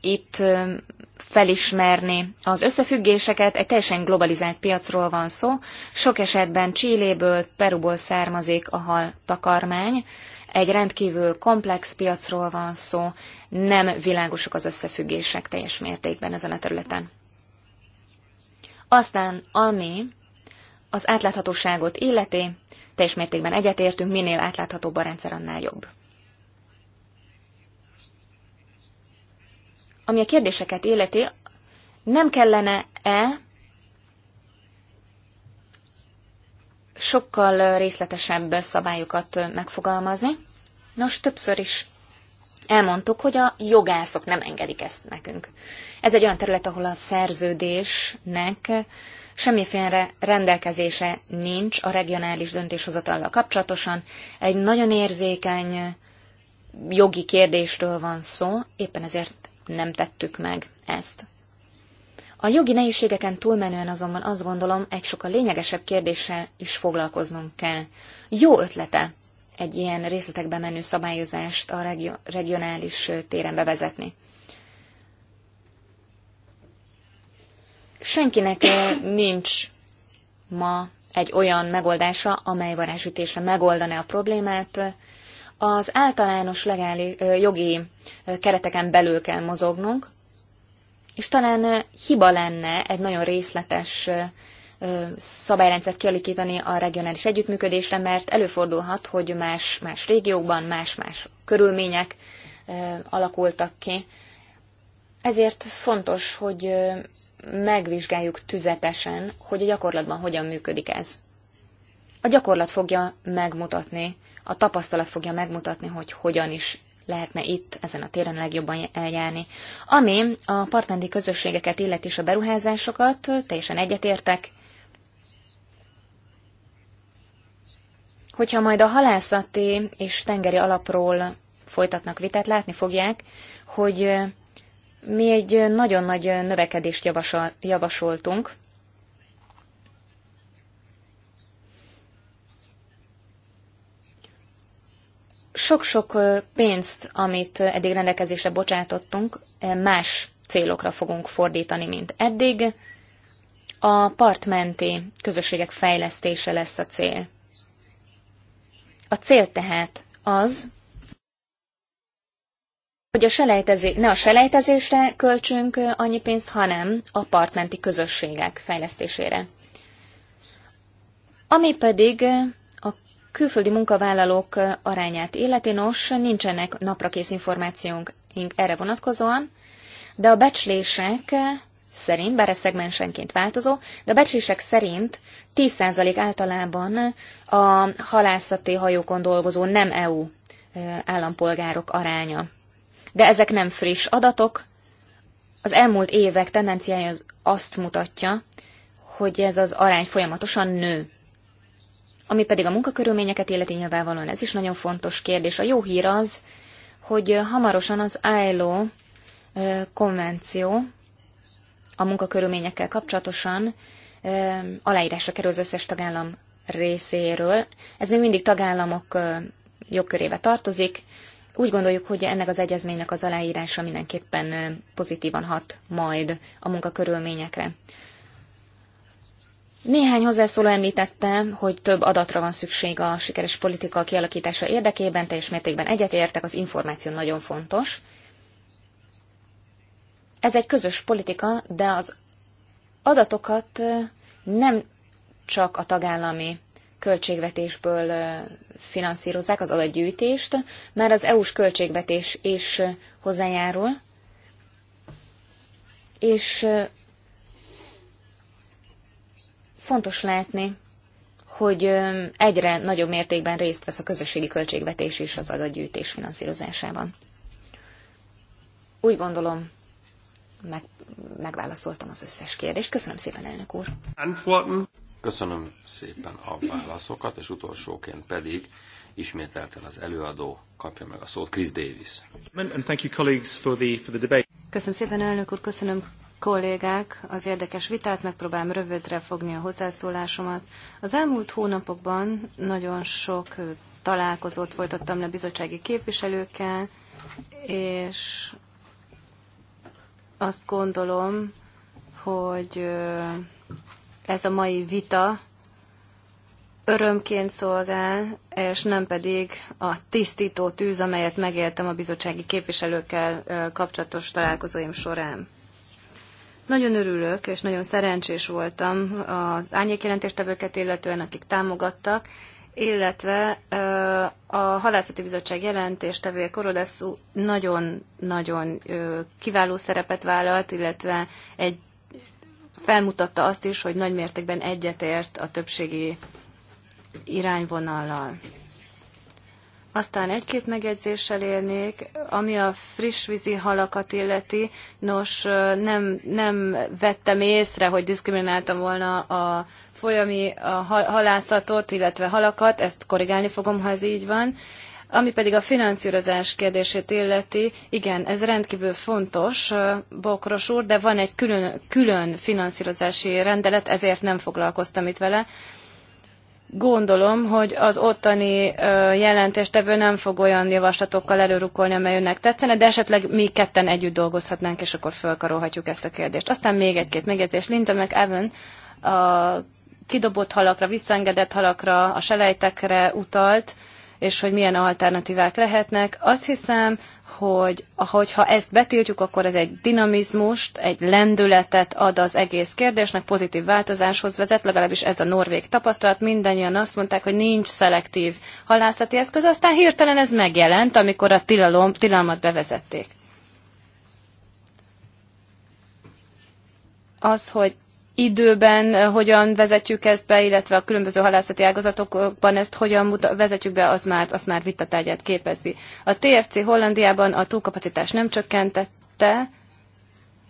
itt felismerni az összefüggéseket. Egy teljesen globalizált piacról van szó. Sok esetben Csilléből, Peruból származik a hal takarmány. Egy rendkívül komplex piacról van szó, nem világosak az összefüggések teljes mértékben ezen a területen. Aztán, ami az átláthatóságot illeti, teljes mértékben egyetértünk, minél átláthatóbb a rendszer, annál jobb. Ami a kérdéseket illeti, nem kellene-e sokkal részletesebb szabályokat megfogalmazni? Nos, többször is elmondtuk, hogy a jogászok nem engedik ezt nekünk. Ez egy olyan terület, ahol a szerződésnek semmiféle rendelkezése nincs a regionális döntéshozatallal kapcsolatosan. Egy nagyon érzékeny jogi kérdésről van szó, éppen ezért nem tettük meg ezt. A jogi nehézségeken túlmenően azonban azt gondolom, egy sokkal lényegesebb kérdéssel is foglalkoznunk kell. Jó ötlete egy ilyen részletekbe menő szabályozást a regionális téren bevezetni. Senkinek nincs ma egy olyan megoldása, amely varázsütésre megoldaná a problémát. Az általános legális jogi kereteken belül kell mozognunk, és talán hiba lenne egy nagyon részletes szabályrendszert kialakítani a regionális együttműködésre, mert előfordulhat, hogy más, más régiókban más-más körülmények alakultak ki. Ezért fontos, hogy megvizsgáljuk tüzetesen, hogy a gyakorlatban hogyan működik ez. A gyakorlat fogja megmutatni, a tapasztalat fogja megmutatni, hogy hogyan is lehetne itt, ezen a téren legjobban eljárni. Ami a partmenti közösségeket illeti és a beruházásokat, teljesen egyetértek, Hogyha majd a halászati és tengeri alapról folytatnak vitát, látni fogják, hogy mi egy nagyon nagy növekedést javasoltunk. Sok-sok pénzt, amit eddig rendelkezésre bocsátottunk, más célokra fogunk fordítani, mint eddig. A partmenti közösségek fejlesztése lesz a cél. A cél tehát az, hogy a selejtezé, ne a selejtezésre költsünk annyi pénzt, hanem a partmenti közösségek fejlesztésére. Ami pedig a külföldi munkavállalók arányát illeti, nos, nincsenek naprakész információnk erre vonatkozóan, de a becslések szerint, bár ez szegmensenként változó, de a becslések szerint 10% általában a halászati hajókon dolgozó nem EU állampolgárok aránya. De ezek nem friss adatok. Az elmúlt évek tendenciája azt mutatja, hogy ez az arány folyamatosan nő. Ami pedig a munkakörülményeket illeti nyilvánvalóan, ez is nagyon fontos kérdés. A jó hír az, hogy hamarosan az ILO konvenció a munkakörülményekkel kapcsolatosan aláírásra kerül az összes tagállam részéről. Ez még mindig tagállamok jogkörébe tartozik. Úgy gondoljuk, hogy ennek az egyezménynek az aláírása mindenképpen pozitívan hat majd a munkakörülményekre. Néhány hozzászóló említette, hogy több adatra van szükség a sikeres politika kialakítása érdekében, teljes mértékben egyetértek, az információ nagyon fontos. Ez egy közös politika, de az adatokat nem csak a tagállami költségvetésből finanszírozzák az adatgyűjtést, mert az EU-s költségvetés is hozzájárul, és fontos látni, hogy egyre nagyobb mértékben részt vesz a közösségi költségvetés is az adatgyűjtés finanszírozásában. Úgy gondolom, meg, megválaszoltam az összes kérdést. Köszönöm szépen, elnök úr! Köszönöm szépen a válaszokat, és utolsóként pedig ismételten az előadó kapja meg a szót, Chris Davis. Köszönöm szépen, elnök úr, köszönöm kollégák az érdekes vitát, megpróbálom rövidre fogni a hozzászólásomat. Az elmúlt hónapokban nagyon sok találkozót folytattam le bizottsági képviselőkkel, és azt gondolom, hogy ez a mai vita örömként szolgál, és nem pedig a tisztító tűz, amelyet megéltem a bizottsági képviselőkkel kapcsolatos találkozóim során. Nagyon örülök, és nagyon szerencsés voltam az árnyékjelentéstevőket illetően, akik támogattak, illetve a Halászati Bizottság jelentéstevője Korodeszú nagyon-nagyon kiváló szerepet vállalt, illetve egy felmutatta azt is, hogy nagy mértékben egyetért a többségi irányvonallal. Aztán egy-két megjegyzéssel élnék, ami a friss vízi halakat illeti. Nos, nem, nem vettem észre, hogy diszkrimináltam volna a folyami a halászatot, illetve halakat. Ezt korrigálni fogom, ha ez így van. Ami pedig a finanszírozás kérdését illeti, igen, ez rendkívül fontos, Bokros úr, de van egy külön, külön finanszírozási rendelet, ezért nem foglalkoztam itt vele gondolom, hogy az ottani jelentéstevő nem fog olyan javaslatokkal előrukolni, amely önnek tetszene, de esetleg mi ketten együtt dolgozhatnánk, és akkor fölkarolhatjuk ezt a kérdést. Aztán még egy-két megjegyzés. Linda McEwan a kidobott halakra, visszaengedett halakra, a selejtekre utalt, és hogy milyen alternatívák lehetnek. Azt hiszem, hogy ha ezt betiltjuk, akkor ez egy dinamizmust, egy lendületet ad az egész kérdésnek, pozitív változáshoz vezet, legalábbis ez a norvég tapasztalat. Mindannyian azt mondták, hogy nincs szelektív halászati eszköz, aztán hirtelen ez megjelent, amikor a tilalom, tilalmat bevezették. Az, hogy időben eh, hogyan vezetjük ezt be, illetve a különböző halászati ágazatokban ezt hogyan muta- vezetjük be, az már, az már vitatárgyát képezi. A TFC Hollandiában a túlkapacitás nem csökkentette,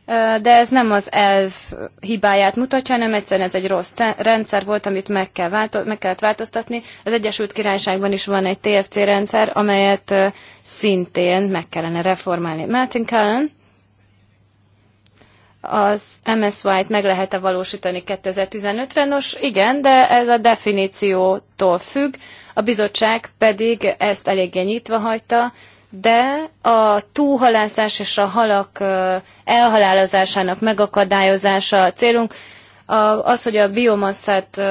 eh, de ez nem az elv hibáját mutatja, hanem egyszerűen ez egy rossz rendszer volt, amit meg, kell változ- meg kellett változtatni. Az Egyesült Királyságban is van egy TFC rendszer, amelyet eh, szintén meg kellene reformálni. Martin Cullen az MSY-t meg lehet-e valósítani 2015-re? Nos, igen, de ez a definíciótól függ, a bizottság pedig ezt eléggé nyitva hagyta, de a túlhalászás és a halak elhalálozásának megakadályozása a célunk. Az, hogy a biomasszát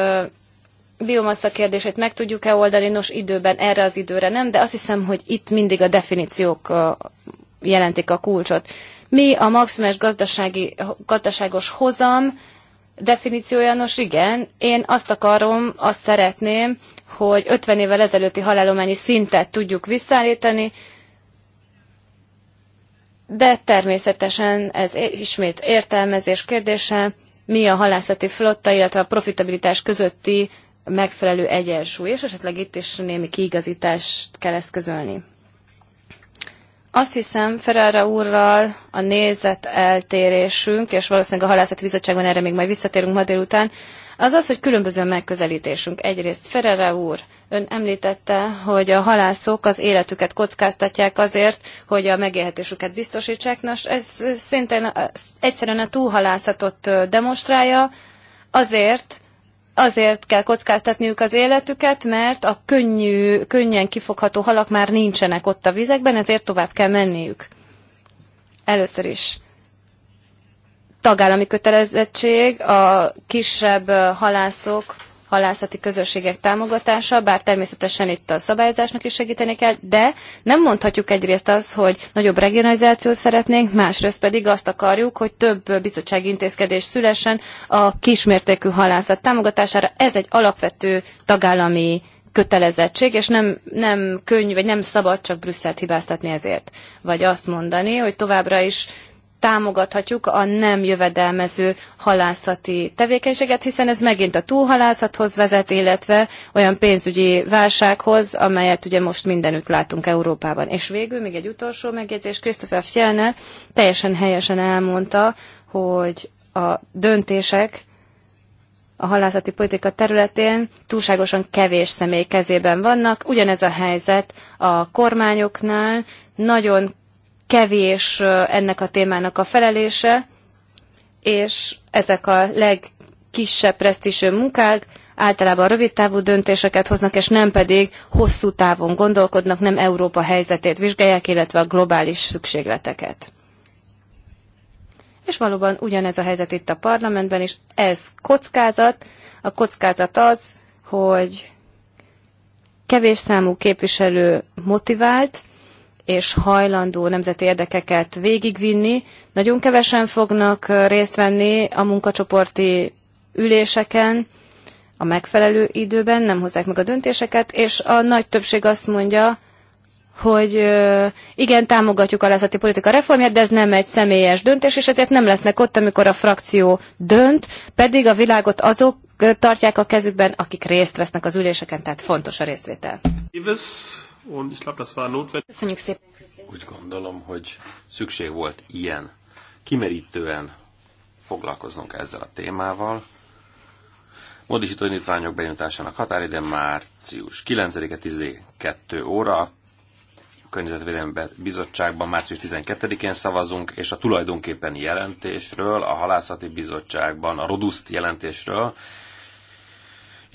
biomassa kérdését meg tudjuk-e oldani, nos időben erre az időre nem, de azt hiszem, hogy itt mindig a definíciók jelentik a kulcsot. Mi a maximális gazdasági, gazdaságos hozam definíciója? Nos igen, én azt akarom, azt szeretném, hogy 50 évvel ezelőtti halálományi szintet tudjuk visszaállítani, de természetesen ez ismét értelmezés kérdése, mi a halászati flotta, illetve a profitabilitás közötti megfelelő egyensúly, és esetleg itt is némi kiigazítást kell eszközölni. Azt hiszem, Ferrara úrral a nézet eltérésünk, és valószínűleg a halászati bizottságban erre még majd visszatérünk ma délután, az az, hogy különböző megközelítésünk. Egyrészt Ferrara úr, ön említette, hogy a halászok az életüket kockáztatják azért, hogy a megélhetésüket biztosítsák. Nos, ez szintén egyszerűen a túlhalászatot demonstrálja, azért, azért kell kockáztatniuk az életüket, mert a könnyű, könnyen kifogható halak már nincsenek ott a vizekben, ezért tovább kell menniük. Először is tagállami kötelezettség a kisebb halászok halászati közösségek támogatása, bár természetesen itt a szabályozásnak is segíteni kell, de nem mondhatjuk egyrészt az, hogy nagyobb regionalizációt szeretnénk, másrészt pedig azt akarjuk, hogy több bizottsági intézkedés szülessen a kismértékű halászat támogatására. Ez egy alapvető tagállami kötelezettség, és nem, nem könnyű, vagy nem szabad csak Brüsszelt hibáztatni ezért. Vagy azt mondani, hogy továbbra is támogathatjuk a nem jövedelmező halászati tevékenységet, hiszen ez megint a túlhalászathoz vezet, illetve olyan pénzügyi válsághoz, amelyet ugye most mindenütt látunk Európában. És végül még egy utolsó megjegyzés, Christopher Fjellner teljesen helyesen elmondta, hogy a döntések a halászati politika területén túlságosan kevés személy kezében vannak. Ugyanez a helyzet a kormányoknál, nagyon kevés ennek a témának a felelése, és ezek a legkisebb presztízsű munkák általában rövid távú döntéseket hoznak, és nem pedig hosszú távon gondolkodnak, nem Európa helyzetét vizsgálják, illetve a globális szükségleteket. És valóban ugyanez a helyzet itt a parlamentben is. Ez kockázat. A kockázat az, hogy kevés számú képviselő motivált, és hajlandó nemzeti érdekeket végigvinni. Nagyon kevesen fognak részt venni a munkacsoporti üléseken, a megfelelő időben nem hozzák meg a döntéseket, és a nagy többség azt mondja, hogy igen, támogatjuk a lázati politika reformját, de ez nem egy személyes döntés, és ezért nem lesznek ott, amikor a frakció dönt, pedig a világot azok tartják a kezükben, akik részt vesznek az üléseken, tehát fontos a részvétel. Und ich glaube, das war notwendig. Köszönjük szépen. Úgy gondolom, hogy szükség volt ilyen kimerítően foglalkoznunk ezzel a témával. Módosító indítványok benyújtásának határidő március 9-e 12 óra. A Környezetvédelmi Bizottságban március 12-én szavazunk, és a tulajdonképpen jelentésről, a Halászati Bizottságban a Roduszt jelentésről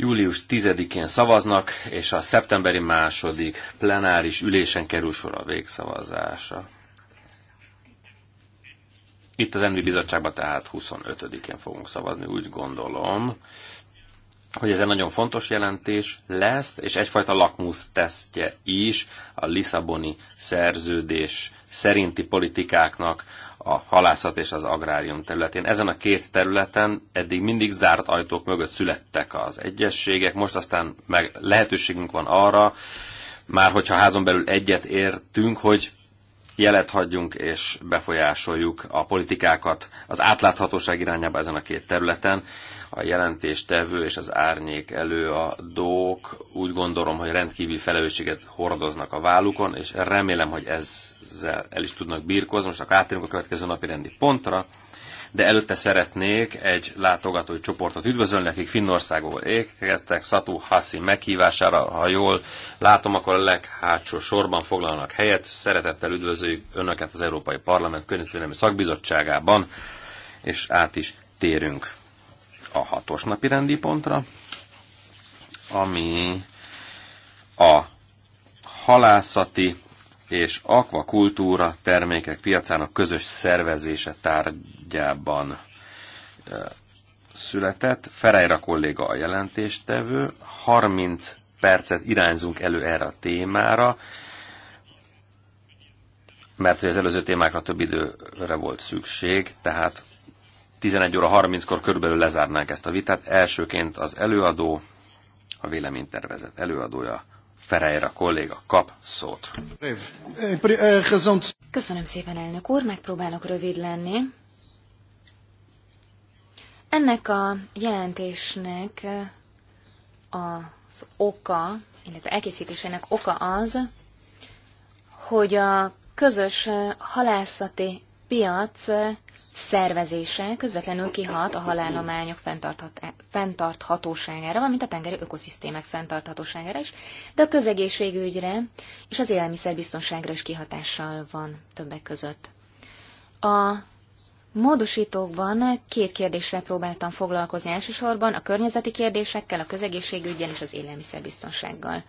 július 10-én szavaznak, és a szeptemberi második plenáris ülésen kerül sor a végszavazása. Itt az Envi Bizottságban tehát 25-én fogunk szavazni, úgy gondolom, hogy ez egy nagyon fontos jelentés lesz, és egyfajta lakmusz tesztje is a Lisszaboni szerződés szerinti politikáknak a halászat és az agrárium területén. Ezen a két területen eddig mindig zárt ajtók mögött születtek az egyességek, most aztán meg lehetőségünk van arra, már hogyha házon belül egyet értünk, hogy jelet hagyjunk és befolyásoljuk a politikákat az átláthatóság irányába ezen a két területen a jelentéstevő és az árnyék előadók úgy gondolom, hogy rendkívül felelősséget hordoznak a vállukon, és remélem, hogy ezzel el is tudnak birkózni. Most akkor átérünk a következő napi rendi pontra, de előtte szeretnék egy látogatói csoportot üdvözölni, akik Finnországból érkeztek, Szatú Haszi meghívására, ha jól látom, akkor a leghátsó sorban foglalnak helyet. Szeretettel üdvözöljük Önöket az Európai Parlament Környezetvédelmi Szakbizottságában, és át is térünk a hatos napi rendi pontra, ami a halászati és akvakultúra termékek piacának közös szervezése tárgyában született. Ferejra kolléga a jelentéstevő. 30 percet irányzunk elő erre a témára, mert hogy az előző témákra több időre volt szükség, tehát 11 óra 30-kor körülbelül lezárnánk ezt a vitát. Elsőként az előadó, a véleménytervezet előadója, Ferreira kolléga kap szót. Köszönöm szépen, elnök úr, megpróbálok rövid lenni. Ennek a jelentésnek az oka, illetve elkészítésének oka az, hogy a közös halászati piac szervezése közvetlenül kihat a halállományok fenntarthatóságára, valamint a tengeri ökoszisztémák fenntarthatóságára is, de a közegészségügyre és az élelmiszerbiztonságra is kihatással van többek között. A módosítókban két kérdésre próbáltam foglalkozni elsősorban, a környezeti kérdésekkel, a közegészségügyel és az élelmiszerbiztonsággal.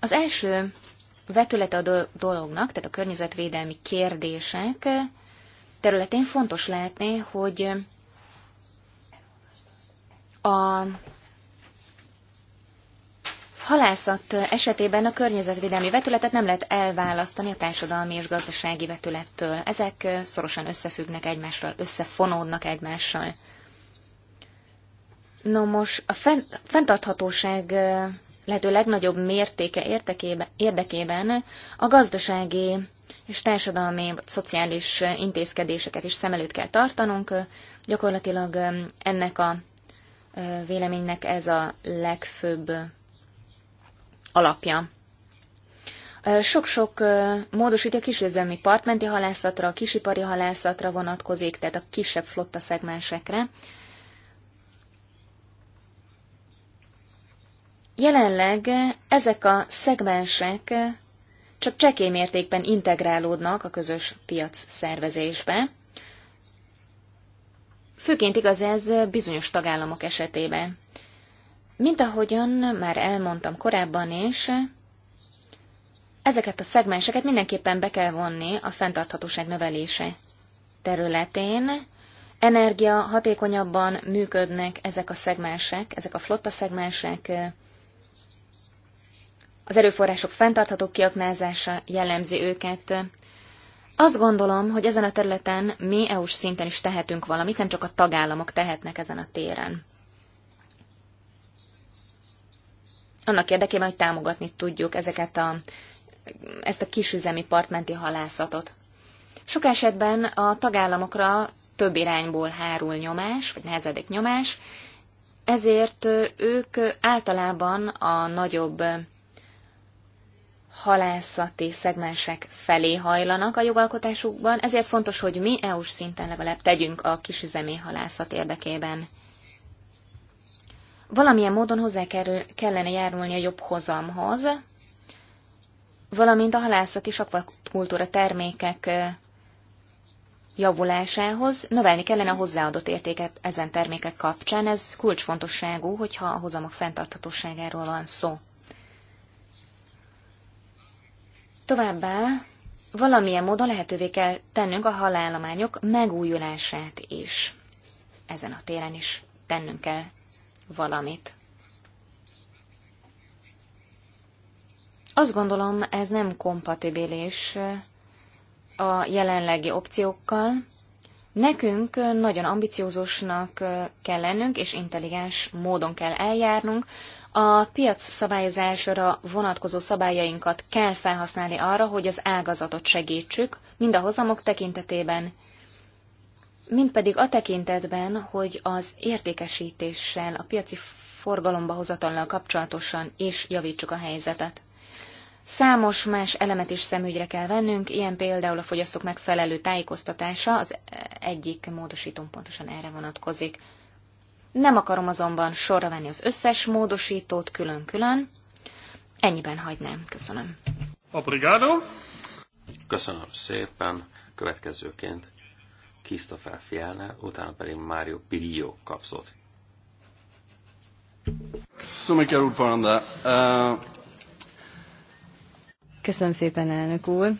Az első vetülete a dolognak, tehát a környezetvédelmi kérdések, területén fontos lehetné, hogy a halászat esetében a környezetvédelmi vetületet nem lehet elválasztani a társadalmi és gazdasági vetülettől. Ezek szorosan összefüggnek egymással, összefonódnak egymással. No most a fenntarthatóság lehető legnagyobb mértéke értekébe, érdekében a gazdasági és társadalmi vagy szociális intézkedéseket is szem előtt kell tartanunk. Gyakorlatilag um, ennek a véleménynek ez a legfőbb alapja. Sok-sok módosítja a kisőzömi partmenti halászatra, a kisipari halászatra vonatkozik, tehát a kisebb flotta szegmensekre. Jelenleg ezek a szegmensek csak csekély mértékben integrálódnak a közös piac szervezésbe. Főként igaz ez bizonyos tagállamok esetében. Mint ahogyan már elmondtam korábban is, ezeket a szegmenseket mindenképpen be kell vonni a fenntarthatóság növelése területén. Energia hatékonyabban működnek ezek a szegmensek, ezek a flotta szegmensek, az erőforrások fenntartható kiaknázása jellemzi őket. Azt gondolom, hogy ezen a területen mi EU-s szinten is tehetünk valamit, nem csak a tagállamok tehetnek ezen a téren. Annak érdekében, hogy támogatni tudjuk ezeket a, ezt a kisüzemi partmenti halászatot. Sok esetben a tagállamokra több irányból hárul nyomás, vagy nehezedik nyomás, ezért ők általában a nagyobb halászati szegmensek felé hajlanak a jogalkotásukban, ezért fontos, hogy mi EU-s szinten legalább tegyünk a kisüzemi halászat érdekében. Valamilyen módon hozzá kellene járulni a jobb hozamhoz, valamint a halászati és akvakultúra termékek javulásához növelni kellene a hozzáadott értéket ezen termékek kapcsán. Ez kulcsfontosságú, hogyha a hozamok fenntarthatóságáról van szó. Továbbá valamilyen módon lehetővé kell tennünk a halállományok megújulását is. Ezen a téren is tennünk kell valamit. Azt gondolom, ez nem kompatibilis a jelenlegi opciókkal. Nekünk nagyon ambiciózusnak kell lennünk, és intelligens módon kell eljárnunk, a piac szabályozásra vonatkozó szabályainkat kell felhasználni arra, hogy az ágazatot segítsük, mind a hozamok tekintetében, mind pedig a tekintetben, hogy az értékesítéssel, a piaci forgalomba hozatallal kapcsolatosan is javítsuk a helyzetet. Számos más elemet is szemügyre kell vennünk, ilyen például a fogyasztók megfelelő tájékoztatása, az egyik módosítón pontosan erre vonatkozik. Nem akarom azonban sorra venni az összes módosítót külön-külön. Ennyiben hagynám. Köszönöm. Obrigado. Köszönöm szépen. Következőként Christopher Fjellner, utána pedig Mário Pirillo kapszott. Uh, Köszönöm szépen, elnök úr.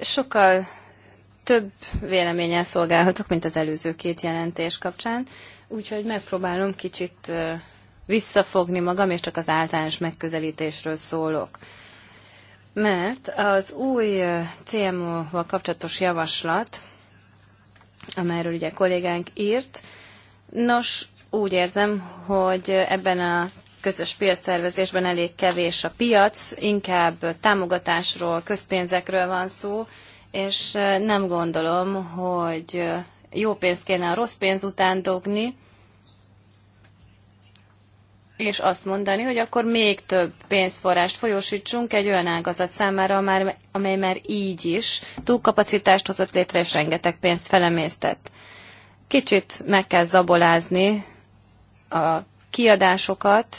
Sokkal több véleményen szolgálhatok, mint az előző két jelentés kapcsán, úgyhogy megpróbálom kicsit visszafogni magam, és csak az általános megközelítésről szólok. Mert az új CMO-val kapcsolatos javaslat, amelyről ugye kollégánk írt, nos, úgy érzem, hogy ebben a közös piacszervezésben elég kevés a piac, inkább támogatásról, közpénzekről van szó, és nem gondolom, hogy jó pénzt kéne a rossz pénz után dogni, és azt mondani, hogy akkor még több pénzforrást folyósítsunk egy olyan ágazat számára, amely már így is túlkapacitást hozott létre, és rengeteg pénzt felemésztett. Kicsit meg kell zabolázni a kiadásokat,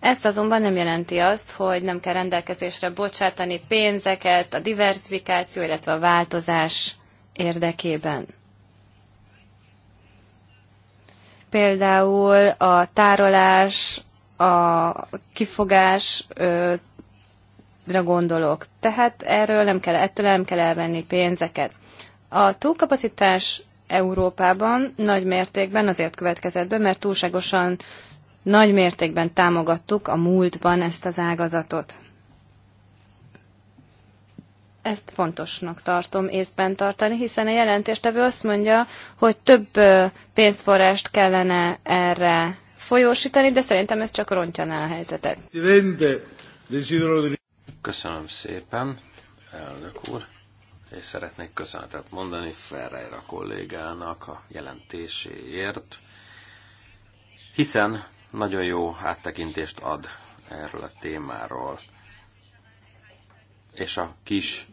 ezt azonban nem jelenti azt, hogy nem kell rendelkezésre bocsátani pénzeket a diversifikáció, illetve a változás érdekében. Például a tárolás, a kifogásra gondolok. Tehát erről nem kell, ettől nem kell elvenni pénzeket. A túlkapacitás Európában nagy mértékben azért következett be, mert túlságosan nagy mértékben támogattuk a múltban ezt az ágazatot. Ezt fontosnak tartom észben tartani, hiszen a jelentéstevő azt mondja, hogy több pénzforrást kellene erre folyósítani, de szerintem ez csak rontjaná a helyzetet. Köszönöm szépen, elnök úr, és szeretnék köszönetet mondani Ferreira kollégának a jelentéséért, hiszen nagyon jó áttekintést ad erről a témáról. És a kis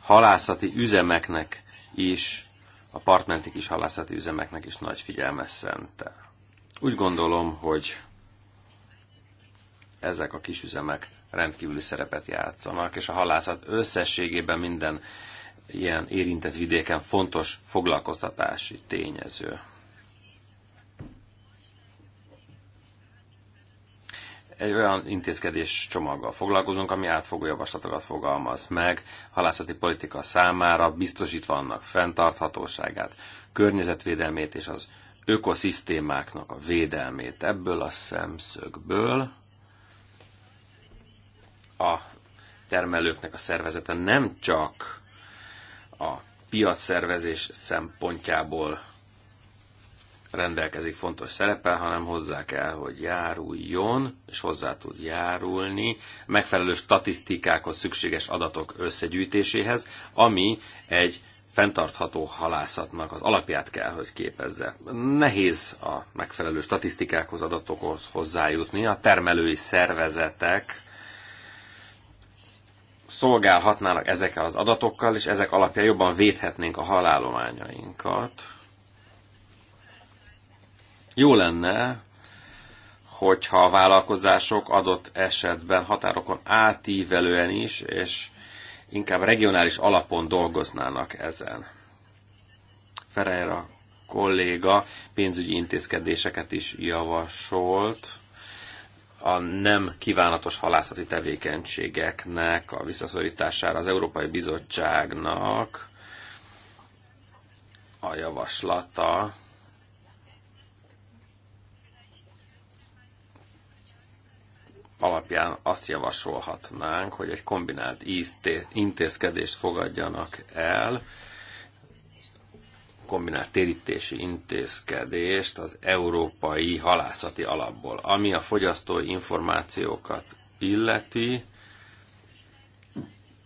halászati üzemeknek is, a partmenti kis halászati üzemeknek is nagy figyelmes szentel. Úgy gondolom, hogy ezek a kis üzemek rendkívüli szerepet játszanak, és a halászat összességében minden ilyen érintett vidéken fontos foglalkoztatási tényező. egy olyan intézkedés csomaggal foglalkozunk, ami átfogó javaslatokat fogalmaz meg halászati politika számára, biztosítva annak fenntarthatóságát, környezetvédelmét és az ökoszisztémáknak a védelmét. Ebből a szemszögből a termelőknek a szervezete nem csak a piacszervezés szempontjából rendelkezik fontos szerepel, hanem hozzá kell, hogy járuljon, és hozzá tud járulni megfelelő statisztikákhoz szükséges adatok összegyűjtéséhez, ami egy fenntartható halászatnak az alapját kell, hogy képezze. Nehéz a megfelelő statisztikákhoz, adatokhoz hozzájutni. A termelői szervezetek szolgálhatnának ezekkel az adatokkal, és ezek alapján jobban védhetnénk a halálományainkat. Jó lenne, hogyha a vállalkozások adott esetben határokon átívelően is, és inkább regionális alapon dolgoznának ezen. a kolléga pénzügyi intézkedéseket is javasolt a nem kívánatos halászati tevékenységeknek a visszaszorítására az Európai Bizottságnak a javaslata alapján azt javasolhatnánk, hogy egy kombinált intézkedést fogadjanak el, kombinált térítési intézkedést az európai halászati alapból. Ami a fogyasztói információkat illeti,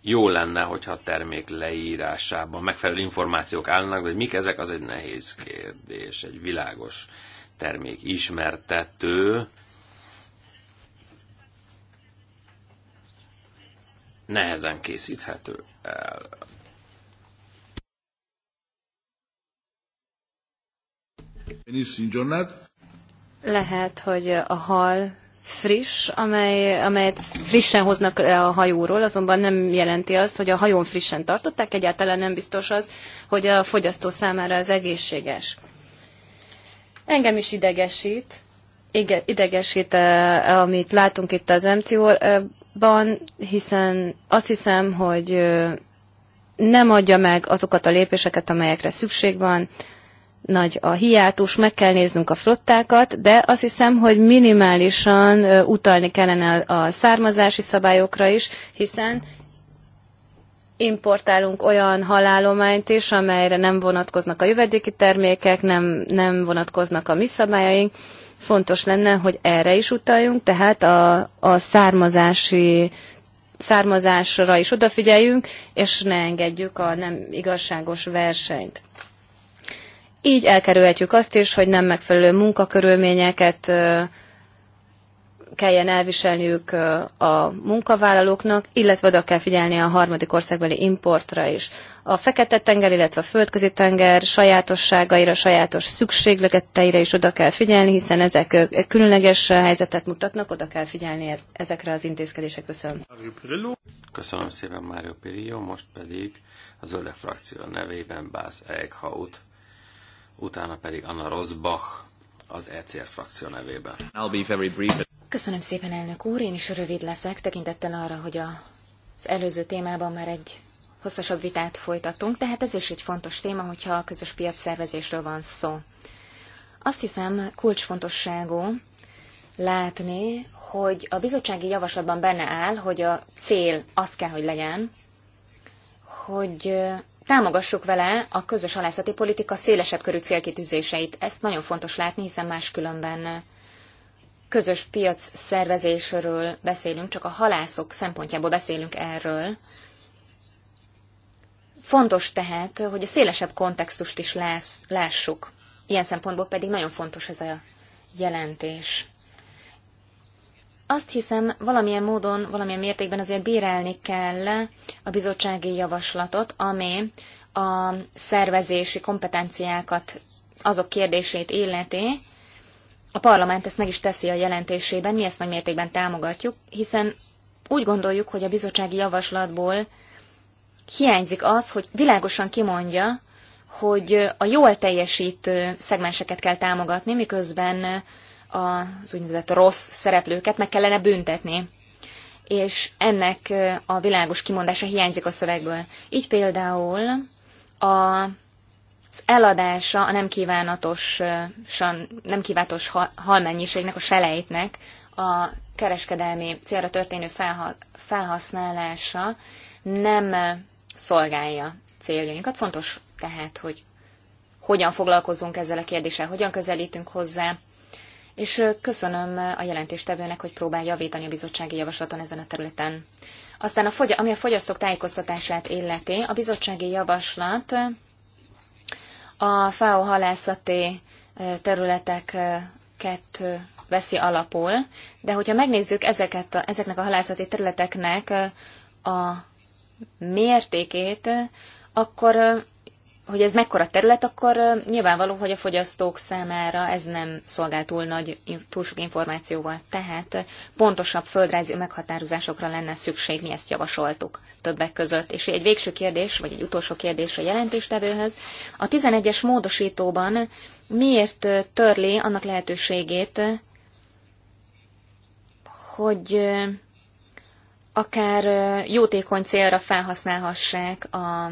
jó lenne, hogyha a termék leírásában megfelelő információk állnak, de hogy mik ezek, az egy nehéz kérdés, egy világos termék ismertető, nehezen készíthető el. Lehet, hogy a hal friss, amely, amelyet frissen hoznak le a hajóról, azonban nem jelenti azt, hogy a hajón frissen tartották, egyáltalán nem biztos az, hogy a fogyasztó számára az egészséges. Engem is idegesít, idegesít, eh, amit látunk itt az MCO eh, ban, hiszen azt hiszem, hogy nem adja meg azokat a lépéseket, amelyekre szükség van, nagy a hiátus, meg kell néznünk a flottákat, de azt hiszem, hogy minimálisan utalni kellene a származási szabályokra is, hiszen importálunk olyan halálományt is, amelyre nem vonatkoznak a jövedéki termékek, nem, nem vonatkoznak a mi szabályaink, Fontos lenne, hogy erre is utaljunk, tehát a, a származási származásra is odafigyeljünk, és ne engedjük a nem igazságos versenyt. Így elkerülhetjük azt is, hogy nem megfelelő munkakörülményeket kelljen elviselniük a munkavállalóknak, illetve oda kell figyelni a harmadik országbeli importra is. A Fekete-tenger, illetve a Földközi-tenger sajátosságaira, sajátos szükségleteire is oda kell figyelni, hiszen ezek különleges helyzetet mutatnak, oda kell figyelni e-, ezekre az intézkedések. Köszönöm. Köszönöm szépen, Mário Pirillo, most pedig az zöld frakció nevében Bász Eichhaut, utána pedig Anna Rosbach az ECR frakció nevében. I'll be very brief. Köszönöm szépen, elnök úr. Én is rövid leszek, tekintettel arra, hogy az előző témában már egy hosszasabb vitát folytattunk, tehát ez is egy fontos téma, hogyha a közös piac szervezésről van szó. Azt hiszem kulcsfontosságú látni, hogy a bizottsági javaslatban benne áll, hogy a cél az kell, hogy legyen, hogy támogassuk vele a közös alászati politika szélesebb körű célkitűzéseit. Ezt nagyon fontos látni, hiszen máskülönben közös piac szervezésről beszélünk, csak a halászok szempontjából beszélünk erről. Fontos tehát, hogy a szélesebb kontextust is lász, lássuk. Ilyen szempontból pedig nagyon fontos ez a jelentés. Azt hiszem, valamilyen módon, valamilyen mértékben azért bírálni kell a bizottsági javaslatot, ami a szervezési kompetenciákat, azok kérdését illeti, a parlament ezt meg is teszi a jelentésében, mi ezt nagy mértékben támogatjuk, hiszen úgy gondoljuk, hogy a bizottsági javaslatból hiányzik az, hogy világosan kimondja, hogy a jól teljesítő szegmenseket kell támogatni, miközben az úgynevezett rossz szereplőket meg kellene büntetni. És ennek a világos kimondása hiányzik a szövegből. Így például a az eladása a nem kívánatosan, nem kívánatos halmennyiségnek, a selejtnek a kereskedelmi célra történő felhasználása nem szolgálja céljainkat. Fontos tehát, hogy hogyan foglalkozunk ezzel a kérdéssel, hogyan közelítünk hozzá, és köszönöm a jelentéstevőnek, hogy próbál javítani a bizottsági javaslaton ezen a területen. Aztán, a fogy- ami a fogyasztók tájékoztatását illeti, a bizottsági javaslat a FAO halászati területeket veszi alapul, de hogyha megnézzük ezeket a, ezeknek a halászati területeknek a mértékét, akkor hogy ez mekkora terület, akkor nyilvánvaló, hogy a fogyasztók számára ez nem szolgál túl nagy, túl sok információval. Tehát pontosabb földrajzi meghatározásokra lenne szükség, mi ezt javasoltuk többek között. És egy végső kérdés, vagy egy utolsó kérdés a jelentéstevőhöz. A 11-es módosítóban miért törli annak lehetőségét, hogy akár jótékony célra felhasználhassák a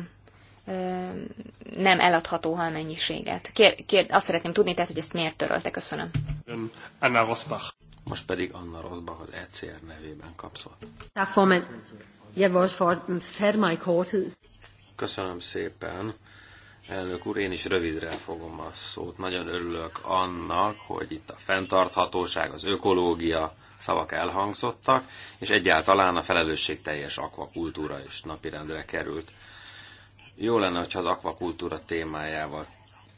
nem eladható halmennyiséget. Kér, kér, azt szeretném tudni, tehát, hogy ezt miért törölte. Köszönöm. Anna Rosbach. Most pedig Anna Rosbach az ECR nevében kapszolt. Köszönöm szépen. Elnök úr, én is rövidre fogom a szót. Nagyon örülök annak, hogy itt a fenntarthatóság, az ökológia szavak elhangzottak, és egyáltalán a felelősségteljes akvakultúra is napirendre került jó lenne, hogyha az akvakultúra témájával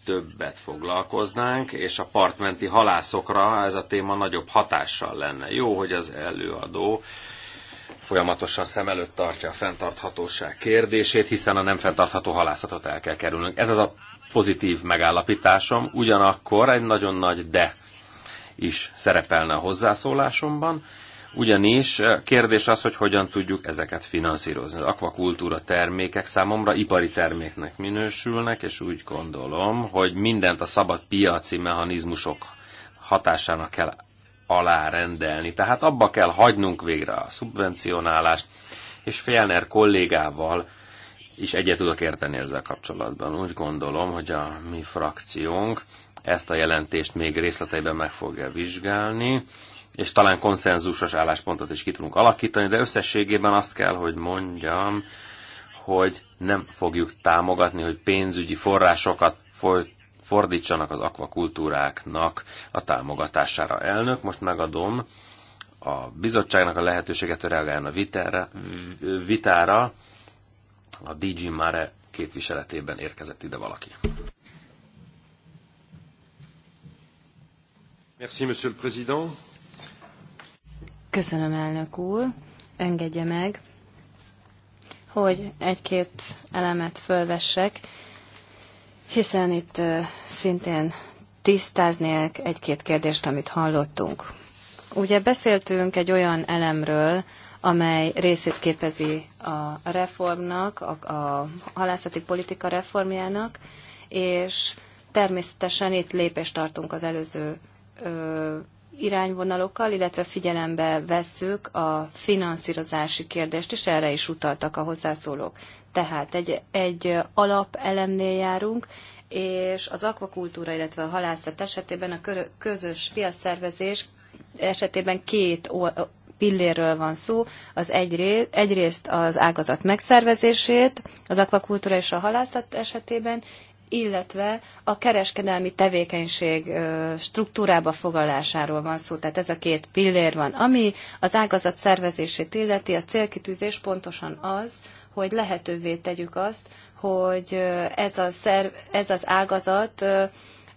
többet foglalkoznánk, és a partmenti halászokra ez a téma nagyobb hatással lenne. Jó, hogy az előadó folyamatosan szem előtt tartja a fenntarthatóság kérdését, hiszen a nem fenntartható halászatot el kell kerülnünk. Ez az a pozitív megállapításom, ugyanakkor egy nagyon nagy de is szerepelne a hozzászólásomban, ugyanis a eh, kérdés az, hogy hogyan tudjuk ezeket finanszírozni. Az akvakultúra termékek számomra ipari terméknek minősülnek, és úgy gondolom, hogy mindent a szabad piaci mechanizmusok hatásának kell alárendelni. Tehát abba kell hagynunk végre a szubvencionálást, és Fjellner kollégával is egyet tudok érteni ezzel kapcsolatban. Úgy gondolom, hogy a mi frakciónk ezt a jelentést még részleteiben meg fogja vizsgálni, és talán konszenzusos álláspontot is ki tudunk alakítani, de összességében azt kell, hogy mondjam, hogy nem fogjuk támogatni, hogy pénzügyi forrásokat folyt fordítsanak az akvakultúráknak a támogatására. Elnök, most megadom a bizottságnak a lehetőséget, hogy reagáljon a vitára, vitára. A DG Mare képviseletében érkezett ide valaki. Merci, Monsieur le Président. Köszönöm, elnök úr. Engedje meg, hogy egy-két elemet fölvessek, hiszen itt szintén tisztáznék egy-két kérdést, amit hallottunk. Ugye beszéltünk egy olyan elemről, amely részét képezi a reformnak, a, a halászati politika reformjának, és természetesen itt lépést tartunk az előző ö, irányvonalokkal, illetve figyelembe vesszük a finanszírozási kérdést, és erre is utaltak a hozzászólók. Tehát egy, egy alapelemnél járunk, és az akvakultúra, illetve a halászat esetében a közös piacszervezés esetében két pillérről van szó. Az egyrészt az ágazat megszervezését az akvakultúra és a halászat esetében, illetve a kereskedelmi tevékenység struktúrába fogalásáról van szó, tehát ez a két pillér van. Ami az ágazat szervezését illeti, a célkitűzés pontosan az, hogy lehetővé tegyük azt, hogy ez, a szerv, ez az ágazat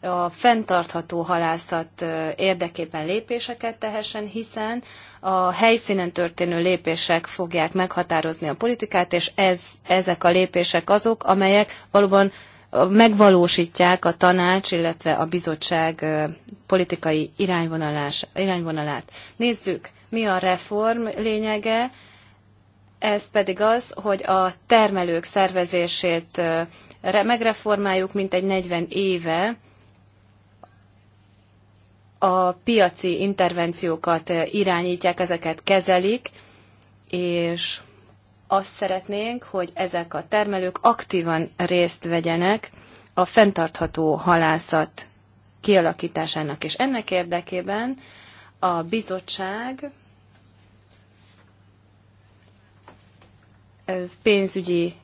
a fenntartható halászat érdekében lépéseket tehessen, hiszen a helyszínen történő lépések fogják meghatározni a politikát, és ez, ezek a lépések azok, amelyek valóban megvalósítják a tanács, illetve a bizottság politikai irányvonalás, irányvonalát. Nézzük, mi a reform lényege, ez pedig az, hogy a termelők szervezését megreformáljuk, mint egy 40 éve a piaci intervenciókat irányítják, ezeket kezelik, és azt szeretnénk, hogy ezek a termelők aktívan részt vegyenek a fenntartható halászat kialakításának, és ennek érdekében a bizottság pénzügyi,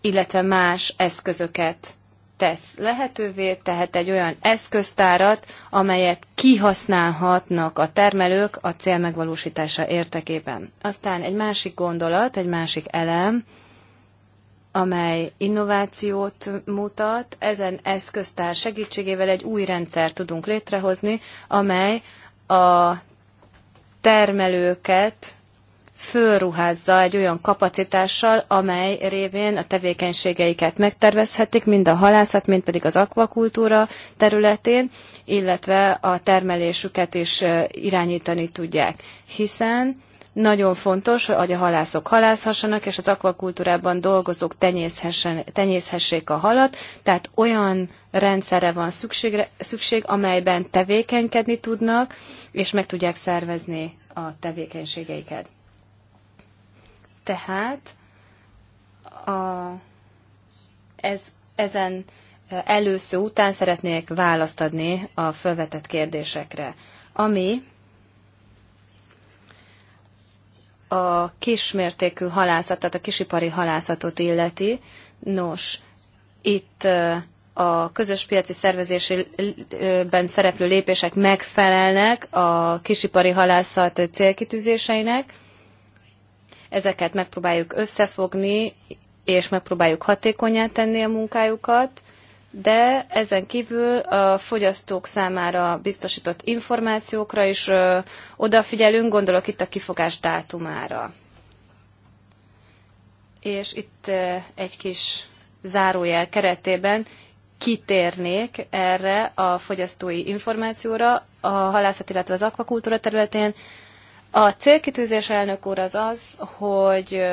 illetve más eszközöket tesz lehetővé, tehát egy olyan eszköztárat, amelyet kihasználhatnak a termelők a cél megvalósítása értekében. Aztán egy másik gondolat, egy másik elem, amely innovációt mutat, ezen eszköztár segítségével egy új rendszer tudunk létrehozni, amely a termelőket fölruházza egy olyan kapacitással, amely révén a tevékenységeiket megtervezhetik, mind a halászat, mind pedig az akvakultúra területén, illetve a termelésüket is irányítani tudják. Hiszen nagyon fontos, hogy a halászok halászhassanak, és az akvakultúrában dolgozók tenyészhessék a halat, tehát olyan rendszerre van szükségre, szükség, amelyben tevékenykedni tudnak, és meg tudják szervezni a tevékenységeiket. Tehát a, ez, ezen először után szeretnék választ adni a felvetett kérdésekre, ami a kismértékű halászat, tehát a kisipari halászatot illeti. Nos, itt a közös piaci szervezésében szereplő lépések megfelelnek a kisipari halászat célkitűzéseinek, ezeket megpróbáljuk összefogni, és megpróbáljuk hatékonyá tenni a munkájukat, de ezen kívül a fogyasztók számára biztosított információkra is ö, odafigyelünk, gondolok itt a kifogás dátumára. És itt ö, egy kis zárójel keretében kitérnék erre a fogyasztói információra a halászat, illetve az akvakultúra területén, a célkitűzés elnök úr az az, hogy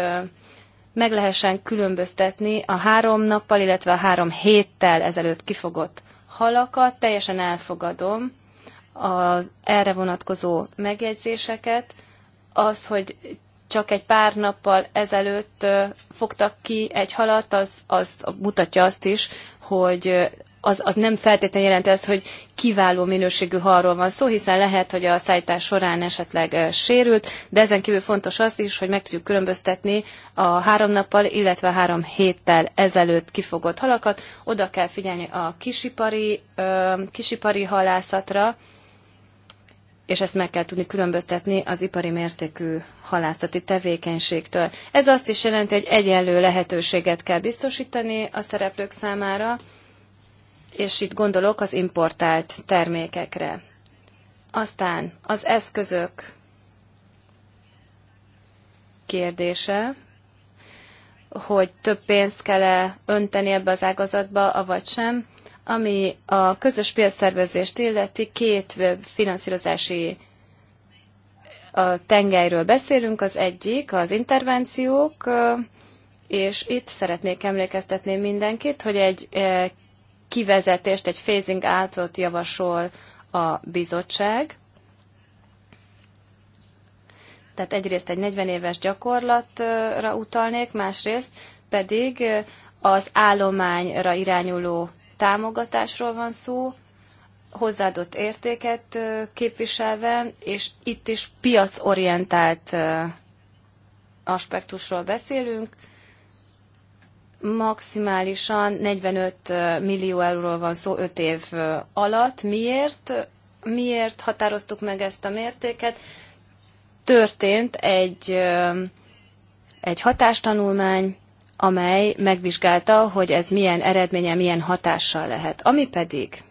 meg lehessen különböztetni a három nappal, illetve a három héttel ezelőtt kifogott halakat. Teljesen elfogadom az erre vonatkozó megjegyzéseket. Az, hogy csak egy pár nappal ezelőtt fogtak ki egy halat, az, az mutatja azt is, hogy az, az nem feltétlenül jelenti azt, hogy kiváló minőségű halról van szó, hiszen lehet, hogy a szállítás során esetleg sérült, de ezen kívül fontos az is, hogy meg tudjuk különböztetni a három nappal, illetve három héttel ezelőtt kifogott halakat. Oda kell figyelni a kisipari, kisipari halászatra, és ezt meg kell tudni különböztetni az ipari mértékű halászati tevékenységtől. Ez azt is jelenti, hogy egyenlő lehetőséget kell biztosítani a szereplők számára, és itt gondolok az importált termékekre. Aztán az eszközök kérdése, hogy több pénzt kell-e önteni ebbe az ágazatba, avagy sem. Ami a közös piacszervezést illeti, két finanszírozási a tengelyről beszélünk, az egyik az intervenciók, és itt szeretnék emlékeztetni mindenkit, hogy egy kivezetést, egy phasing átot javasol a bizottság. Tehát egyrészt egy 40 éves gyakorlatra utalnék, másrészt pedig az állományra irányuló támogatásról van szó, hozzáadott értéket képviselve, és itt is piacorientált aspektusról beszélünk, maximálisan 45 millió euróról van szó 5 év alatt. Miért? Miért határoztuk meg ezt a mértéket? Történt egy, egy hatástanulmány, amely megvizsgálta, hogy ez milyen eredménye, milyen hatással lehet. Ami pedig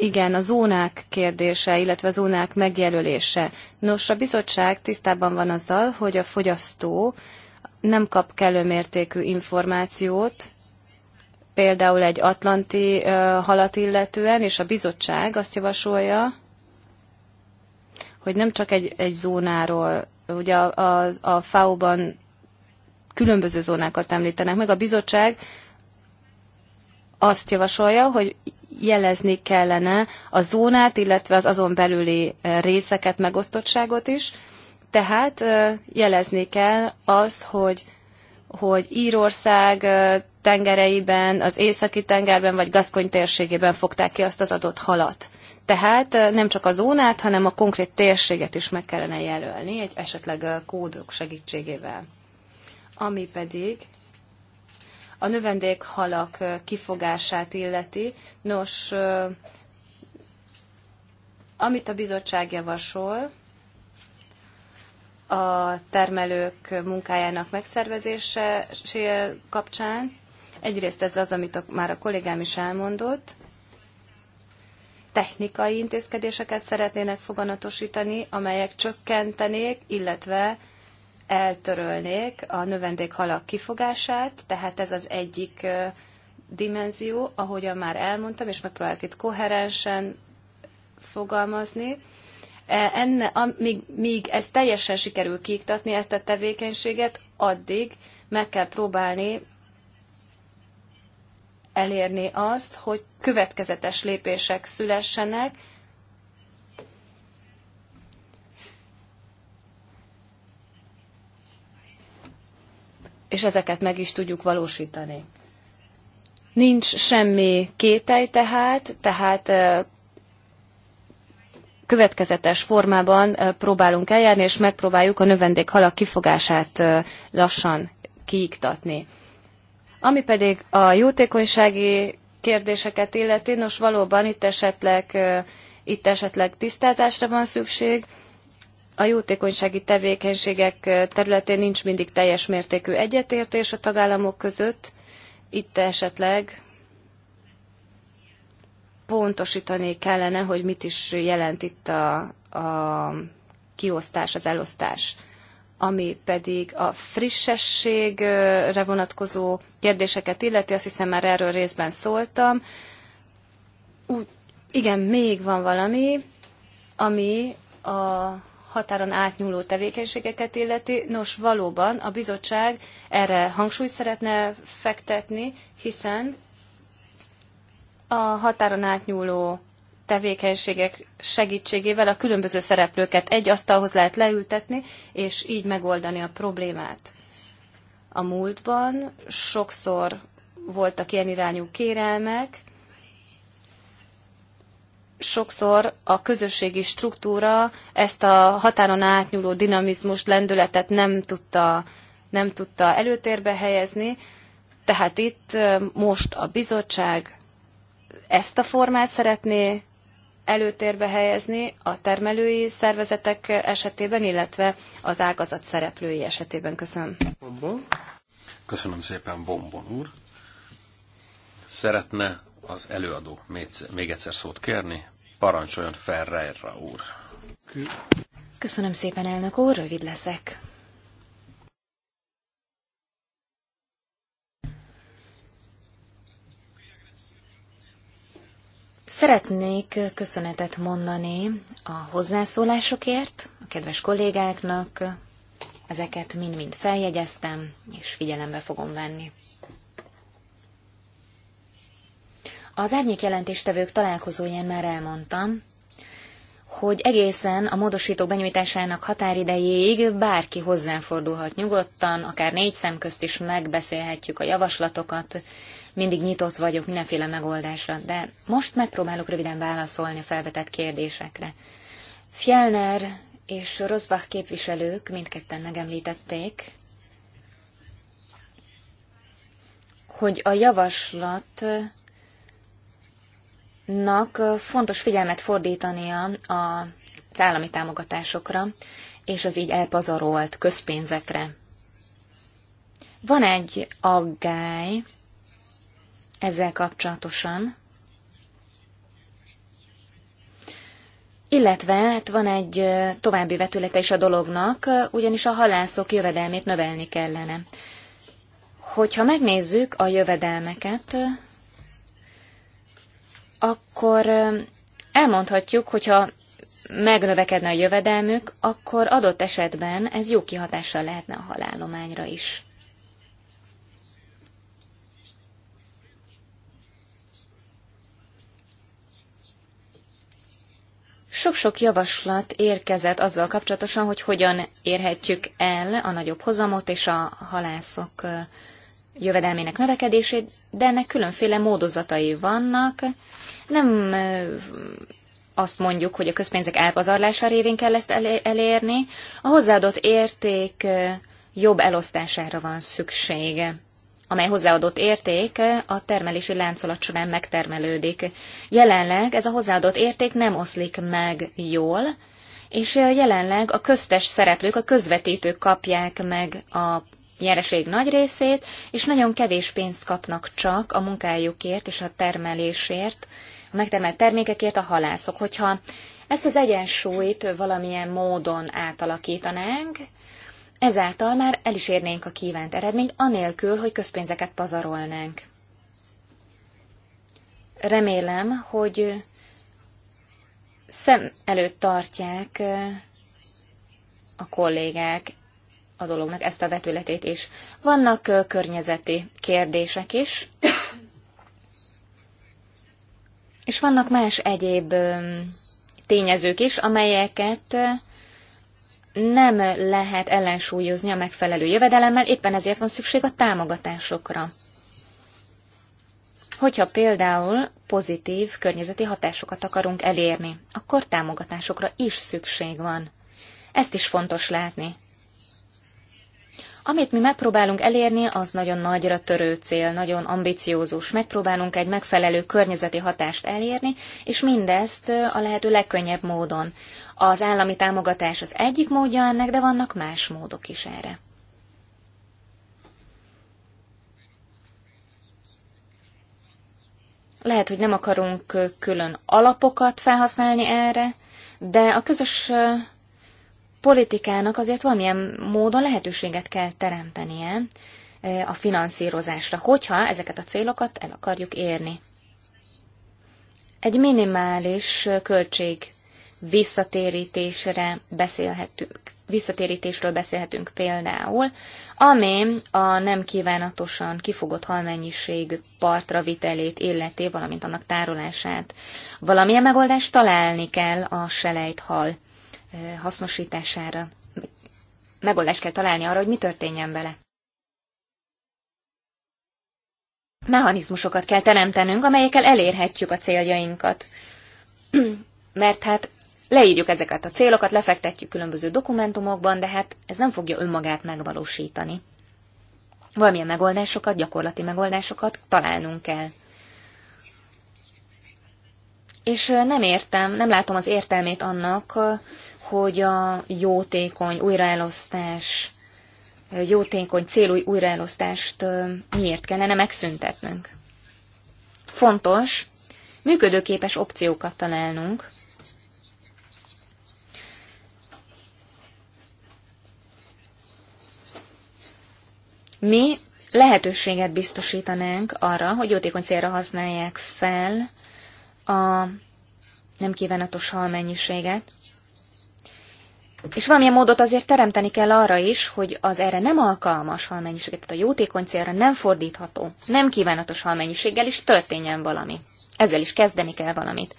Igen, a zónák kérdése, illetve a zónák megjelölése. Nos, a bizottság tisztában van azzal, hogy a fogyasztó nem kap kellő mértékű információt, például egy atlanti halat illetően, és a bizottság azt javasolja, hogy nem csak egy, egy zónáról, ugye a, a, a FAO-ban különböző zónákat említenek meg, a bizottság azt javasolja, hogy jelezni kellene a zónát, illetve az azon belüli eh, részeket, megosztottságot is. Tehát eh, jelezni kell azt, hogy, hogy Írország eh, tengereiben, az északi tengerben vagy Gaszkony térségében fogták ki azt az adott halat. Tehát nem csak a zónát, hanem a konkrét térséget is meg kellene jelölni, egy esetleg kódok segítségével. Ami pedig a növendékhalak kifogását illeti. Nos, amit a bizottság javasol, a termelők munkájának megszervezése kapcsán. Egyrészt ez az, amit a, már a kollégám is elmondott. Technikai intézkedéseket szeretnének foganatosítani, amelyek csökkentenék, illetve eltörölnék a növendékhalak kifogását, tehát ez az egyik dimenzió, ahogyan már elmondtam, és megpróbálok itt koherensen fogalmazni. E, enne, amíg, míg ez teljesen sikerül kiiktatni, ezt a tevékenységet, addig meg kell próbálni elérni azt, hogy következetes lépések szülessenek, és ezeket meg is tudjuk valósítani. Nincs semmi kételj tehát, tehát következetes formában próbálunk eljárni, és megpróbáljuk a növendék halak kifogását lassan kiiktatni. Ami pedig a jótékonysági kérdéseket illeti, nos valóban itt esetleg, itt esetleg tisztázásra van szükség, a jótékonysági tevékenységek területén nincs mindig teljes mértékű egyetértés a tagállamok között. Itt esetleg pontosítani kellene, hogy mit is jelent itt a, a kiosztás, az elosztás ami pedig a frissességre vonatkozó kérdéseket illeti, azt hiszem már erről részben szóltam. Úgy, igen, még van valami, ami a határon átnyúló tevékenységeket illeti. Nos, valóban a bizottság erre hangsúlyt szeretne fektetni, hiszen a határon átnyúló tevékenységek segítségével a különböző szereplőket egy asztalhoz lehet leültetni, és így megoldani a problémát. A múltban sokszor voltak ilyen irányú kérelmek, sokszor a közösségi struktúra ezt a határon átnyúló dinamizmust, lendületet nem tudta, nem tudta előtérbe helyezni, tehát itt most a bizottság ezt a formát szeretné előtérbe helyezni a termelői szervezetek esetében, illetve az ágazat szereplői esetében. Köszönöm. Bombon. Köszönöm szépen, Bombon úr. Szeretne az előadó még egyszer szót kérni. Parancsoljon Ferreira úr. Köszönöm szépen, elnök úr, rövid leszek. Szeretnék köszönetet mondani a hozzászólásokért, a kedves kollégáknak. Ezeket mind-mind feljegyeztem, és figyelembe fogom venni. Az árnyék jelentéstevők találkozóján már elmondtam, hogy egészen a módosító benyújtásának határidejéig bárki hozzáfordulhat nyugodtan, akár négy szem közt is megbeszélhetjük a javaslatokat, mindig nyitott vagyok mindenféle megoldásra, de most megpróbálok röviden válaszolni a felvetett kérdésekre. Fjellner és Rosbach képviselők mindketten megemlítették, hogy a javaslat nak fontos figyelmet fordítania az állami támogatásokra és az így elpazarolt közpénzekre. Van egy aggály ezzel kapcsolatosan, Illetve hát van egy további vetülete is a dolognak, ugyanis a halászok jövedelmét növelni kellene. Hogyha megnézzük a jövedelmeket, akkor elmondhatjuk, hogyha megnövekedne a jövedelmük, akkor adott esetben ez jó kihatással lehetne a halállományra is. Sok-sok javaslat érkezett azzal kapcsolatosan, hogy hogyan érhetjük el a nagyobb hozamot és a halászok jövedelmének növekedését, de ennek különféle módozatai vannak. Nem azt mondjuk, hogy a közpénzek elpazarlása révén kell ezt elérni, a hozzáadott érték jobb elosztására van szüksége amely hozzáadott érték a termelési láncolat során megtermelődik. Jelenleg ez a hozzáadott érték nem oszlik meg jól, és jelenleg a köztes szereplők, a közvetítők kapják meg a nyereség nagy részét, és nagyon kevés pénzt kapnak csak a munkájukért és a termelésért, a megtermelt termékekért a halászok. Hogyha ezt az egyensúlyt valamilyen módon átalakítanánk, ezáltal már el is érnénk a kívánt eredményt, anélkül, hogy közpénzeket pazarolnánk. Remélem, hogy szem előtt tartják a kollégák a dolognak ezt a vetületét is. Vannak környezeti kérdések is, és vannak más egyéb tényezők is, amelyeket nem lehet ellensúlyozni a megfelelő jövedelemmel, éppen ezért van szükség a támogatásokra. Hogyha például pozitív környezeti hatásokat akarunk elérni, akkor támogatásokra is szükség van. Ezt is fontos látni. Amit mi megpróbálunk elérni, az nagyon nagyra törő cél, nagyon ambiciózus. Megpróbálunk egy megfelelő környezeti hatást elérni, és mindezt a lehető legkönnyebb módon. Az állami támogatás az egyik módja ennek, de vannak más módok is erre. Lehet, hogy nem akarunk külön alapokat felhasználni erre, de a közös politikának azért valamilyen módon lehetőséget kell teremtenie a finanszírozásra, hogyha ezeket a célokat el akarjuk érni. Egy minimális költség visszatérítésre beszélhetünk, visszatérítésről beszélhetünk például, ami a nem kívánatosan kifogott halmennyiség partra vitelét illeti, valamint annak tárolását. Valamilyen megoldást találni kell a selejt hal hasznosítására. Megoldást kell találni arra, hogy mi történjen vele. Mechanizmusokat kell teremtenünk, amelyekkel elérhetjük a céljainkat. Mert hát leírjuk ezeket a célokat, lefektetjük különböző dokumentumokban, de hát ez nem fogja önmagát megvalósítani. Valamilyen megoldásokat, gyakorlati megoldásokat találnunk kell. És nem értem, nem látom az értelmét annak, hogy a jótékony újraelosztás, jótékony célú újraelosztást miért kellene megszüntetnünk. Fontos működőképes opciókat találnunk, Mi lehetőséget biztosítanánk arra, hogy jótékony célra használják fel a nem kívánatos halmennyiséget. És valamilyen módot azért teremteni kell arra is, hogy az erre nem alkalmas halmennyiséget, tehát a jótékony célra nem fordítható, nem kívánatos halmennyiséggel is történjen valami. Ezzel is kezdeni kell valamit.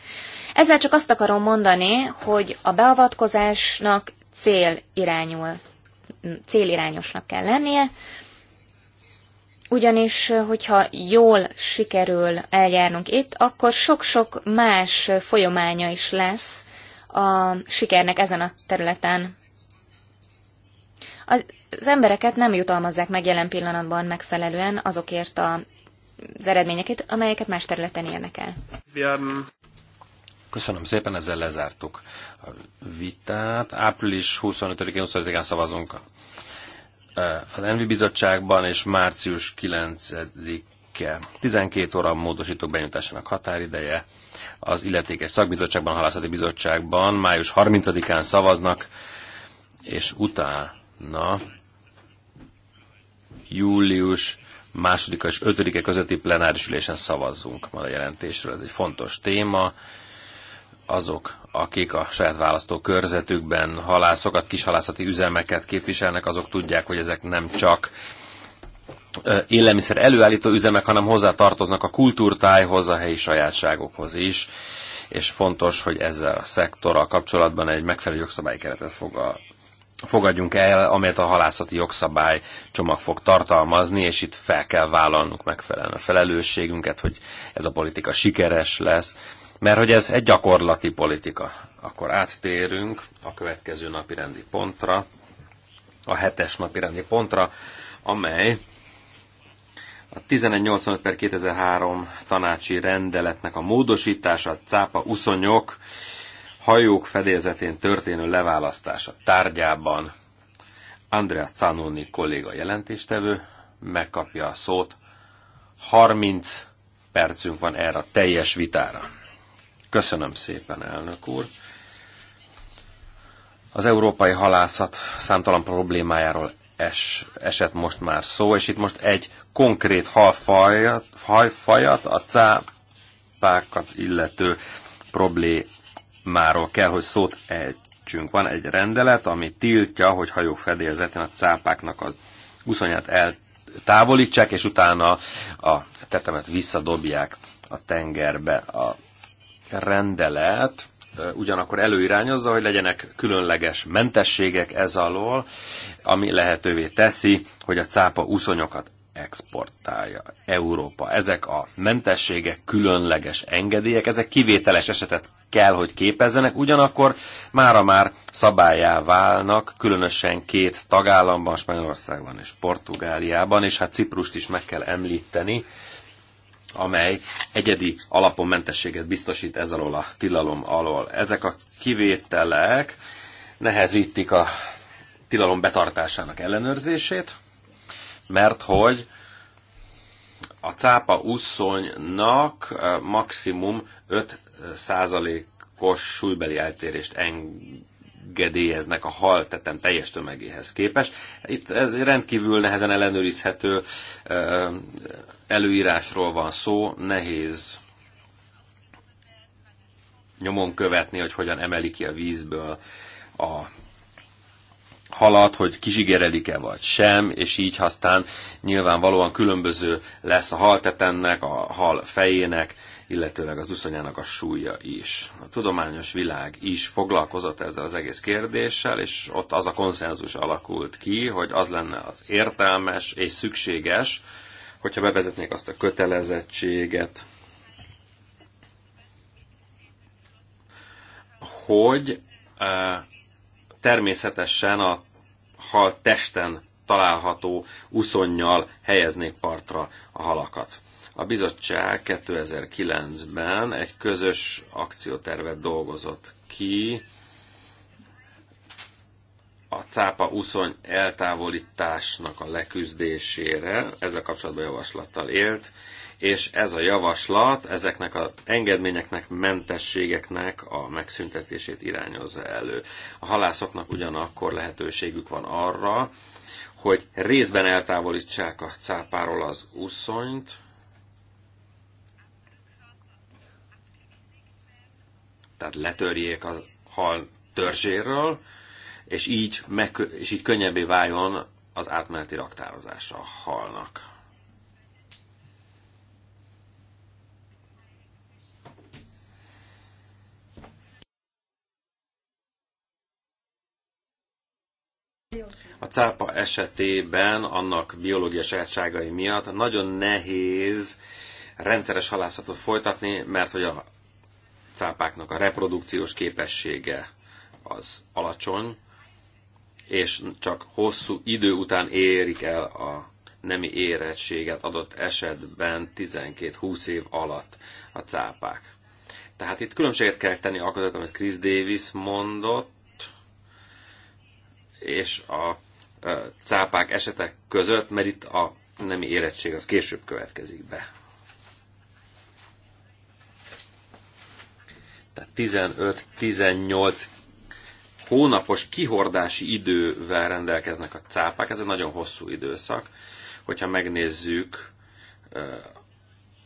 Ezzel csak azt akarom mondani, hogy a beavatkozásnak irányul, célirányosnak kell lennie, ugyanis, hogyha jól sikerül eljárnunk itt, akkor sok-sok más folyamánya is lesz a sikernek ezen a területen. Az, az embereket nem jutalmazzák meg jelen pillanatban megfelelően azokért a, az eredményeket, amelyeket más területen érnek el. Köszönöm szépen, ezzel lezártuk a vitát. Április 25-én, 25-án szavazunk az Envi Bizottságban, és március 9 kell. 12 óra módosítók benyújtásának határideje. Az illetékes szakbizottságban, a halászati bizottságban május 30-án szavaznak, és utána július második és ötödike közötti plenáris ülésen szavazzunk majd a jelentésről. Ez egy fontos téma. Azok, akik a saját választókörzetükben halászokat, kishalászati üzemeket képviselnek, azok tudják, hogy ezek nem csak élelmiszer előállító üzemek, hanem hozzátartoznak a kultúrtájhoz, a helyi sajátságokhoz is, és fontos, hogy ezzel a szektorral kapcsolatban egy megfelelő fog a fogadjunk el, amelyet a halászati jogszabály csomag fog tartalmazni, és itt fel kell vállalnunk megfelelően a felelősségünket, hogy ez a politika sikeres lesz, mert hogy ez egy gyakorlati politika. Akkor áttérünk a következő napi rendi pontra, a hetes napi rendi pontra, amely a 1185 per 2003 tanácsi rendeletnek a módosítása, cápa uszonyok, hajók fedélzetén történő leválasztása tárgyában Andrea Canoni kolléga jelentéstevő megkapja a szót. 30 percünk van erre a teljes vitára. Köszönöm szépen, elnök úr. Az európai halászat számtalan problémájáról es, esett most már szó, és itt most egy konkrét halfajat, a cápákat illető problémáról kell, hogy szót ejtsünk. Van egy rendelet, ami tiltja, hogy hajók fedélzetén a cápáknak az uszonyát eltávolítsák, és utána a tetemet visszadobják a tengerbe. A rendelet ugyanakkor előirányozza, hogy legyenek különleges mentességek ez alól, ami lehetővé teszi, hogy a cápa uszonyokat exportálja Európa. Ezek a mentességek, különleges engedélyek, ezek kivételes esetet kell, hogy képezzenek, ugyanakkor mára már szabályá válnak, különösen két tagállamban, Spanyolországban és Portugáliában, és hát Ciprust is meg kell említeni, amely egyedi alapon mentességet biztosít ez alól a tilalom alól. Ezek a kivételek nehezítik a tilalom betartásának ellenőrzését, mert hogy a cápa uszonynak eh, maximum 5%-os eh, súlybeli eltérést engedélyeznek a hal tetem teljes tömegéhez képest. Itt ez rendkívül nehezen ellenőrizhető eh, előírásról van szó, nehéz nyomon követni, hogy hogyan emeli ki a vízből a halat, hogy kizsigeredik e vagy sem, és így aztán nyilvánvalóan különböző lesz a haltetennek, a hal fejének, illetőleg az uszonyának a súlya is. A tudományos világ is foglalkozott ezzel az egész kérdéssel, és ott az a konszenzus alakult ki, hogy az lenne az értelmes és szükséges, hogyha bevezetnék azt a kötelezettséget, hogy természetesen a hal testen található uszonnyal helyeznék partra a halakat. A bizottság 2009-ben egy közös akciótervet dolgozott ki, a cápa úszony eltávolításnak a leküzdésére, ezzel kapcsolatban javaslattal élt, és ez a javaslat ezeknek az engedményeknek, mentességeknek a megszüntetését irányozza elő. A halászoknak ugyanakkor lehetőségük van arra, hogy részben eltávolítsák a cápáról az úszonyt, tehát letörjék a hal törzséről, és így, meg, és így könnyebbé váljon az átmeneti raktározása a halnak. A cápa esetében annak biológiai sajátságai miatt nagyon nehéz rendszeres halászatot folytatni, mert hogy a cápáknak a reprodukciós képessége az alacsony, és csak hosszú idő után érik el a nemi érettséget, adott esetben 12-20 év alatt a cápák. Tehát itt különbséget kell tenni a között, amit Chris Davis mondott, és a cápák esetek között, mert itt a nemi érettség az később következik be. Tehát 15-18 hónapos kihordási idővel rendelkeznek a cápák, ez egy nagyon hosszú időszak. Hogyha megnézzük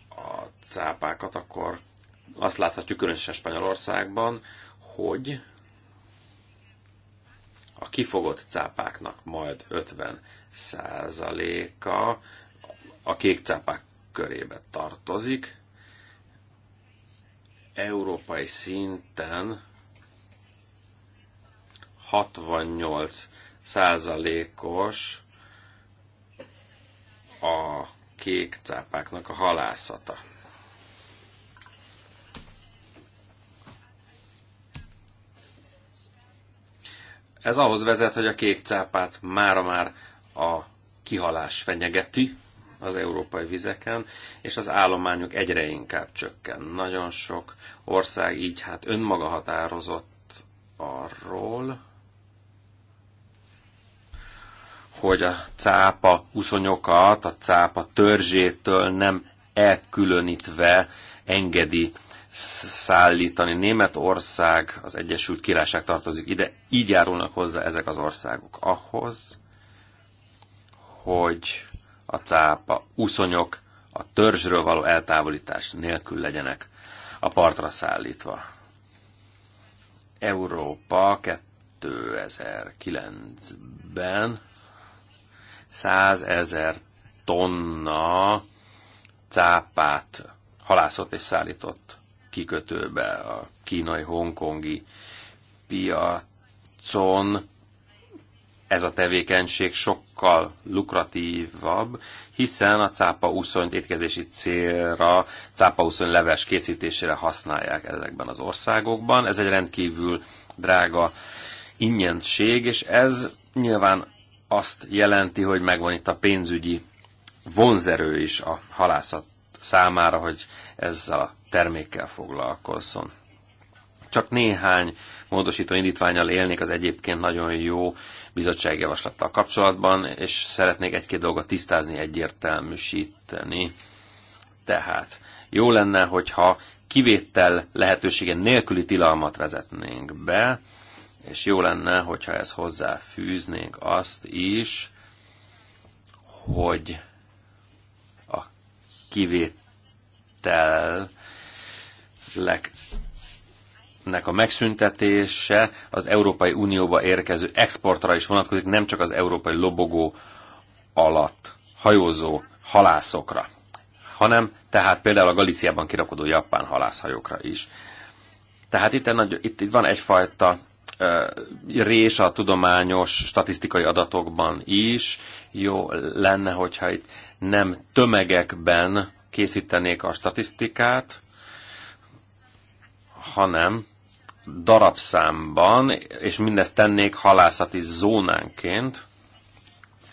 a cápákat, akkor azt láthatjuk különösen Spanyolországban, hogy a kifogott cápáknak majd 50 százaléka a kék cápák körébe tartozik. Európai szinten 68 százalékos a kék cápáknak a halászata. Ez ahhoz vezet, hogy a kék cápát mára már a kihalás fenyegeti az európai vizeken, és az állományok egyre inkább csökken. Nagyon sok ország így hát önmaga határozott arról, hogy a cápa uszonyokat, a cápa törzsétől nem elkülönítve engedi szállítani. Németország, az Egyesült Királyság tartozik ide, így járulnak hozzá ezek az országok ahhoz, hogy a cápa uszonyok a törzsről való eltávolítás nélkül legyenek a partra szállítva. Európa 2009-ben 100 ezer tonna cápát halászott és szállított kikötőbe a kínai hongkongi piacon. Ez a tevékenység sokkal lukratívabb, hiszen a cápa úszony étkezési célra, cápa úszony leves készítésére használják ezekben az országokban. Ez egy rendkívül drága ingyenség, és ez nyilván azt jelenti, hogy megvan itt a pénzügyi vonzerő is a halászat számára, hogy ezzel a termékkel foglalkozzon. Csak néhány módosító indítványal élnék az egyébként nagyon jó bizottságjavaslattal kapcsolatban, és szeretnék egy-két dolgot tisztázni, egyértelműsíteni. Tehát jó lenne, hogyha kivétel lehetősége nélküli tilalmat vezetnénk be, és jó lenne, hogyha ez hozzáfűznénk azt is, hogy a kivételnek a megszüntetése az Európai Unióba érkező exportra is vonatkozik, nem csak az európai lobogó alatt hajózó halászokra, hanem tehát például a Galiciában kirakodó japán halászhajókra is. Tehát itt, egy nagy, itt, itt van egyfajta rés a tudományos statisztikai adatokban is. Jó lenne, hogyha itt nem tömegekben készítenék a statisztikát, hanem darabszámban, és mindezt tennék halászati zónánként,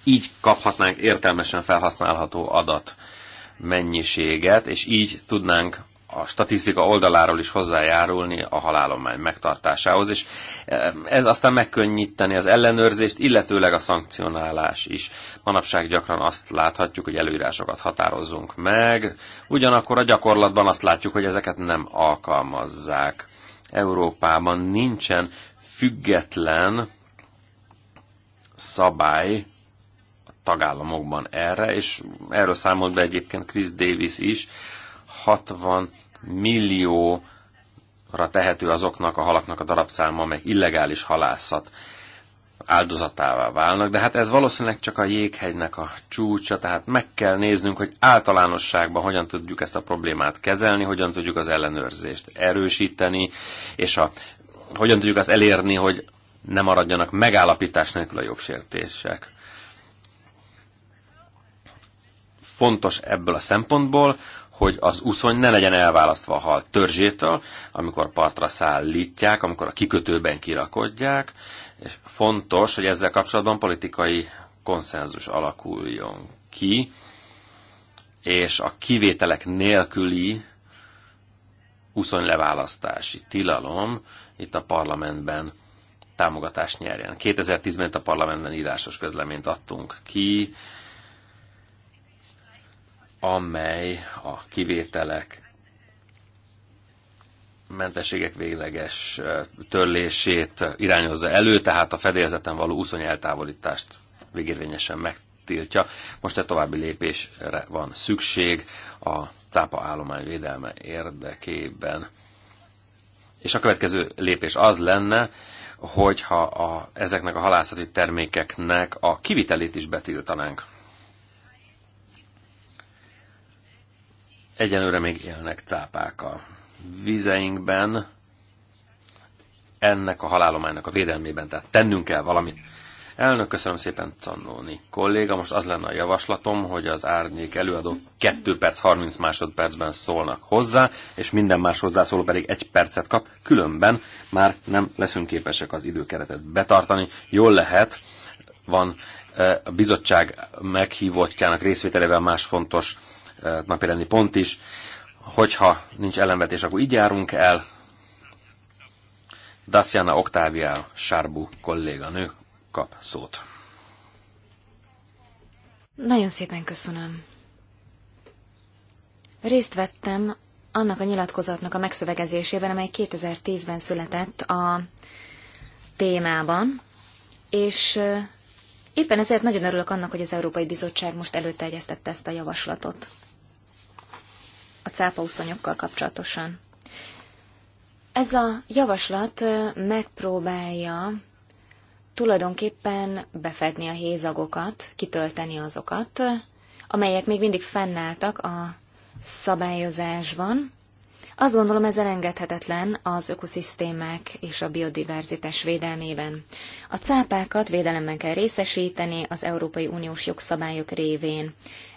így kaphatnánk értelmesen felhasználható adat mennyiséget, és így tudnánk a statisztika oldaláról is hozzájárulni a halálomány megtartásához, és e, ez aztán megkönnyíteni az ellenőrzést, illetőleg a szankcionálás is. Manapság gyakran azt láthatjuk, hogy előírásokat határozzunk meg, ugyanakkor a gyakorlatban azt látjuk, hogy ezeket nem alkalmazzák. Európában nincsen független szabály a tagállamokban erre, és erről számolt be egyébként Chris Davis is, 60 millióra tehető azoknak a halaknak a darabszáma, amely illegális halászat áldozatává válnak, de hát ez valószínűleg csak a jéghegynek a csúcsa, tehát meg kell néznünk, hogy általánosságban hogyan tudjuk ezt a problémát kezelni, hogyan tudjuk az ellenőrzést erősíteni, és a, hogyan tudjuk azt elérni, hogy ne maradjanak megállapítás nélkül a jogsértések. Fontos ebből a szempontból, hogy az úszony ne legyen elválasztva a hal törzsétől, amikor partra szállítják, amikor a kikötőben kirakodják, és fontos, hogy ezzel kapcsolatban politikai konszenzus alakuljon ki, és a kivételek nélküli úszonyleválasztási tilalom itt a parlamentben támogatást nyerjen. 2010-ben itt a parlamentben írásos közleményt adtunk ki, amely a kivételek mentességek végleges törlését irányozza elő, tehát a fedélzeten való úszony eltávolítást végérvényesen megtiltja. Most egy további lépésre van szükség a cápa állomány védelme érdekében. És a következő lépés az lenne, hogyha a, ezeknek a halászati termékeknek a kivitelét is betiltanánk. Egyelőre még élnek cápák a vizeinkben, ennek a halálománynak a védelmében, tehát tennünk kell valamit. Elnök, köszönöm szépen, Cannoni kolléga. Most az lenne a javaslatom, hogy az árnyék előadók 2 perc 30 másodpercben szólnak hozzá, és minden más hozzászóló pedig egy percet kap, különben már nem leszünk képesek az időkeretet betartani. Jól lehet, van eh, a bizottság meghívottjának részvételével más fontos Eh, napirendi pont is. Hogyha nincs ellenvetés, akkor így járunk el. Daciana Octavia Sárbu kolléganő kap szót. Nagyon szépen köszönöm. Részt vettem annak a nyilatkozatnak a megszövegezésében, amely 2010-ben született a témában, és eh, éppen ezért nagyon örülök annak, hogy az Európai Bizottság most előterjesztette ezt a javaslatot a cápauszonyokkal kapcsolatosan. Ez a javaslat megpróbálja tulajdonképpen befedni a hézagokat, kitölteni azokat, amelyek még mindig fennálltak a szabályozásban. Azt gondolom ez elengedhetetlen az ökoszisztémák és a biodiverzitás védelmében. A cápákat védelemben kell részesíteni az Európai Uniós jogszabályok révén.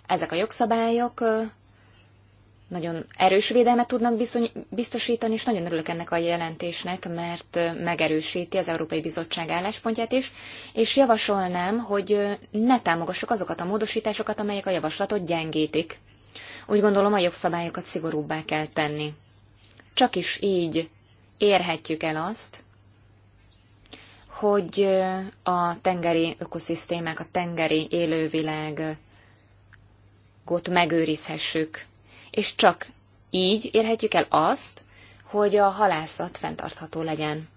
Ezek a jogszabályok nagyon erős védelmet tudnak bizony, biztosítani, és nagyon örülök ennek a jelentésnek, mert megerősíti az Európai Bizottság álláspontját is, és javasolnám, hogy ne támogassuk azokat a módosításokat, amelyek a javaslatot gyengítik. Úgy gondolom, a jogszabályokat szigorúbbá kell tenni. Csak is így érhetjük el azt, hogy a tengeri ökoszisztémák, a tengeri élővilágot megőrizhessük és csak így érhetjük el azt, hogy a halászat fenntartható legyen.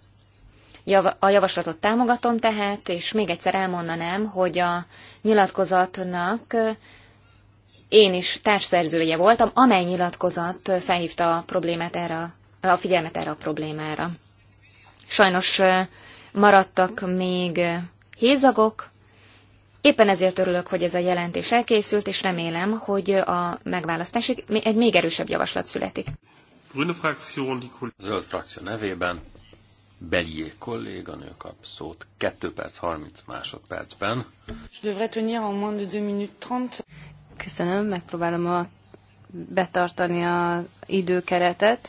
A javaslatot támogatom tehát, és még egyszer elmondanám, hogy a nyilatkozatnak én is társszerzője voltam, amely nyilatkozat felhívta a problémát erre, a figyelmet erre a problémára. Sajnos maradtak még hézagok, Éppen ezért örülök, hogy ez a jelentés elkészült, és remélem, hogy a megválasztásig egy még erősebb javaslat születik. Zöld frakció nevében Belié kolléganő kap szót 2 perc 30 másodpercben. Köszönöm, megpróbálom a, betartani az időkeretet.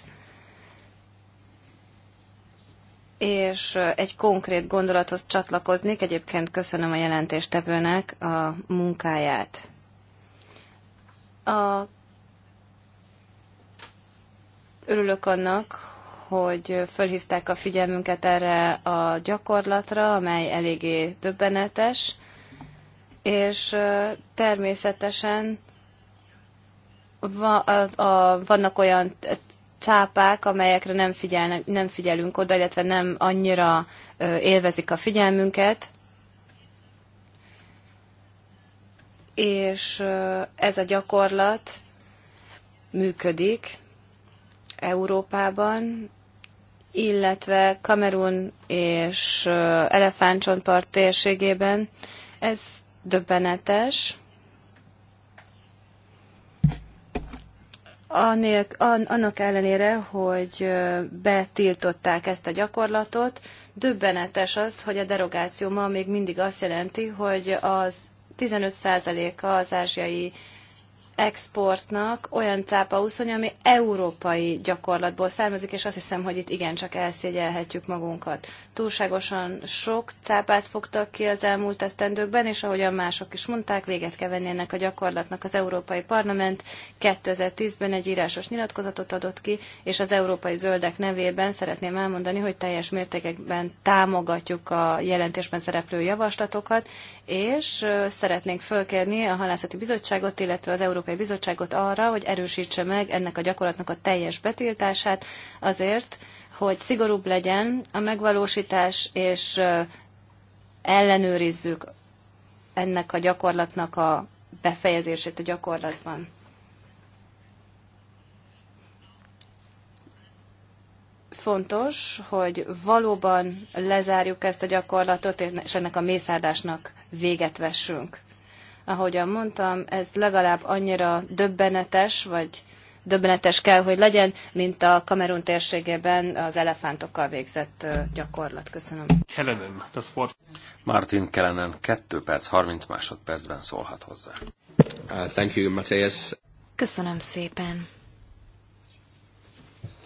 és egy konkrét gondolathoz csatlakoznék. Egyébként köszönöm a jelentéstevőnek a munkáját. A... Örülök annak, hogy fölhívták a figyelmünket erre a gyakorlatra, amely eléggé döbbenetes, és természetesen va, a, a, vannak olyan cápák, amelyekre nem, figyelnek, nem figyelünk oda, illetve nem annyira élvezik a figyelmünket. És ez a gyakorlat működik Európában, illetve Kamerun és Elefántcsontpart térségében. Ez döbbenetes Anélk, an, annak ellenére, hogy betiltották ezt a gyakorlatot, döbbenetes az, hogy a derogáció ma még mindig azt jelenti, hogy az 15%-a az ázsiai exportnak olyan cápauszony, ami európai gyakorlatból származik, és azt hiszem, hogy itt igencsak elszégyelhetjük magunkat. Túlságosan sok cápát fogtak ki az elmúlt esztendőkben, és ahogyan mások is mondták, véget kell venni ennek a gyakorlatnak. Az Európai Parlament 2010-ben egy írásos nyilatkozatot adott ki, és az Európai Zöldek nevében szeretném elmondani, hogy teljes mértékekben támogatjuk a jelentésben szereplő javaslatokat, és szeretnénk fölkérni a Halászati Bizottságot, illetve az Európai Európai Bizottságot arra, hogy erősítse meg ennek a gyakorlatnak a teljes betiltását azért, hogy szigorúbb legyen a megvalósítás, és ellenőrizzük ennek a gyakorlatnak a befejezését a gyakorlatban. Fontos, hogy valóban lezárjuk ezt a gyakorlatot, és ennek a mészárdásnak véget vessünk. Ahogyan mondtam, ez legalább annyira döbbenetes, vagy döbbenetes kell, hogy legyen, mint a Kamerun térségében az elefántokkal végzett gyakorlat. Köszönöm. Kellenen, das Wort. Martin Kellenen 2 perc 30 másodpercben szólhat hozzá. Uh, thank you, Matthias. Köszönöm szépen.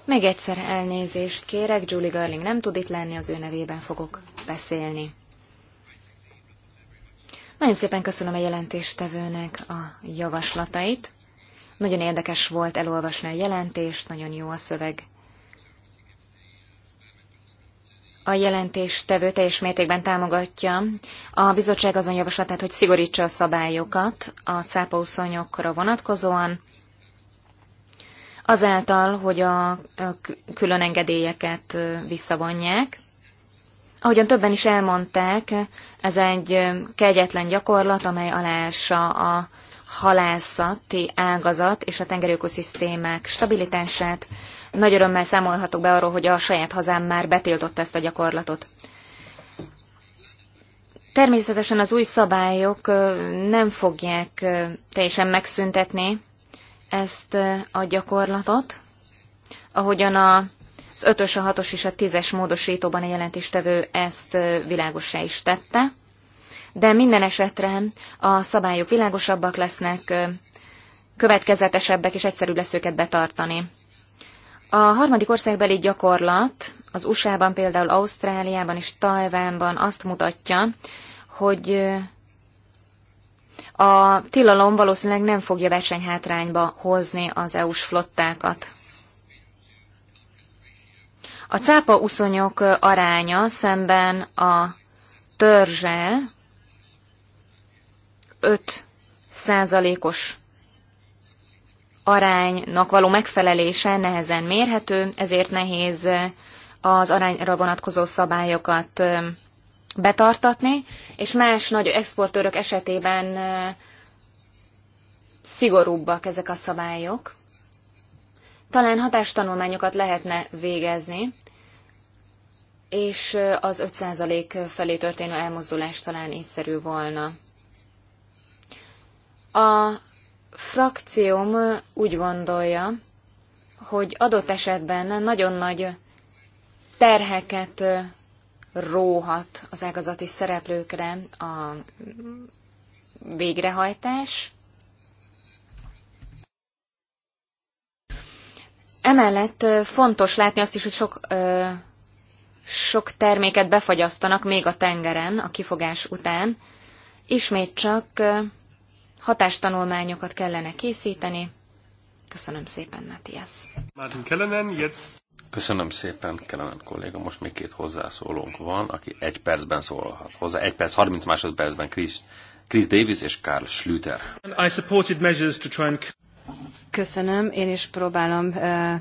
Még egyszer elnézést kérek, Julie Garling nem tud itt lenni, az ő nevében fogok beszélni. Nagyon szépen köszönöm a jelentéstevőnek a javaslatait. Nagyon érdekes volt elolvasni a jelentést, nagyon jó a szöveg. A jelentéstevő teljes mértékben támogatja a bizottság azon javaslatát, hogy szigorítsa a szabályokat a cápauszonyokra vonatkozóan, azáltal, hogy a külön engedélyeket visszavonják, Ahogyan többen is elmondták, ez egy kegyetlen gyakorlat, amely aláássa a halászati ágazat és a tengeri ökoszisztémák stabilitását. Nagy örömmel számolhatok be arról, hogy a saját hazám már betiltotta ezt a gyakorlatot. Természetesen az új szabályok nem fogják teljesen megszüntetni ezt a gyakorlatot, ahogyan a az 5-ös, a 6-os és a 10-es módosítóban a jelentéstevő ezt világosá is tette, de minden esetre a szabályok világosabbak lesznek, következetesebbek, és egyszerű lesz őket betartani. A harmadik országbeli gyakorlat az USA-ban, például Ausztráliában és Tajvánban azt mutatja, hogy a tilalom valószínűleg nem fogja versenyhátrányba hozni az EU-s flottákat. A cápa uszonyok aránya szemben a törzsel 5 százalékos aránynak való megfelelése nehezen mérhető, ezért nehéz az arányra vonatkozó szabályokat betartatni, és más nagy exportőrök esetében szigorúbbak ezek a szabályok. Talán hatástanulmányokat lehetne végezni, és az 5% felé történő elmozdulás talán észszerű volna. A frakcióm úgy gondolja, hogy adott esetben nagyon nagy terheket róhat az ágazati szereplőkre a végrehajtás, Emellett fontos látni azt is, hogy sok, ö, sok terméket befagyasztanak még a tengeren a kifogás után. Ismét csak ö, hatástanulmányokat kellene készíteni. Köszönöm szépen, Matthias. Martin Kellenen, jetzt... Köszönöm szépen, Kellenen kolléga. Most még két hozzászólónk van, aki egy percben szólhat hozzá. Egy perc, 30 másodpercben Chris, Chris Davis és Karl Schlüter. And I supported measures to try and Köszönöm, én is próbálom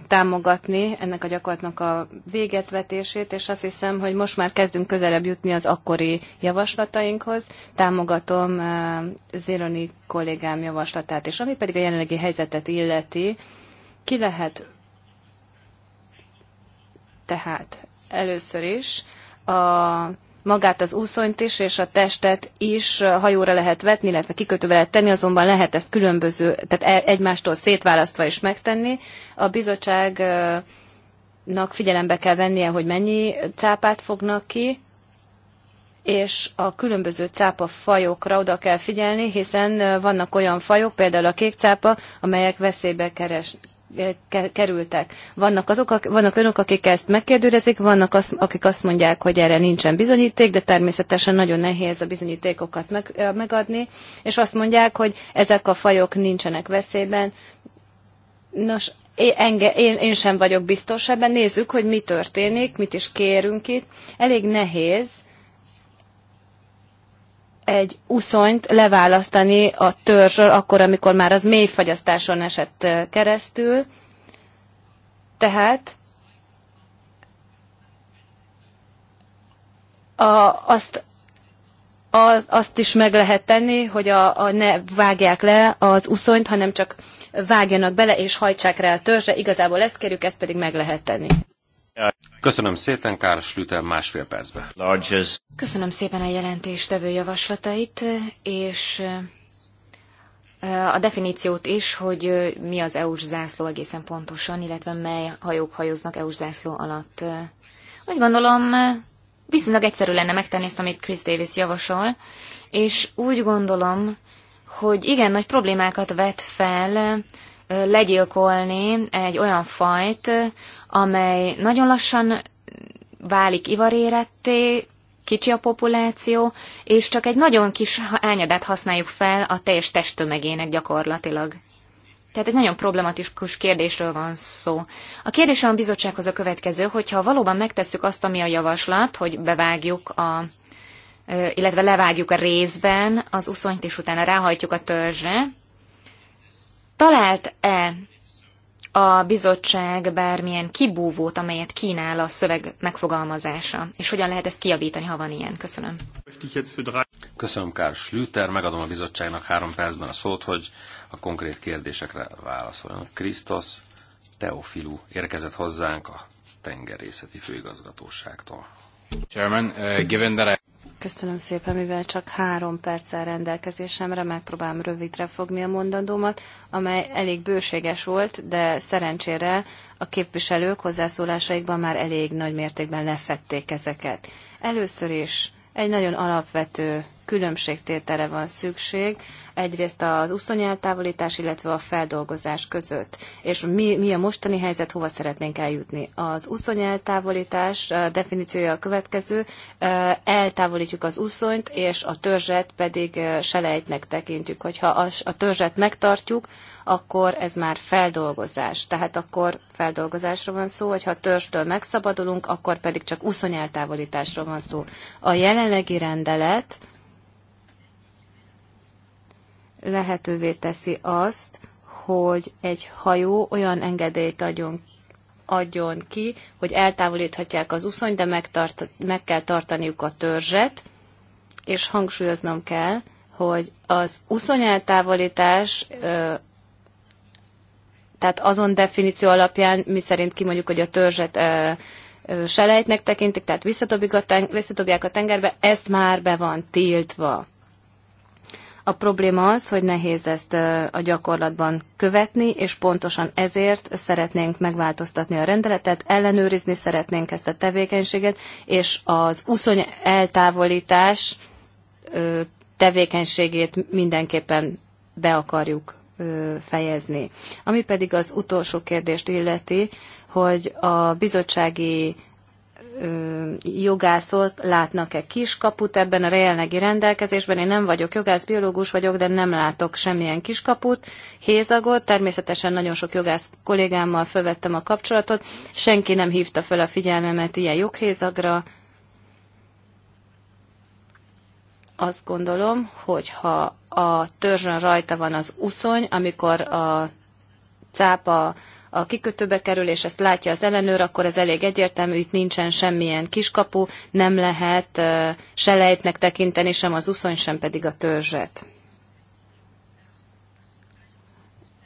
támogatni ennek a gyakorlatnak a végetvetését, és azt hiszem, hogy most már kezdünk közelebb jutni az akkori javaslatainkhoz. Támogatom uh, Zéroni kollégám javaslatát, és ami pedig a jelenlegi helyzetet illeti, ki lehet tehát először is a magát az úszonyt is, és a testet is hajóra lehet vetni, illetve kikötőbe lehet tenni, azonban lehet ezt különböző, tehát e- egymástól szétválasztva is megtenni. A bizottságnak figyelembe kell vennie, hogy mennyi cápát fognak ki, és a különböző cápa fajokra oda kell figyelni, hiszen vannak olyan fajok, például a kék cápa, amelyek veszélybe keres, kerültek. Vannak, azok, vannak önök, akik ezt megkérdőrezik, vannak az, akik azt mondják, hogy erre nincsen bizonyíték, de természetesen nagyon nehéz a bizonyítékokat meg, megadni, és azt mondják, hogy ezek a fajok nincsenek veszélyben. Nos, enge, én, én sem vagyok biztos ebben, nézzük, hogy mi történik, mit is kérünk itt. Elég nehéz egy uszonyt leválasztani a törzsről, akkor, amikor már az mély fagyasztáson esett keresztül. Tehát a, azt, a, azt is meg lehet tenni, hogy a, a ne vágják le az uszonyt, hanem csak vágjanak bele és hajtsák rá a törzsre. Igazából ezt kérjük, ezt pedig meg lehet tenni. Köszönöm szépen, Kár Schlüter másfél percbe. Köszönöm szépen a jelentéstevő javaslatait, és a definíciót is, hogy mi az EU-s zászló egészen pontosan, illetve mely hajók hajóznak EU-s zászló alatt. Úgy gondolom, viszonylag egyszerű lenne megtenni ezt, amit Chris Davis javasol, és úgy gondolom, hogy igen nagy problémákat vet fel legyilkolni egy olyan fajt, amely nagyon lassan válik ivaréretté, kicsi a populáció, és csak egy nagyon kis ányadát használjuk fel a teljes testtömegének gyakorlatilag. Tehát egy nagyon problematikus kérdésről van szó. A kérdésem a bizottsághoz a következő, hogyha valóban megtesszük azt, ami a javaslat, hogy bevágjuk a illetve levágjuk a részben az uszonyt, és utána ráhajtjuk a törzsre, Talált-e a bizottság bármilyen kibúvót, amelyet kínál a szöveg megfogalmazása? És hogyan lehet ezt kiavítani, ha van ilyen? Köszönöm. Köszönöm, Kár Schlüter. Megadom a bizottságnak három percben a szót, hogy a konkrét kérdésekre válaszoljon. Krisztos Teofilú érkezett hozzánk a tengerészeti főigazgatóságtól. Chairman, uh, given that I... Köszönöm szépen, mivel csak három perccel rendelkezésemre megpróbálom rövidre fogni a mondandómat, amely elég bőséges volt, de szerencsére a képviselők hozzászólásaikban már elég nagy mértékben lefették ezeket. Először is egy nagyon alapvető különbségtételre van szükség, egyrészt az uszonyeltávolítás, illetve a feldolgozás között. És mi, mi a mostani helyzet, hova szeretnénk eljutni? Az uszonyeltávolítás definíciója a következő, eltávolítjuk az uszonyt, és a törzset pedig selejtnek tekintjük. Hogyha a, a törzset megtartjuk, akkor ez már feldolgozás. Tehát akkor feldolgozásról van szó, hogyha a törzstől megszabadulunk, akkor pedig csak uszonyeltávolításról van szó. A jelenlegi rendelet, lehetővé teszi azt, hogy egy hajó olyan engedélyt adjon, adjon ki, hogy eltávolíthatják az uszonyt, de megtart, meg kell tartaniuk a törzset, és hangsúlyoznom kell, hogy az uszony eltávolítás tehát azon definíció alapján, mi szerint kimondjuk, hogy a törzset selejtnek tekintik, tehát visszatobják a tengerbe, ezt már be van tiltva. A probléma az, hogy nehéz ezt a gyakorlatban követni, és pontosan ezért szeretnénk megváltoztatni a rendeletet, ellenőrizni szeretnénk ezt a tevékenységet, és az uszony eltávolítás tevékenységét mindenképpen be akarjuk fejezni. Ami pedig az utolsó kérdést illeti, hogy a bizottsági jogászot látnak-e kiskaput ebben a jelenlegi rendelkezésben. Én nem vagyok jogász, biológus vagyok, de nem látok semmilyen kiskaput, hézagot. Természetesen nagyon sok jogász kollégámmal fölvettem a kapcsolatot. Senki nem hívta fel a figyelmemet ilyen joghézagra. Azt gondolom, hogyha a törzsön rajta van az uszony, amikor a cápa a kikötőbe kerül, és ezt látja az ellenőr, akkor ez elég egyértelmű, itt nincsen semmilyen kiskapu, nem lehet se lejtnek tekinteni, sem az uszony, sem pedig a törzset.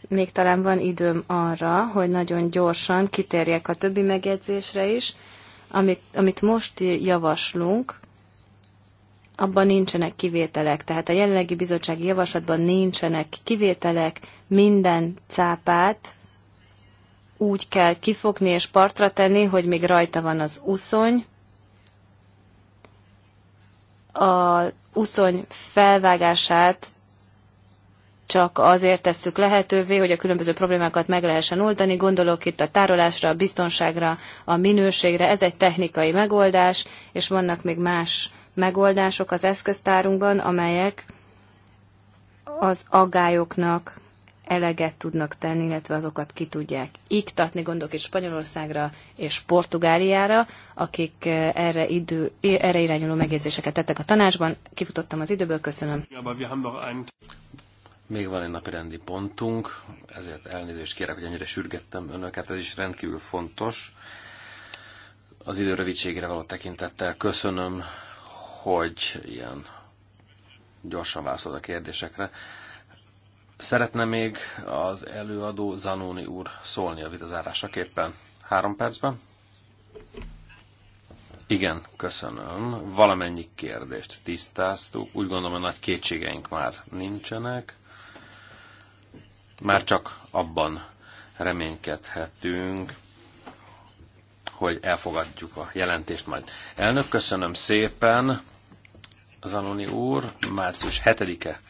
Még talán van időm arra, hogy nagyon gyorsan kitérjek a többi megjegyzésre is. Amit, amit most javaslunk, abban nincsenek kivételek. Tehát a jelenlegi bizottsági javaslatban nincsenek kivételek, minden cápát úgy kell kifogni és partra tenni, hogy még rajta van az uszony, a uszony felvágását csak azért tesszük lehetővé, hogy a különböző problémákat meg lehessen oldani. Gondolok itt a tárolásra, a biztonságra, a minőségre. Ez egy technikai megoldás, és vannak még más megoldások az eszköztárunkban, amelyek az aggályoknak eleget tudnak tenni, illetve azokat ki tudják iktatni, gondolok itt Spanyolországra és Portugáliára, akik eh, erre, idő, eh, erre irányuló megjegyzéseket tettek a tanácsban. Kifutottam az időből, köszönöm. Még van egy napi rendi pontunk, ezért elnézést kérek, hogy annyira sürgettem önöket, ez is rendkívül fontos. Az idő rövidségére való tekintettel köszönöm, hogy ilyen gyorsan válaszol a kérdésekre. Szeretne még az előadó Zanoni úr szólni a vitazárásaképpen? Három percben? Igen, köszönöm. Valamennyi kérdést tisztáztuk. Úgy gondolom, hogy nagy kétségeink már nincsenek. Már csak abban reménykedhetünk, hogy elfogadjuk a jelentést majd. Elnök, köszönöm szépen. Zanoni úr, március 7-e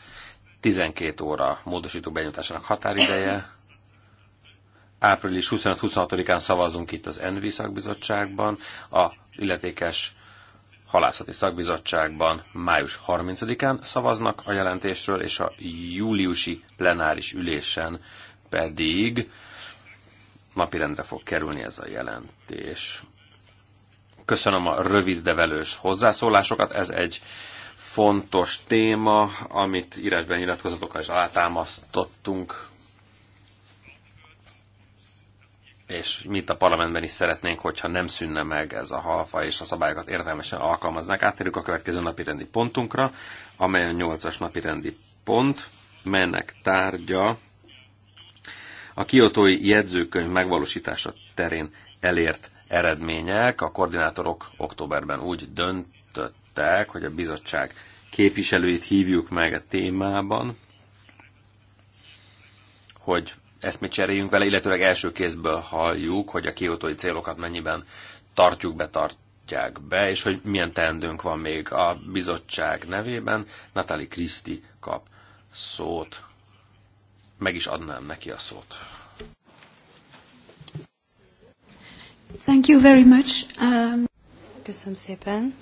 12 óra módosító benyújtásának határideje. Április 25-26-án szavazunk itt az Envi szakbizottságban, a illetékes halászati szakbizottságban május 30-án szavaznak a jelentésről, és a júliusi plenáris ülésen pedig napirendre fog kerülni ez a jelentés. Köszönöm a rövid, de velős hozzászólásokat. Ez egy fontos téma, amit írásban nyilatkozatokkal is alátámasztottunk, és mi itt a parlamentben is szeretnénk, hogyha nem szűnne meg ez a halfa, és a szabályokat értelmesen alkalmaznák. Átérjük a következő napi rendi pontunkra, amely a nyolcas napi rendi pont, melynek tárgya a kiotói jegyzőkönyv megvalósítása terén elért eredmények. A koordinátorok októberben úgy dönt, meghívták, hogy a bizottság képviselőit hívjuk meg a témában, hogy ezt mi cseréljünk vele, illetőleg első kézből halljuk, hogy a kiotói célokat mennyiben tartjuk, betartják be, és hogy milyen teendőnk van még a bizottság nevében. Natali Kriszti kap szót. Meg is adnám neki a szót. Thank you very much. Um... Köszönöm szépen.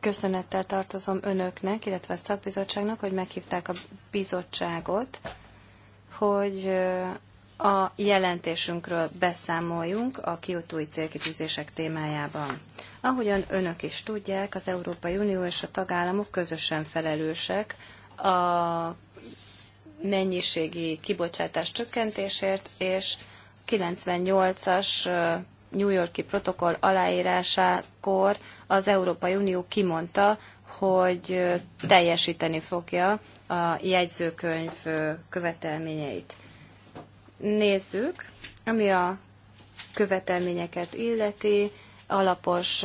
köszönettel tartozom önöknek, illetve a szakbizottságnak, hogy meghívták a bizottságot, hogy a jelentésünkről beszámoljunk a kiotói célkitűzések témájában. Ahogyan önök is tudják, az Európai Unió és a tagállamok közösen felelősek a mennyiségi kibocsátás csökkentésért és 98-as New Yorki protokoll aláírásakor az Európai Unió kimondta, hogy teljesíteni fogja a jegyzőkönyv követelményeit. Nézzük, ami a követelményeket illeti, alapos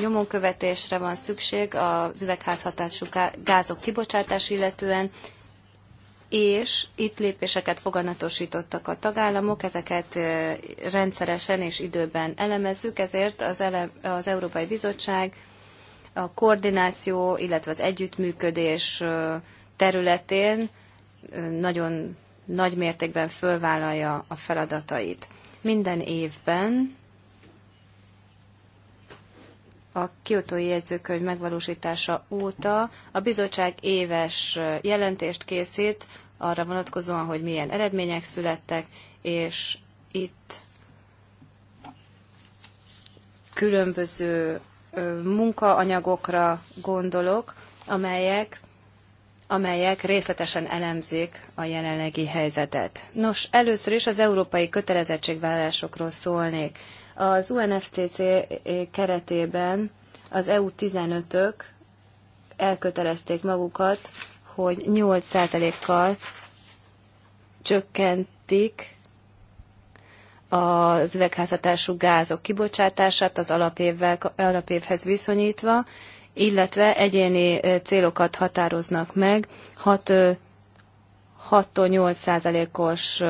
nyomonkövetésre van szükség az üvegházhatású gázok kibocsátás illetően, és itt lépéseket foganatosítottak a tagállamok, ezeket rendszeresen és időben elemezzük, ezért az, ele, az Európai Bizottság a koordináció, illetve az együttműködés területén nagyon nagy mértékben fölvállalja a feladatait. Minden évben a kiotói jegyzőkönyv megvalósítása óta a bizottság éves jelentést készít arra vonatkozóan, hogy milyen eredmények születtek, és itt különböző munkaanyagokra gondolok, amelyek, amelyek részletesen elemzik a jelenlegi helyzetet. Nos, először is az európai kötelezettségvállalásokról szólnék. Az UNFCC keretében az EU-15-ök elkötelezték magukat, hogy 8%-kal csökkentik az üvegházhatású gázok kibocsátását az alapévvel, alapévhez viszonyítva, illetve egyéni célokat határoznak meg, 6-8 százalékos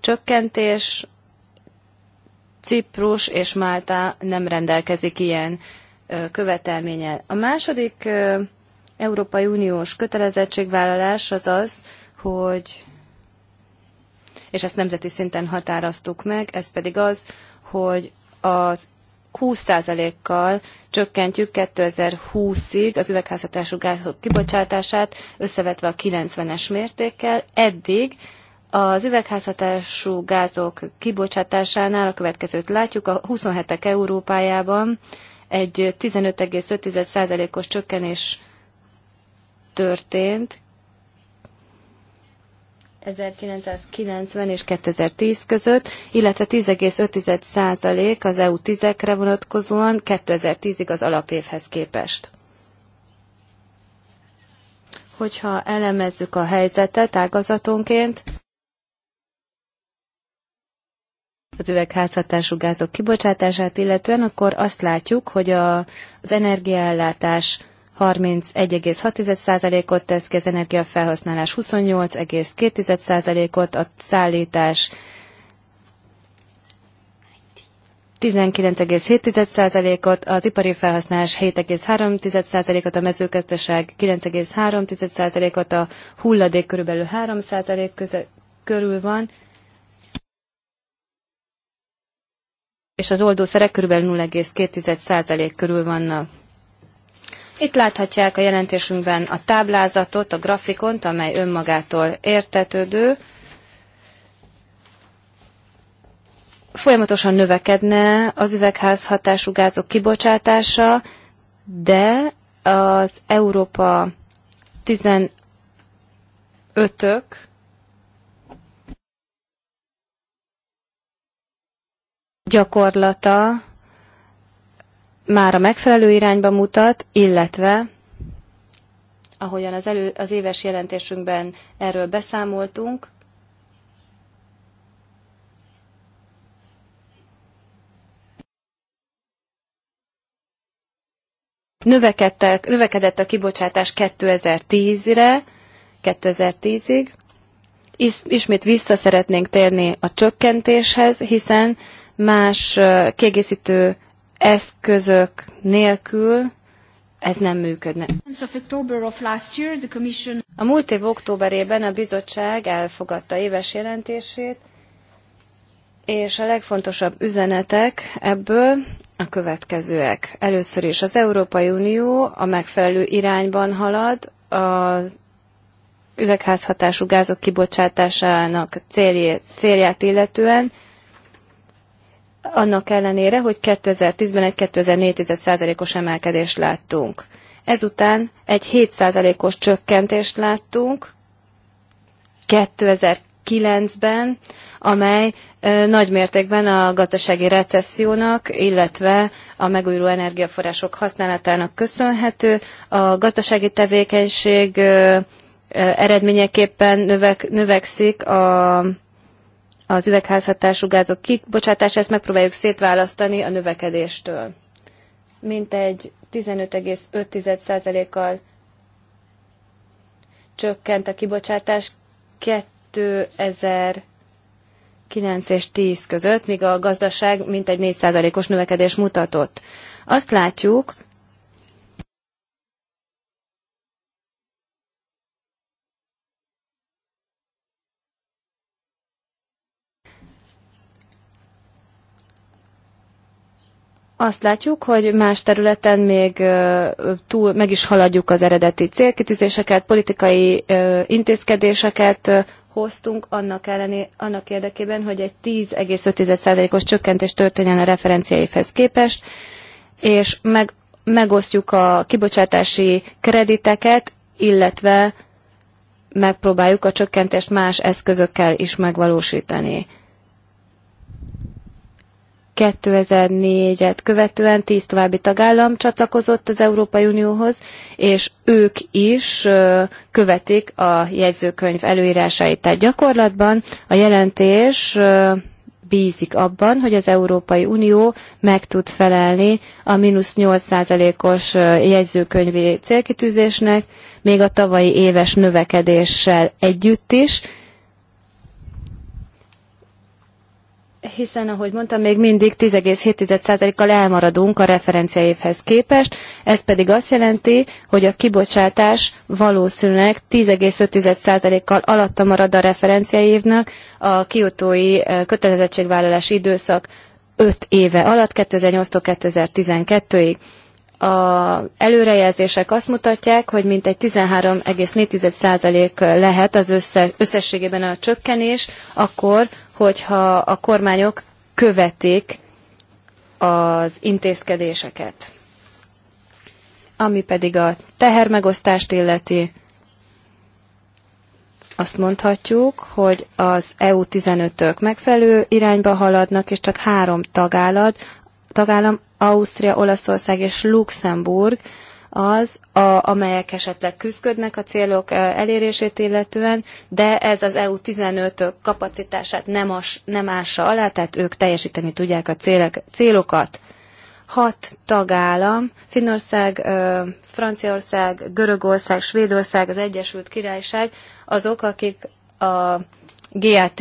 csökkentés Ciprus és Málta nem rendelkezik ilyen követelménnyel. A második Európai Uniós kötelezettségvállalás az az, hogy, és ezt nemzeti szinten határoztuk meg, ez pedig az, hogy az 20%-kal csökkentjük 2020-ig az üvegházhatású gázok kibocsátását, összevetve a 90-es mértékkel. Eddig az üvegházhatású gázok kibocsátásánál a következőt látjuk. A 27-ek Európájában egy 15,5%-os csökkenés történt 1990 és 2010 között, illetve 10,5% az EU 10-ekre vonatkozóan 2010-ig az alapévhez képest. Hogyha elemezzük a helyzetet ágazatonként, az üvegházhatású gázok kibocsátását illetően, akkor azt látjuk, hogy a, az energiaellátás 31,6%-ot tesz ki, az energiafelhasználás 28,2%-ot, a szállítás 19,7%-ot, az ipari felhasználás 7,3%-ot, a mezőgazdaság 9,3%-ot, a hulladék körülbelül 3% között körül van, és az oldószerek kb. 0,2% körül vannak. Itt láthatják a jelentésünkben a táblázatot, a grafikont, amely önmagától értetődő. Folyamatosan növekedne az üvegházhatású gázok kibocsátása, de az Európa 15-ök gyakorlata már a megfelelő irányba mutat, illetve ahogyan az, elő, az éves jelentésünkben erről beszámoltunk, növekedett, növekedett a kibocsátás 2010-re, 2010-ig. Ismét vissza szeretnénk térni a csökkentéshez, hiszen más kiegészítő eszközök nélkül ez nem működne. A múlt év októberében a bizottság elfogadta éves jelentését, és a legfontosabb üzenetek ebből a következőek. Először is az Európai Unió a megfelelő irányban halad, az üvegházhatású gázok kibocsátásának célját illetően, annak ellenére, hogy 2010-ben egy 2,4%-os emelkedést láttunk. Ezután egy 7%-os csökkentést láttunk 2009-ben, amely nagy mértékben a gazdasági recessziónak, illetve a megújuló energiaforrások használatának köszönhető. A gazdasági tevékenység eredményeképpen növek, növekszik a az üvegházhatású gázok kibocsátását ezt megpróbáljuk szétválasztani a növekedéstől. Mintegy 15,5%-kal csökkent a kibocsátás 2009 és 10 között, míg a gazdaság mintegy 4%-os növekedés mutatott. Azt látjuk, azt látjuk, hogy más területen még túl meg is haladjuk az eredeti célkitűzéseket, politikai intézkedéseket hoztunk annak, ellené, annak érdekében, hogy egy 10,5%-os csökkentés történjen a referenciáivhez képest, és meg, megosztjuk a kibocsátási krediteket, illetve megpróbáljuk a csökkentést más eszközökkel is megvalósítani. 2004-et követően tíz további tagállam csatlakozott az Európai Unióhoz, és ők is követik a jegyzőkönyv előírásait. Tehát gyakorlatban a jelentés bízik abban, hogy az Európai Unió meg tud felelni a mínusz 8%-os jegyzőkönyvi célkitűzésnek, még a tavalyi éves növekedéssel együtt is, hiszen, ahogy mondtam, még mindig 10,7%-kal elmaradunk a referenciaévhez képest, ez pedig azt jelenti, hogy a kibocsátás valószínűleg 10,5%-kal alatta marad a referenciaévnek a kiotói kötelezettségvállalási időszak 5 éve alatt, 2008-tól 2012-ig a előrejelzések azt mutatják, hogy mintegy 13,4% lehet az össze, összességében a csökkenés, akkor, hogyha a kormányok követik az intézkedéseket. Ami pedig a tehermegosztást illeti, azt mondhatjuk, hogy az EU 15-ök megfelelő irányba haladnak, és csak három tagállat tagállam, Ausztria, Olaszország és Luxemburg az, a, amelyek esetleg küzdködnek a célok elérését illetően, de ez az EU 15-ök kapacitását nem, as, nem ássa alá, tehát ők teljesíteni tudják a célek, célokat. Hat tagállam, Finnország, Franciaország, Görögország, Svédország, az Egyesült Királyság, azok, akik a GAT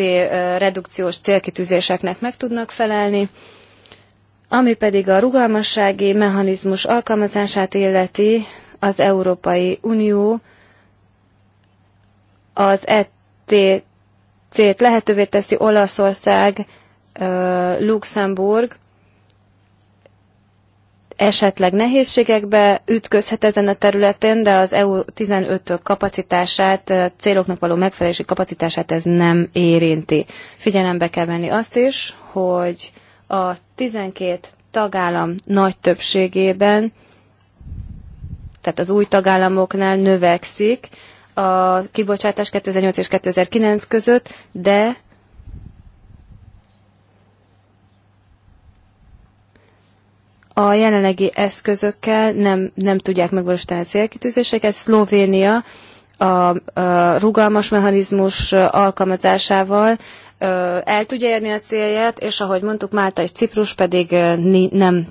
redukciós célkitűzéseknek meg tudnak felelni, ami pedig a rugalmassági mechanizmus alkalmazását illeti, az Európai Unió az ETC-t lehetővé teszi Olaszország, Luxemburg, esetleg nehézségekbe ütközhet ezen a területen, de az EU 15-ök kapacitását, céloknak való megfelelési kapacitását ez nem érinti. Figyelembe kell venni azt is, hogy a 12 tagállam nagy többségében, tehát az új tagállamoknál növekszik a kibocsátás 2008 és 2009 között, de a jelenlegi eszközökkel nem, nem tudják megvalósítani a célkitűzéseket. Szlovénia a, a rugalmas mechanizmus alkalmazásával el tudja érni a célját, és ahogy mondtuk, Málta és Ciprus pedig nem,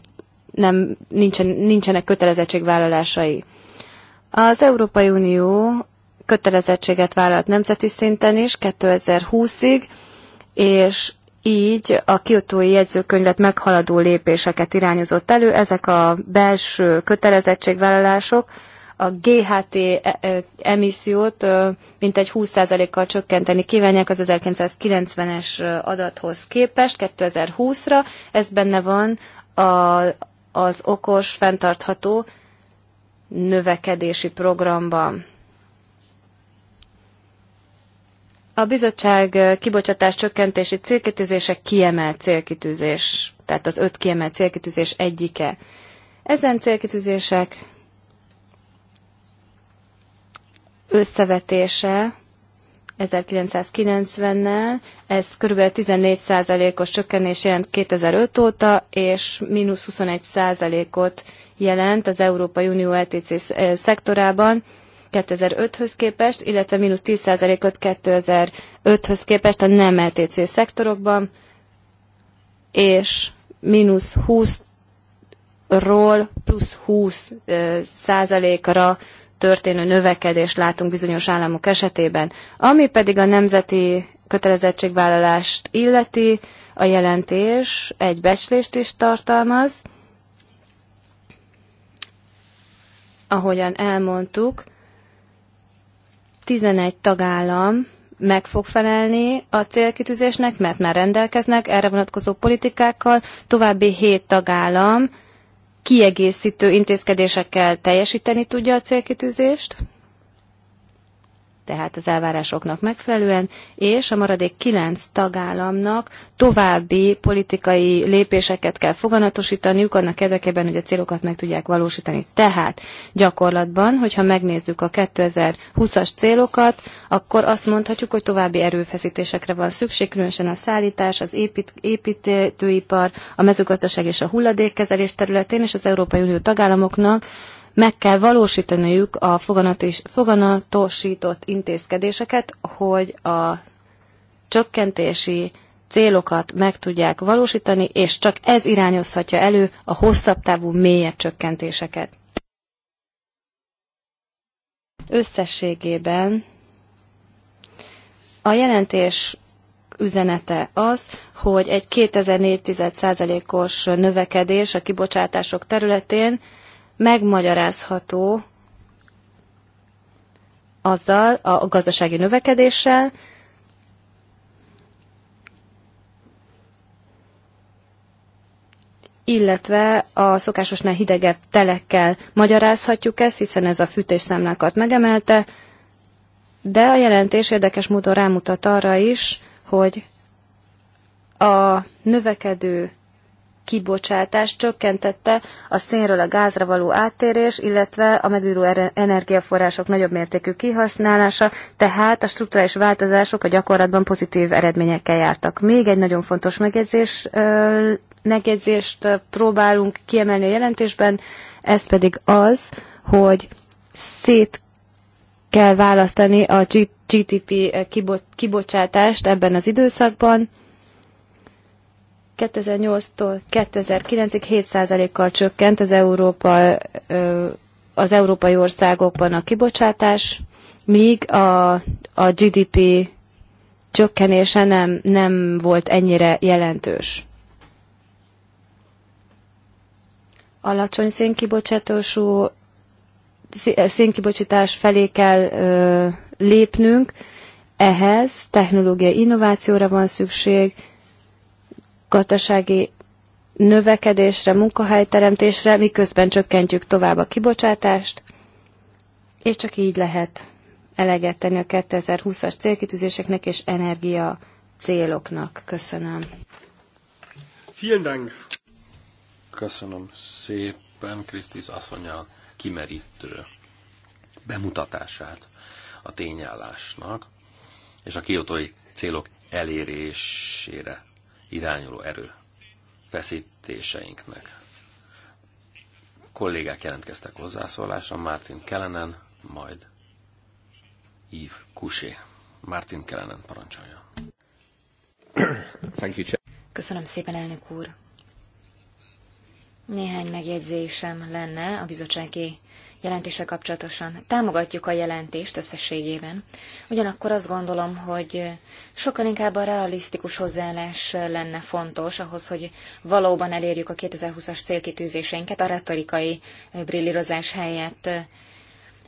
nem nincsen, nincsenek kötelezettségvállalásai. Az Európai Unió kötelezettséget vállalt nemzeti szinten is 2020-ig, és így a kiotói jegyzőkönyvet meghaladó lépéseket irányozott elő. Ezek a belső kötelezettségvállalások, a GHT e, e, emissziót mintegy 20%-kal csökkenteni kívánják az 1990-es adathoz képest 2020-ra. Ez benne van a, az okos, fenntartható növekedési programban. A bizottság kibocsátás csökkentési célkitűzése kiemelt célkitűzés, tehát az öt kiemelt célkitűzés egyike. Ezen célkitűzések összevetése 1990-nel, ez kb. 14%-os csökkenés jelent 2005 óta, és mínusz 21%-ot jelent az Európai Unió LTC eh, szektorában 2005-höz képest, illetve mínusz 10%-ot 2005-höz képest a nem LTC szektorokban, és mínusz 20-ról plusz 20 eh, százalékra történő növekedést látunk bizonyos államok esetében. Ami pedig a nemzeti kötelezettségvállalást illeti, a jelentés egy becslést is tartalmaz. Ahogyan elmondtuk, 11 tagállam meg fog felelni a célkitűzésnek, mert már rendelkeznek erre vonatkozó politikákkal, további 7 tagállam kiegészítő intézkedésekkel teljesíteni tudja a célkitűzést tehát az elvárásoknak megfelelően, és a maradék kilenc tagállamnak további politikai lépéseket kell foganatosítaniuk annak érdekében, hogy a célokat meg tudják valósítani. Tehát gyakorlatban, hogyha megnézzük a 2020-as célokat, akkor azt mondhatjuk, hogy további erőfeszítésekre van szükség, különösen a szállítás, az épít, építőipar, a mezőgazdaság és a hulladékkezelés területén, és az Európai Unió tagállamoknak meg kell valósítaniuk a foganatosított intézkedéseket, hogy a csökkentési célokat meg tudják valósítani, és csak ez irányozhatja elő a hosszabb távú mélyebb csökkentéseket. Összességében a jelentés üzenete az, hogy egy 2004 os növekedés a kibocsátások területén megmagyarázható azzal a gazdasági növekedéssel, illetve a szokásosnál hidegebb telekkel magyarázhatjuk ezt, hiszen ez a fűtésszámlákat megemelte, de a jelentés érdekes módon rámutat arra is, hogy a növekedő kibocsátás csökkentette a szénről a gázra való áttérés, illetve a megújuló er- energiaforrások nagyobb mértékű kihasználása, tehát a strukturális változások a gyakorlatban pozitív eredményekkel jártak. Még egy nagyon fontos megjegyzés, megjegyzést próbálunk kiemelni a jelentésben, ez pedig az, hogy szét kell választani a GDP kibocsátást ebben az időszakban, 2008-tól 2009-ig 7%-kal csökkent az, Európa, az európai országokban a kibocsátás, míg a, a GDP csökkenése nem, nem volt ennyire jelentős. Alacsony szénkibocsátású szénkibocsitás felé kell ö, lépnünk, ehhez technológiai innovációra van szükség, gazdasági növekedésre, munkahelyteremtésre, miközben csökkentjük tovább a kibocsátást, és csak így lehet eleget tenni a 2020-as célkitűzéseknek és energia céloknak. Köszönöm. Vielen Dank. Köszönöm szépen Krisztis asszonya kimerítő bemutatását a tényállásnak és a kiotói célok elérésére irányuló erő feszítéseinknek. Kollégák jelentkeztek hozzászólásra, Martin Kellenen, majd Yves Kusé. Martin Kellenen parancsolja. Köszönöm szépen, elnök úr. Néhány megjegyzésem lenne a bizottsági jelentése kapcsolatosan. Támogatjuk a jelentést összességében, ugyanakkor azt gondolom, hogy sokkal inkább a realisztikus hozzáállás lenne fontos ahhoz, hogy valóban elérjük a 2020-as célkitűzéseinket a retorikai brillírozás helyett.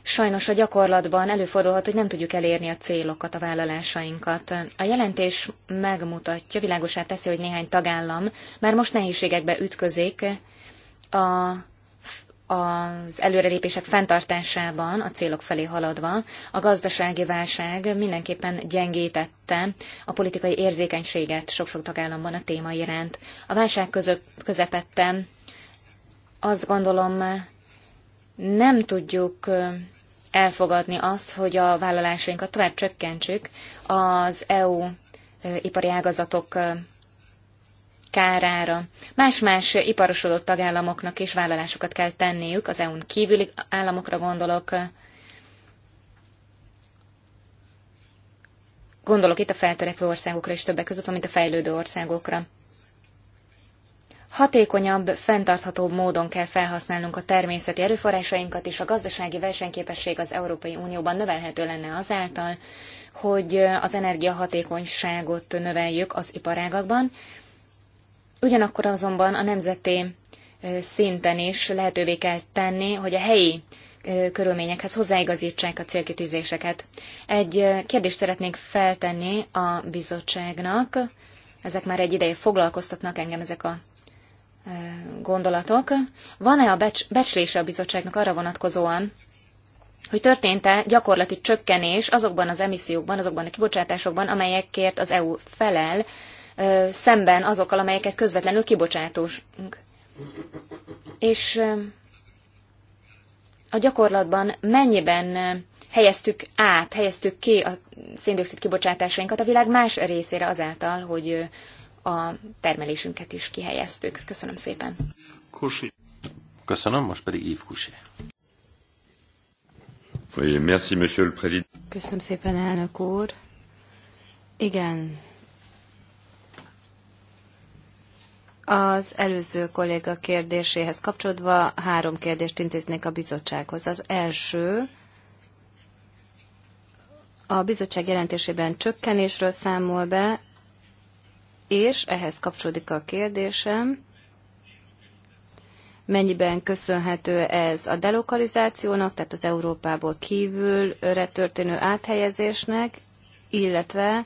Sajnos a gyakorlatban előfordulhat, hogy nem tudjuk elérni a célokat, a vállalásainkat. A jelentés megmutatja, világosá teszi, hogy néhány tagállam már most nehézségekbe ütközik a az előrelépések fenntartásában, a célok felé haladva, a gazdasági válság mindenképpen gyengítette a politikai érzékenységet sok-sok tagállamban a téma iránt. A válság közepette azt gondolom nem tudjuk elfogadni azt, hogy a vállalásainkat tovább csökkentsük az EU ipari ágazatok kárára. Más-más iparosodott tagállamoknak is vállalásokat kell tenniük, az EU-n kívüli államokra gondolok, Gondolok itt a feltörekvő országokra is többek között, mint a fejlődő országokra. Hatékonyabb, fenntarthatóbb módon kell felhasználnunk a természeti erőforrásainkat, és a gazdasági versenyképesség az Európai Unióban növelhető lenne azáltal, hogy az energiahatékonyságot növeljük az iparágakban, Ugyanakkor azonban a nemzeti szinten is lehetővé kell tenni, hogy a helyi körülményekhez hozzáigazítsák a célkitűzéseket. Egy kérdést szeretnék feltenni a bizottságnak. Ezek már egy ideje foglalkoztatnak engem ezek a gondolatok. Van-e a becs- becslése a bizottságnak arra vonatkozóan, hogy történt-e gyakorlati csökkenés azokban az emissziókban, azokban a kibocsátásokban, amelyekért az EU felel szemben azokkal, amelyeket közvetlenül kibocsátunk. És a gyakorlatban mennyiben helyeztük át, helyeztük ki a széndiokszid kibocsátásainkat a világ más részére azáltal, hogy a termelésünket is kihelyeztük. Köszönöm szépen. Kusi. Köszönöm, most pedig Yves Kusi. Oui, merci, monsieur le président. Köszönöm szépen, elnök úr. Igen, Az előző kolléga kérdéséhez kapcsolódva három kérdést intéznék a bizottsághoz. Az első, a bizottság jelentésében csökkenésről számol be, és ehhez kapcsolódik a kérdésem, mennyiben köszönhető ez a delokalizációnak, tehát az Európából kívülre történő áthelyezésnek, illetve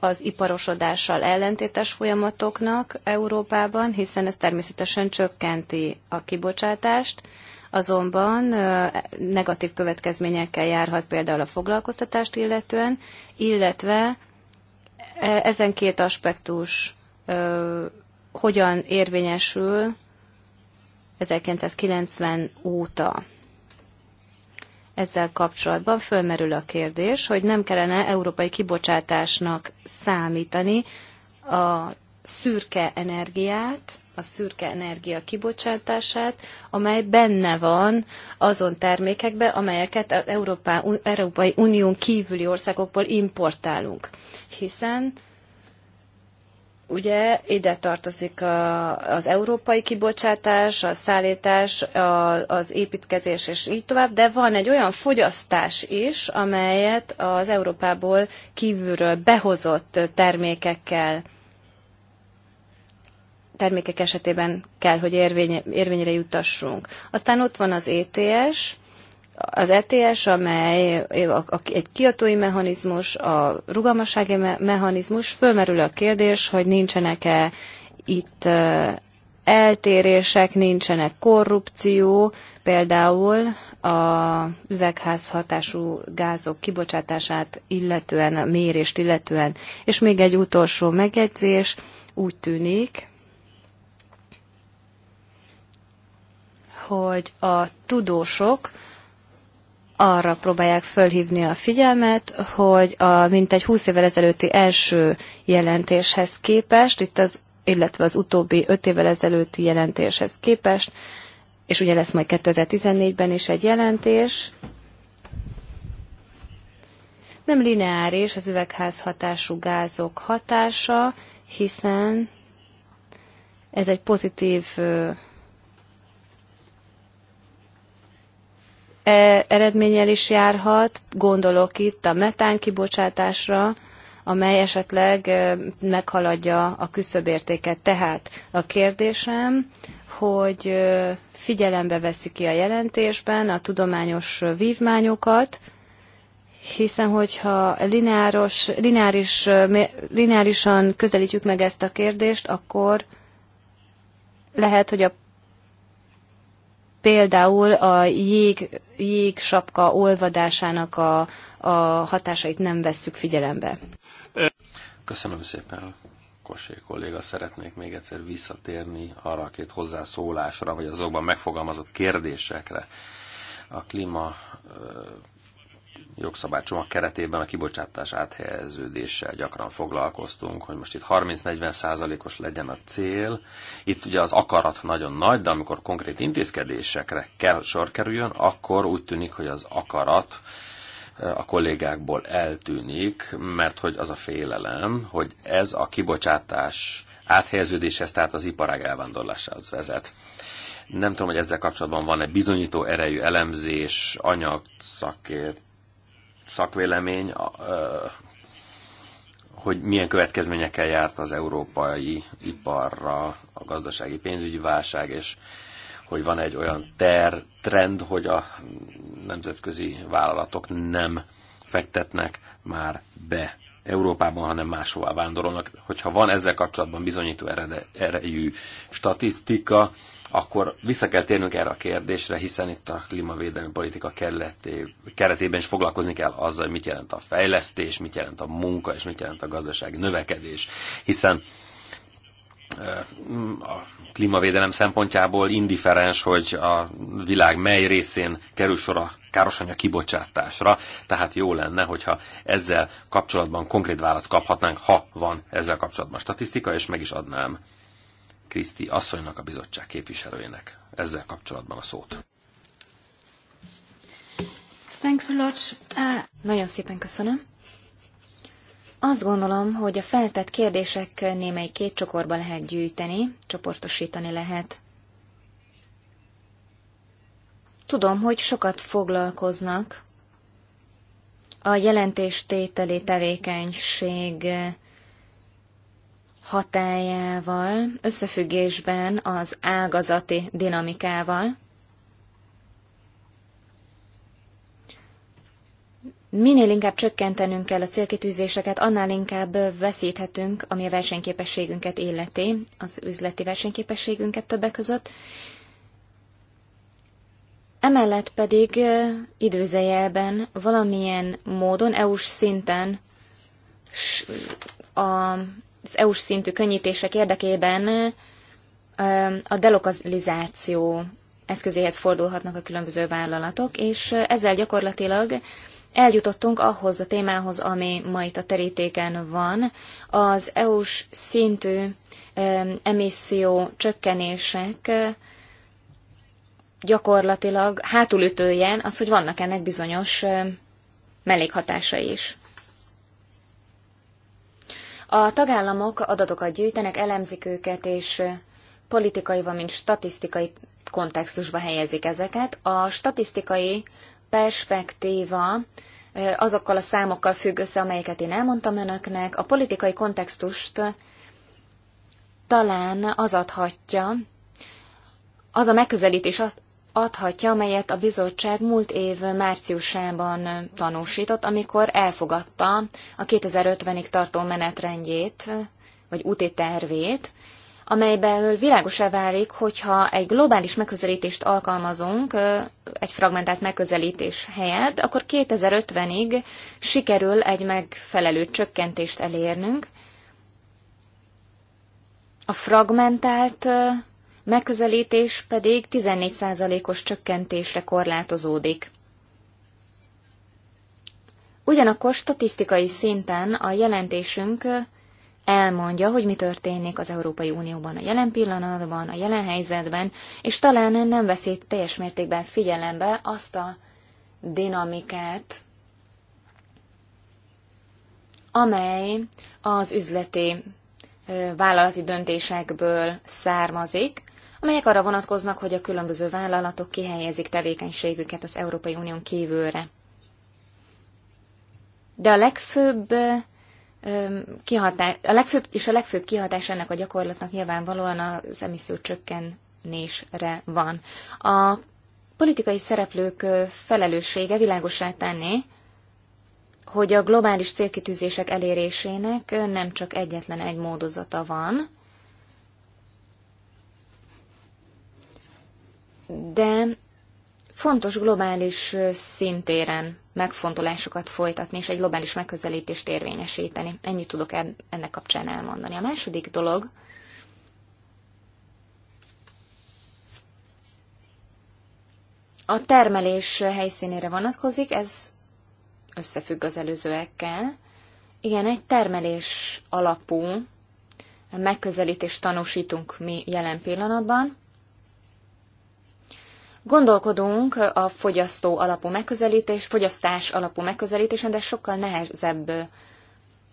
az iparosodással ellentétes folyamatoknak Európában, hiszen ez természetesen csökkenti a kibocsátást, azonban negatív következményekkel járhat például a foglalkoztatást illetően, illetve e, ezen két aspektus hogyan érvényesül 1990 óta ezzel kapcsolatban fölmerül a kérdés, hogy nem kellene európai kibocsátásnak számítani a szürke energiát, a szürke energia kibocsátását, amely benne van azon termékekbe, amelyeket az Európai Unión kívüli országokból importálunk. Hiszen Ugye ide tartozik a, az európai kibocsátás, a szállítás, a, az építkezés és így tovább, de van egy olyan fogyasztás is, amelyet az Európából kívülről behozott termékekkel, termékek esetében kell, hogy érvény, érvényre jutassunk. Aztán ott van az ETS, az ETS, amely egy kiotói mechanizmus, a rugalmassági mechanizmus, fölmerül a kérdés, hogy nincsenek-e itt eltérések, nincsenek korrupció, például a üvegházhatású gázok kibocsátását illetően, a mérést illetően. És még egy utolsó megjegyzés, úgy tűnik, hogy a tudósok, arra próbálják fölhívni a figyelmet, hogy a mintegy 20 évvel ezelőtti első jelentéshez képest, itt az, illetve az utóbbi 5 évvel ezelőtti jelentéshez képest, és ugye lesz majd 2014-ben is egy jelentés, nem lineáris az üvegházhatású gázok hatása, hiszen ez egy pozitív E, eredménnyel is járhat, gondolok itt a metán kibocsátásra, amely esetleg e, meghaladja a küszöbértéket. Tehát a kérdésem, hogy e, figyelembe veszi ki a jelentésben a tudományos vívmányokat, hiszen hogyha lineáros, lineáris, lineárisan közelítjük meg ezt a kérdést, akkor lehet, hogy a például a jég, jégsapka olvadásának a, a hatásait nem vesszük figyelembe. Köszönöm szépen, Kosé kolléga. Szeretnék még egyszer visszatérni arra a két hozzászólásra, vagy azokban megfogalmazott kérdésekre. A klíma jogszabálycsomag keretében a kibocsátás áthelyeződéssel gyakran foglalkoztunk, hogy most itt 30-40 százalékos legyen a cél. Itt ugye az akarat nagyon nagy, de amikor konkrét intézkedésekre kell sor kerüljön, akkor úgy tűnik, hogy az akarat eh, a kollégákból eltűnik, mert hogy az a félelem, hogy ez a kibocsátás áthelyeződéshez, tehát az iparág elvándorlásához vezet. Nem tudom, hogy ezzel kapcsolatban van-e bizonyító erejű elemzés, anyag, szakért, szakvélemény, hogy milyen következményekkel járt az európai iparra a gazdasági pénzügyi válság, és hogy van egy olyan ter, trend, hogy a nemzetközi vállalatok nem fektetnek már be Európában, hanem máshová vándorolnak. Hogyha van ezzel kapcsolatban bizonyító erejű statisztika, akkor vissza kell térnünk erre a kérdésre, hiszen itt a klímavédelmi politika keretében is foglalkozni kell azzal, hogy mit jelent a fejlesztés, mit jelent a munka, és mit jelent a gazdasági növekedés, hiszen a klímavédelem szempontjából indiferens, hogy a világ mely részén kerül sor a károsanyag kibocsátásra, tehát jó lenne, hogyha ezzel kapcsolatban konkrét választ kaphatnánk, ha van ezzel kapcsolatban statisztika, és meg is adnám Kriszti asszonynak, a bizottság képviselőjének ezzel kapcsolatban a szót. Thanks a lot. Uh, nagyon szépen köszönöm. Azt gondolom, hogy a feltett kérdések némely két csokorba lehet gyűjteni, csoportosítani lehet. Tudom, hogy sokat foglalkoznak a jelentéstételi tevékenység hatájával, összefüggésben az ágazati dinamikával. Minél inkább csökkentenünk kell a célkitűzéseket, annál inkább veszíthetünk, ami a versenyképességünket illeti, az üzleti versenyképességünket többek között. Emellett pedig időzejelben valamilyen módon EU-s szinten a az EU-s szintű könnyítések érdekében a delokalizáció eszközéhez fordulhatnak a különböző vállalatok, és ezzel gyakorlatilag eljutottunk ahhoz a témához, ami ma itt a terítéken van, az EU-s szintű emisszió csökkenések gyakorlatilag hátulütője az, hogy vannak ennek bizonyos mellékhatásai is. A tagállamok adatokat gyűjtenek, elemzik őket, és politikai, valamint statisztikai kontextusba helyezik ezeket. A statisztikai perspektíva azokkal a számokkal függ össze, amelyeket én elmondtam önöknek. A politikai kontextust talán az adhatja, az a megközelítés adhatja, amelyet a bizottság múlt év márciusában tanúsított, amikor elfogadta a 2050-ig tartó menetrendjét, vagy úti tervét, amelyből világosá válik, hogyha egy globális megközelítést alkalmazunk, egy fragmentált megközelítés helyett, akkor 2050-ig sikerül egy megfelelő csökkentést elérnünk. A fragmentált megközelítés pedig 14%-os csökkentésre korlátozódik. Ugyanakkor statisztikai szinten a jelentésünk elmondja, hogy mi történik az Európai Unióban a jelen pillanatban, a jelen helyzetben, és talán nem veszi teljes mértékben figyelembe azt a dinamikát, amely az üzleti vállalati döntésekből származik, amelyek arra vonatkoznak, hogy a különböző vállalatok kihelyezik tevékenységüket az Európai Unión kívülre. De a legfőbb kihatás, a legfőbb, és a legfőbb kihatás ennek a gyakorlatnak nyilvánvalóan az emisszió csökkenésre van. A politikai szereplők felelőssége világosá tenni, hogy a globális célkitűzések elérésének nem csak egyetlen egy módozata van, de fontos globális szintéren megfontolásokat folytatni, és egy globális megközelítést érvényesíteni. Ennyit tudok ennek kapcsán elmondani. A második dolog, a termelés helyszínére vonatkozik, ez összefügg az előzőekkel. Igen, egy termelés alapú megközelítést tanúsítunk mi jelen pillanatban, Gondolkodunk a fogyasztó alapú megközelítés, fogyasztás alapú megközelítésen, de sokkal nehezebb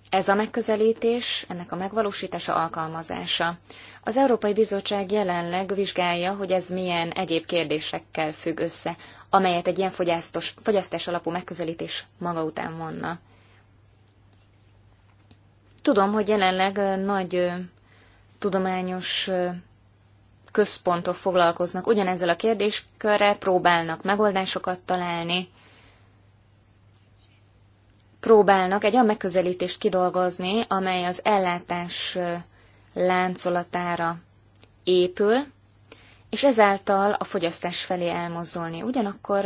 ez a megközelítés, ennek a megvalósítása, alkalmazása. Az Európai Bizottság jelenleg vizsgálja, hogy ez milyen egyéb kérdésekkel függ össze, amelyet egy ilyen fogyasztos, fogyasztás alapú megközelítés maga után vonna. Tudom, hogy jelenleg nagy tudományos központok foglalkoznak ugyanezzel a kérdéskörrel, próbálnak megoldásokat találni, próbálnak egy olyan megközelítést kidolgozni, amely az ellátás láncolatára épül, és ezáltal a fogyasztás felé elmozdulni. Ugyanakkor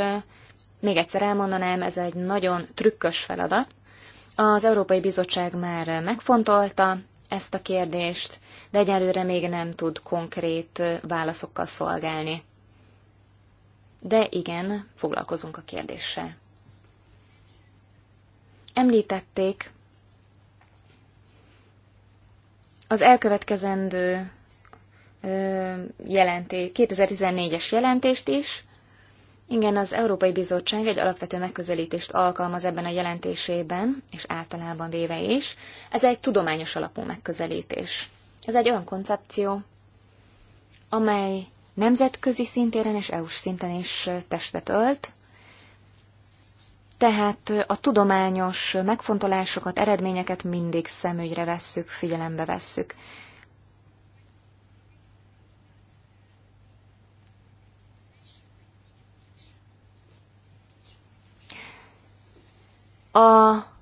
még egyszer elmondanám, ez egy nagyon trükkös feladat. Az Európai Bizottság már megfontolta ezt a kérdést, de egyelőre még nem tud konkrét válaszokkal szolgálni. De igen, foglalkozunk a kérdéssel. Említették az elkövetkezendő jelenté, 2014-es jelentést is. Igen, az Európai Bizottság egy alapvető megközelítést alkalmaz ebben a jelentésében, és általában véve is. Ez egy tudományos alapú megközelítés. Ez egy olyan koncepció, amely nemzetközi szintéren és EU-s szinten is testet ölt, tehát a tudományos megfontolásokat, eredményeket mindig szemügyre vesszük, figyelembe vesszük. A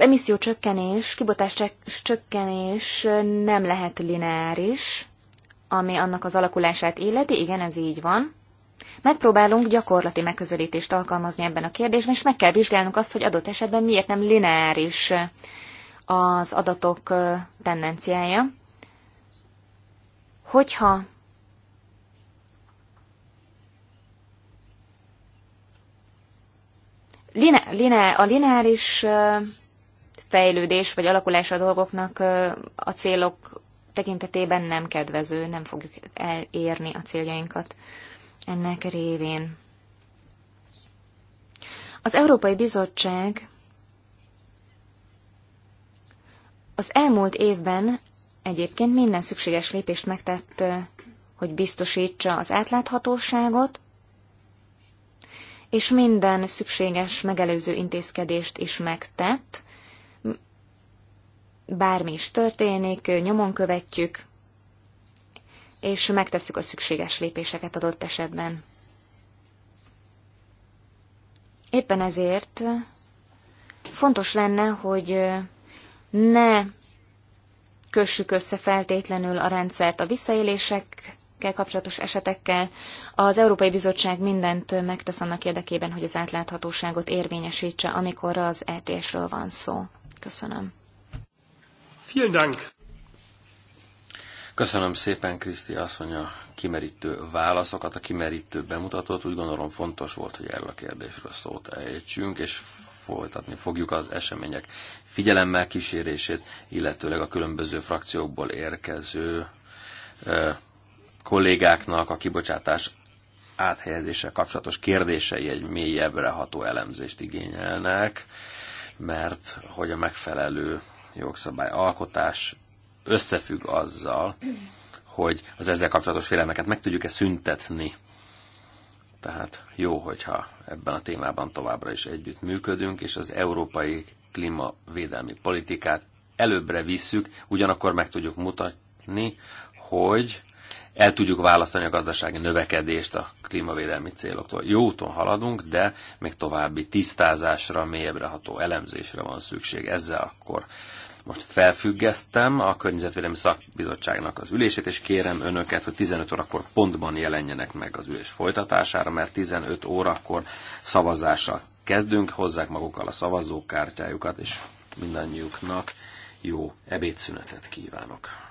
az emisszió csökkenés, kibotás csökkenés nem lehet lineáris, ami annak az alakulását illeti, igen, ez így van. Megpróbálunk gyakorlati megközelítést alkalmazni ebben a kérdésben, és meg kell vizsgálnunk azt, hogy adott esetben miért nem lineáris az adatok tendenciája. Hogyha a lineáris fejlődés vagy alakulás a dolgoknak a célok tekintetében nem kedvező, nem fogjuk elérni a céljainkat ennek révén. Az Európai Bizottság az elmúlt évben egyébként minden szükséges lépést megtett, hogy biztosítsa az átláthatóságot, és minden szükséges megelőző intézkedést is megtett, bármi is történik, nyomon követjük, és megtesszük a szükséges lépéseket adott esetben. Éppen ezért fontos lenne, hogy ne kössük össze feltétlenül a rendszert a visszaélésekkel kapcsolatos esetekkel. Az Európai Bizottság mindent megtesz annak érdekében, hogy az átláthatóságot érvényesítse, amikor az ETS-ről van szó. Köszönöm. Vielen Dank. Köszönöm szépen, Kriszti asszony, a kimerítő válaszokat, a kimerítő bemutatót. Úgy gondolom fontos volt, hogy erről a kérdésről szót ejtsünk, és folytatni fogjuk az események figyelemmel kísérését, illetőleg a különböző frakciókból érkező ö, kollégáknak a kibocsátás áthelyezéssel kapcsolatos kérdései egy mélyebbre ható elemzést igényelnek, mert hogy a megfelelő jogszabály alkotás összefügg azzal, hogy az ezzel kapcsolatos félelmeket meg tudjuk-e szüntetni. Tehát jó, hogyha ebben a témában továbbra is együtt működünk, és az európai klímavédelmi politikát előbbre visszük, ugyanakkor meg tudjuk mutatni, hogy el tudjuk választani a gazdasági növekedést a klímavédelmi céloktól. Jó úton haladunk, de még további tisztázásra, mélyebbre ható elemzésre van szükség. Ezzel akkor most felfüggesztem a Környezetvédelmi Szakbizottságnak az ülését, és kérem önöket, hogy 15 órakor pontban jelenjenek meg az ülés folytatására, mert 15 órakor szavazása kezdünk, hozzák magukkal a szavazókártyájukat, és mindannyiuknak jó ebédszünetet kívánok.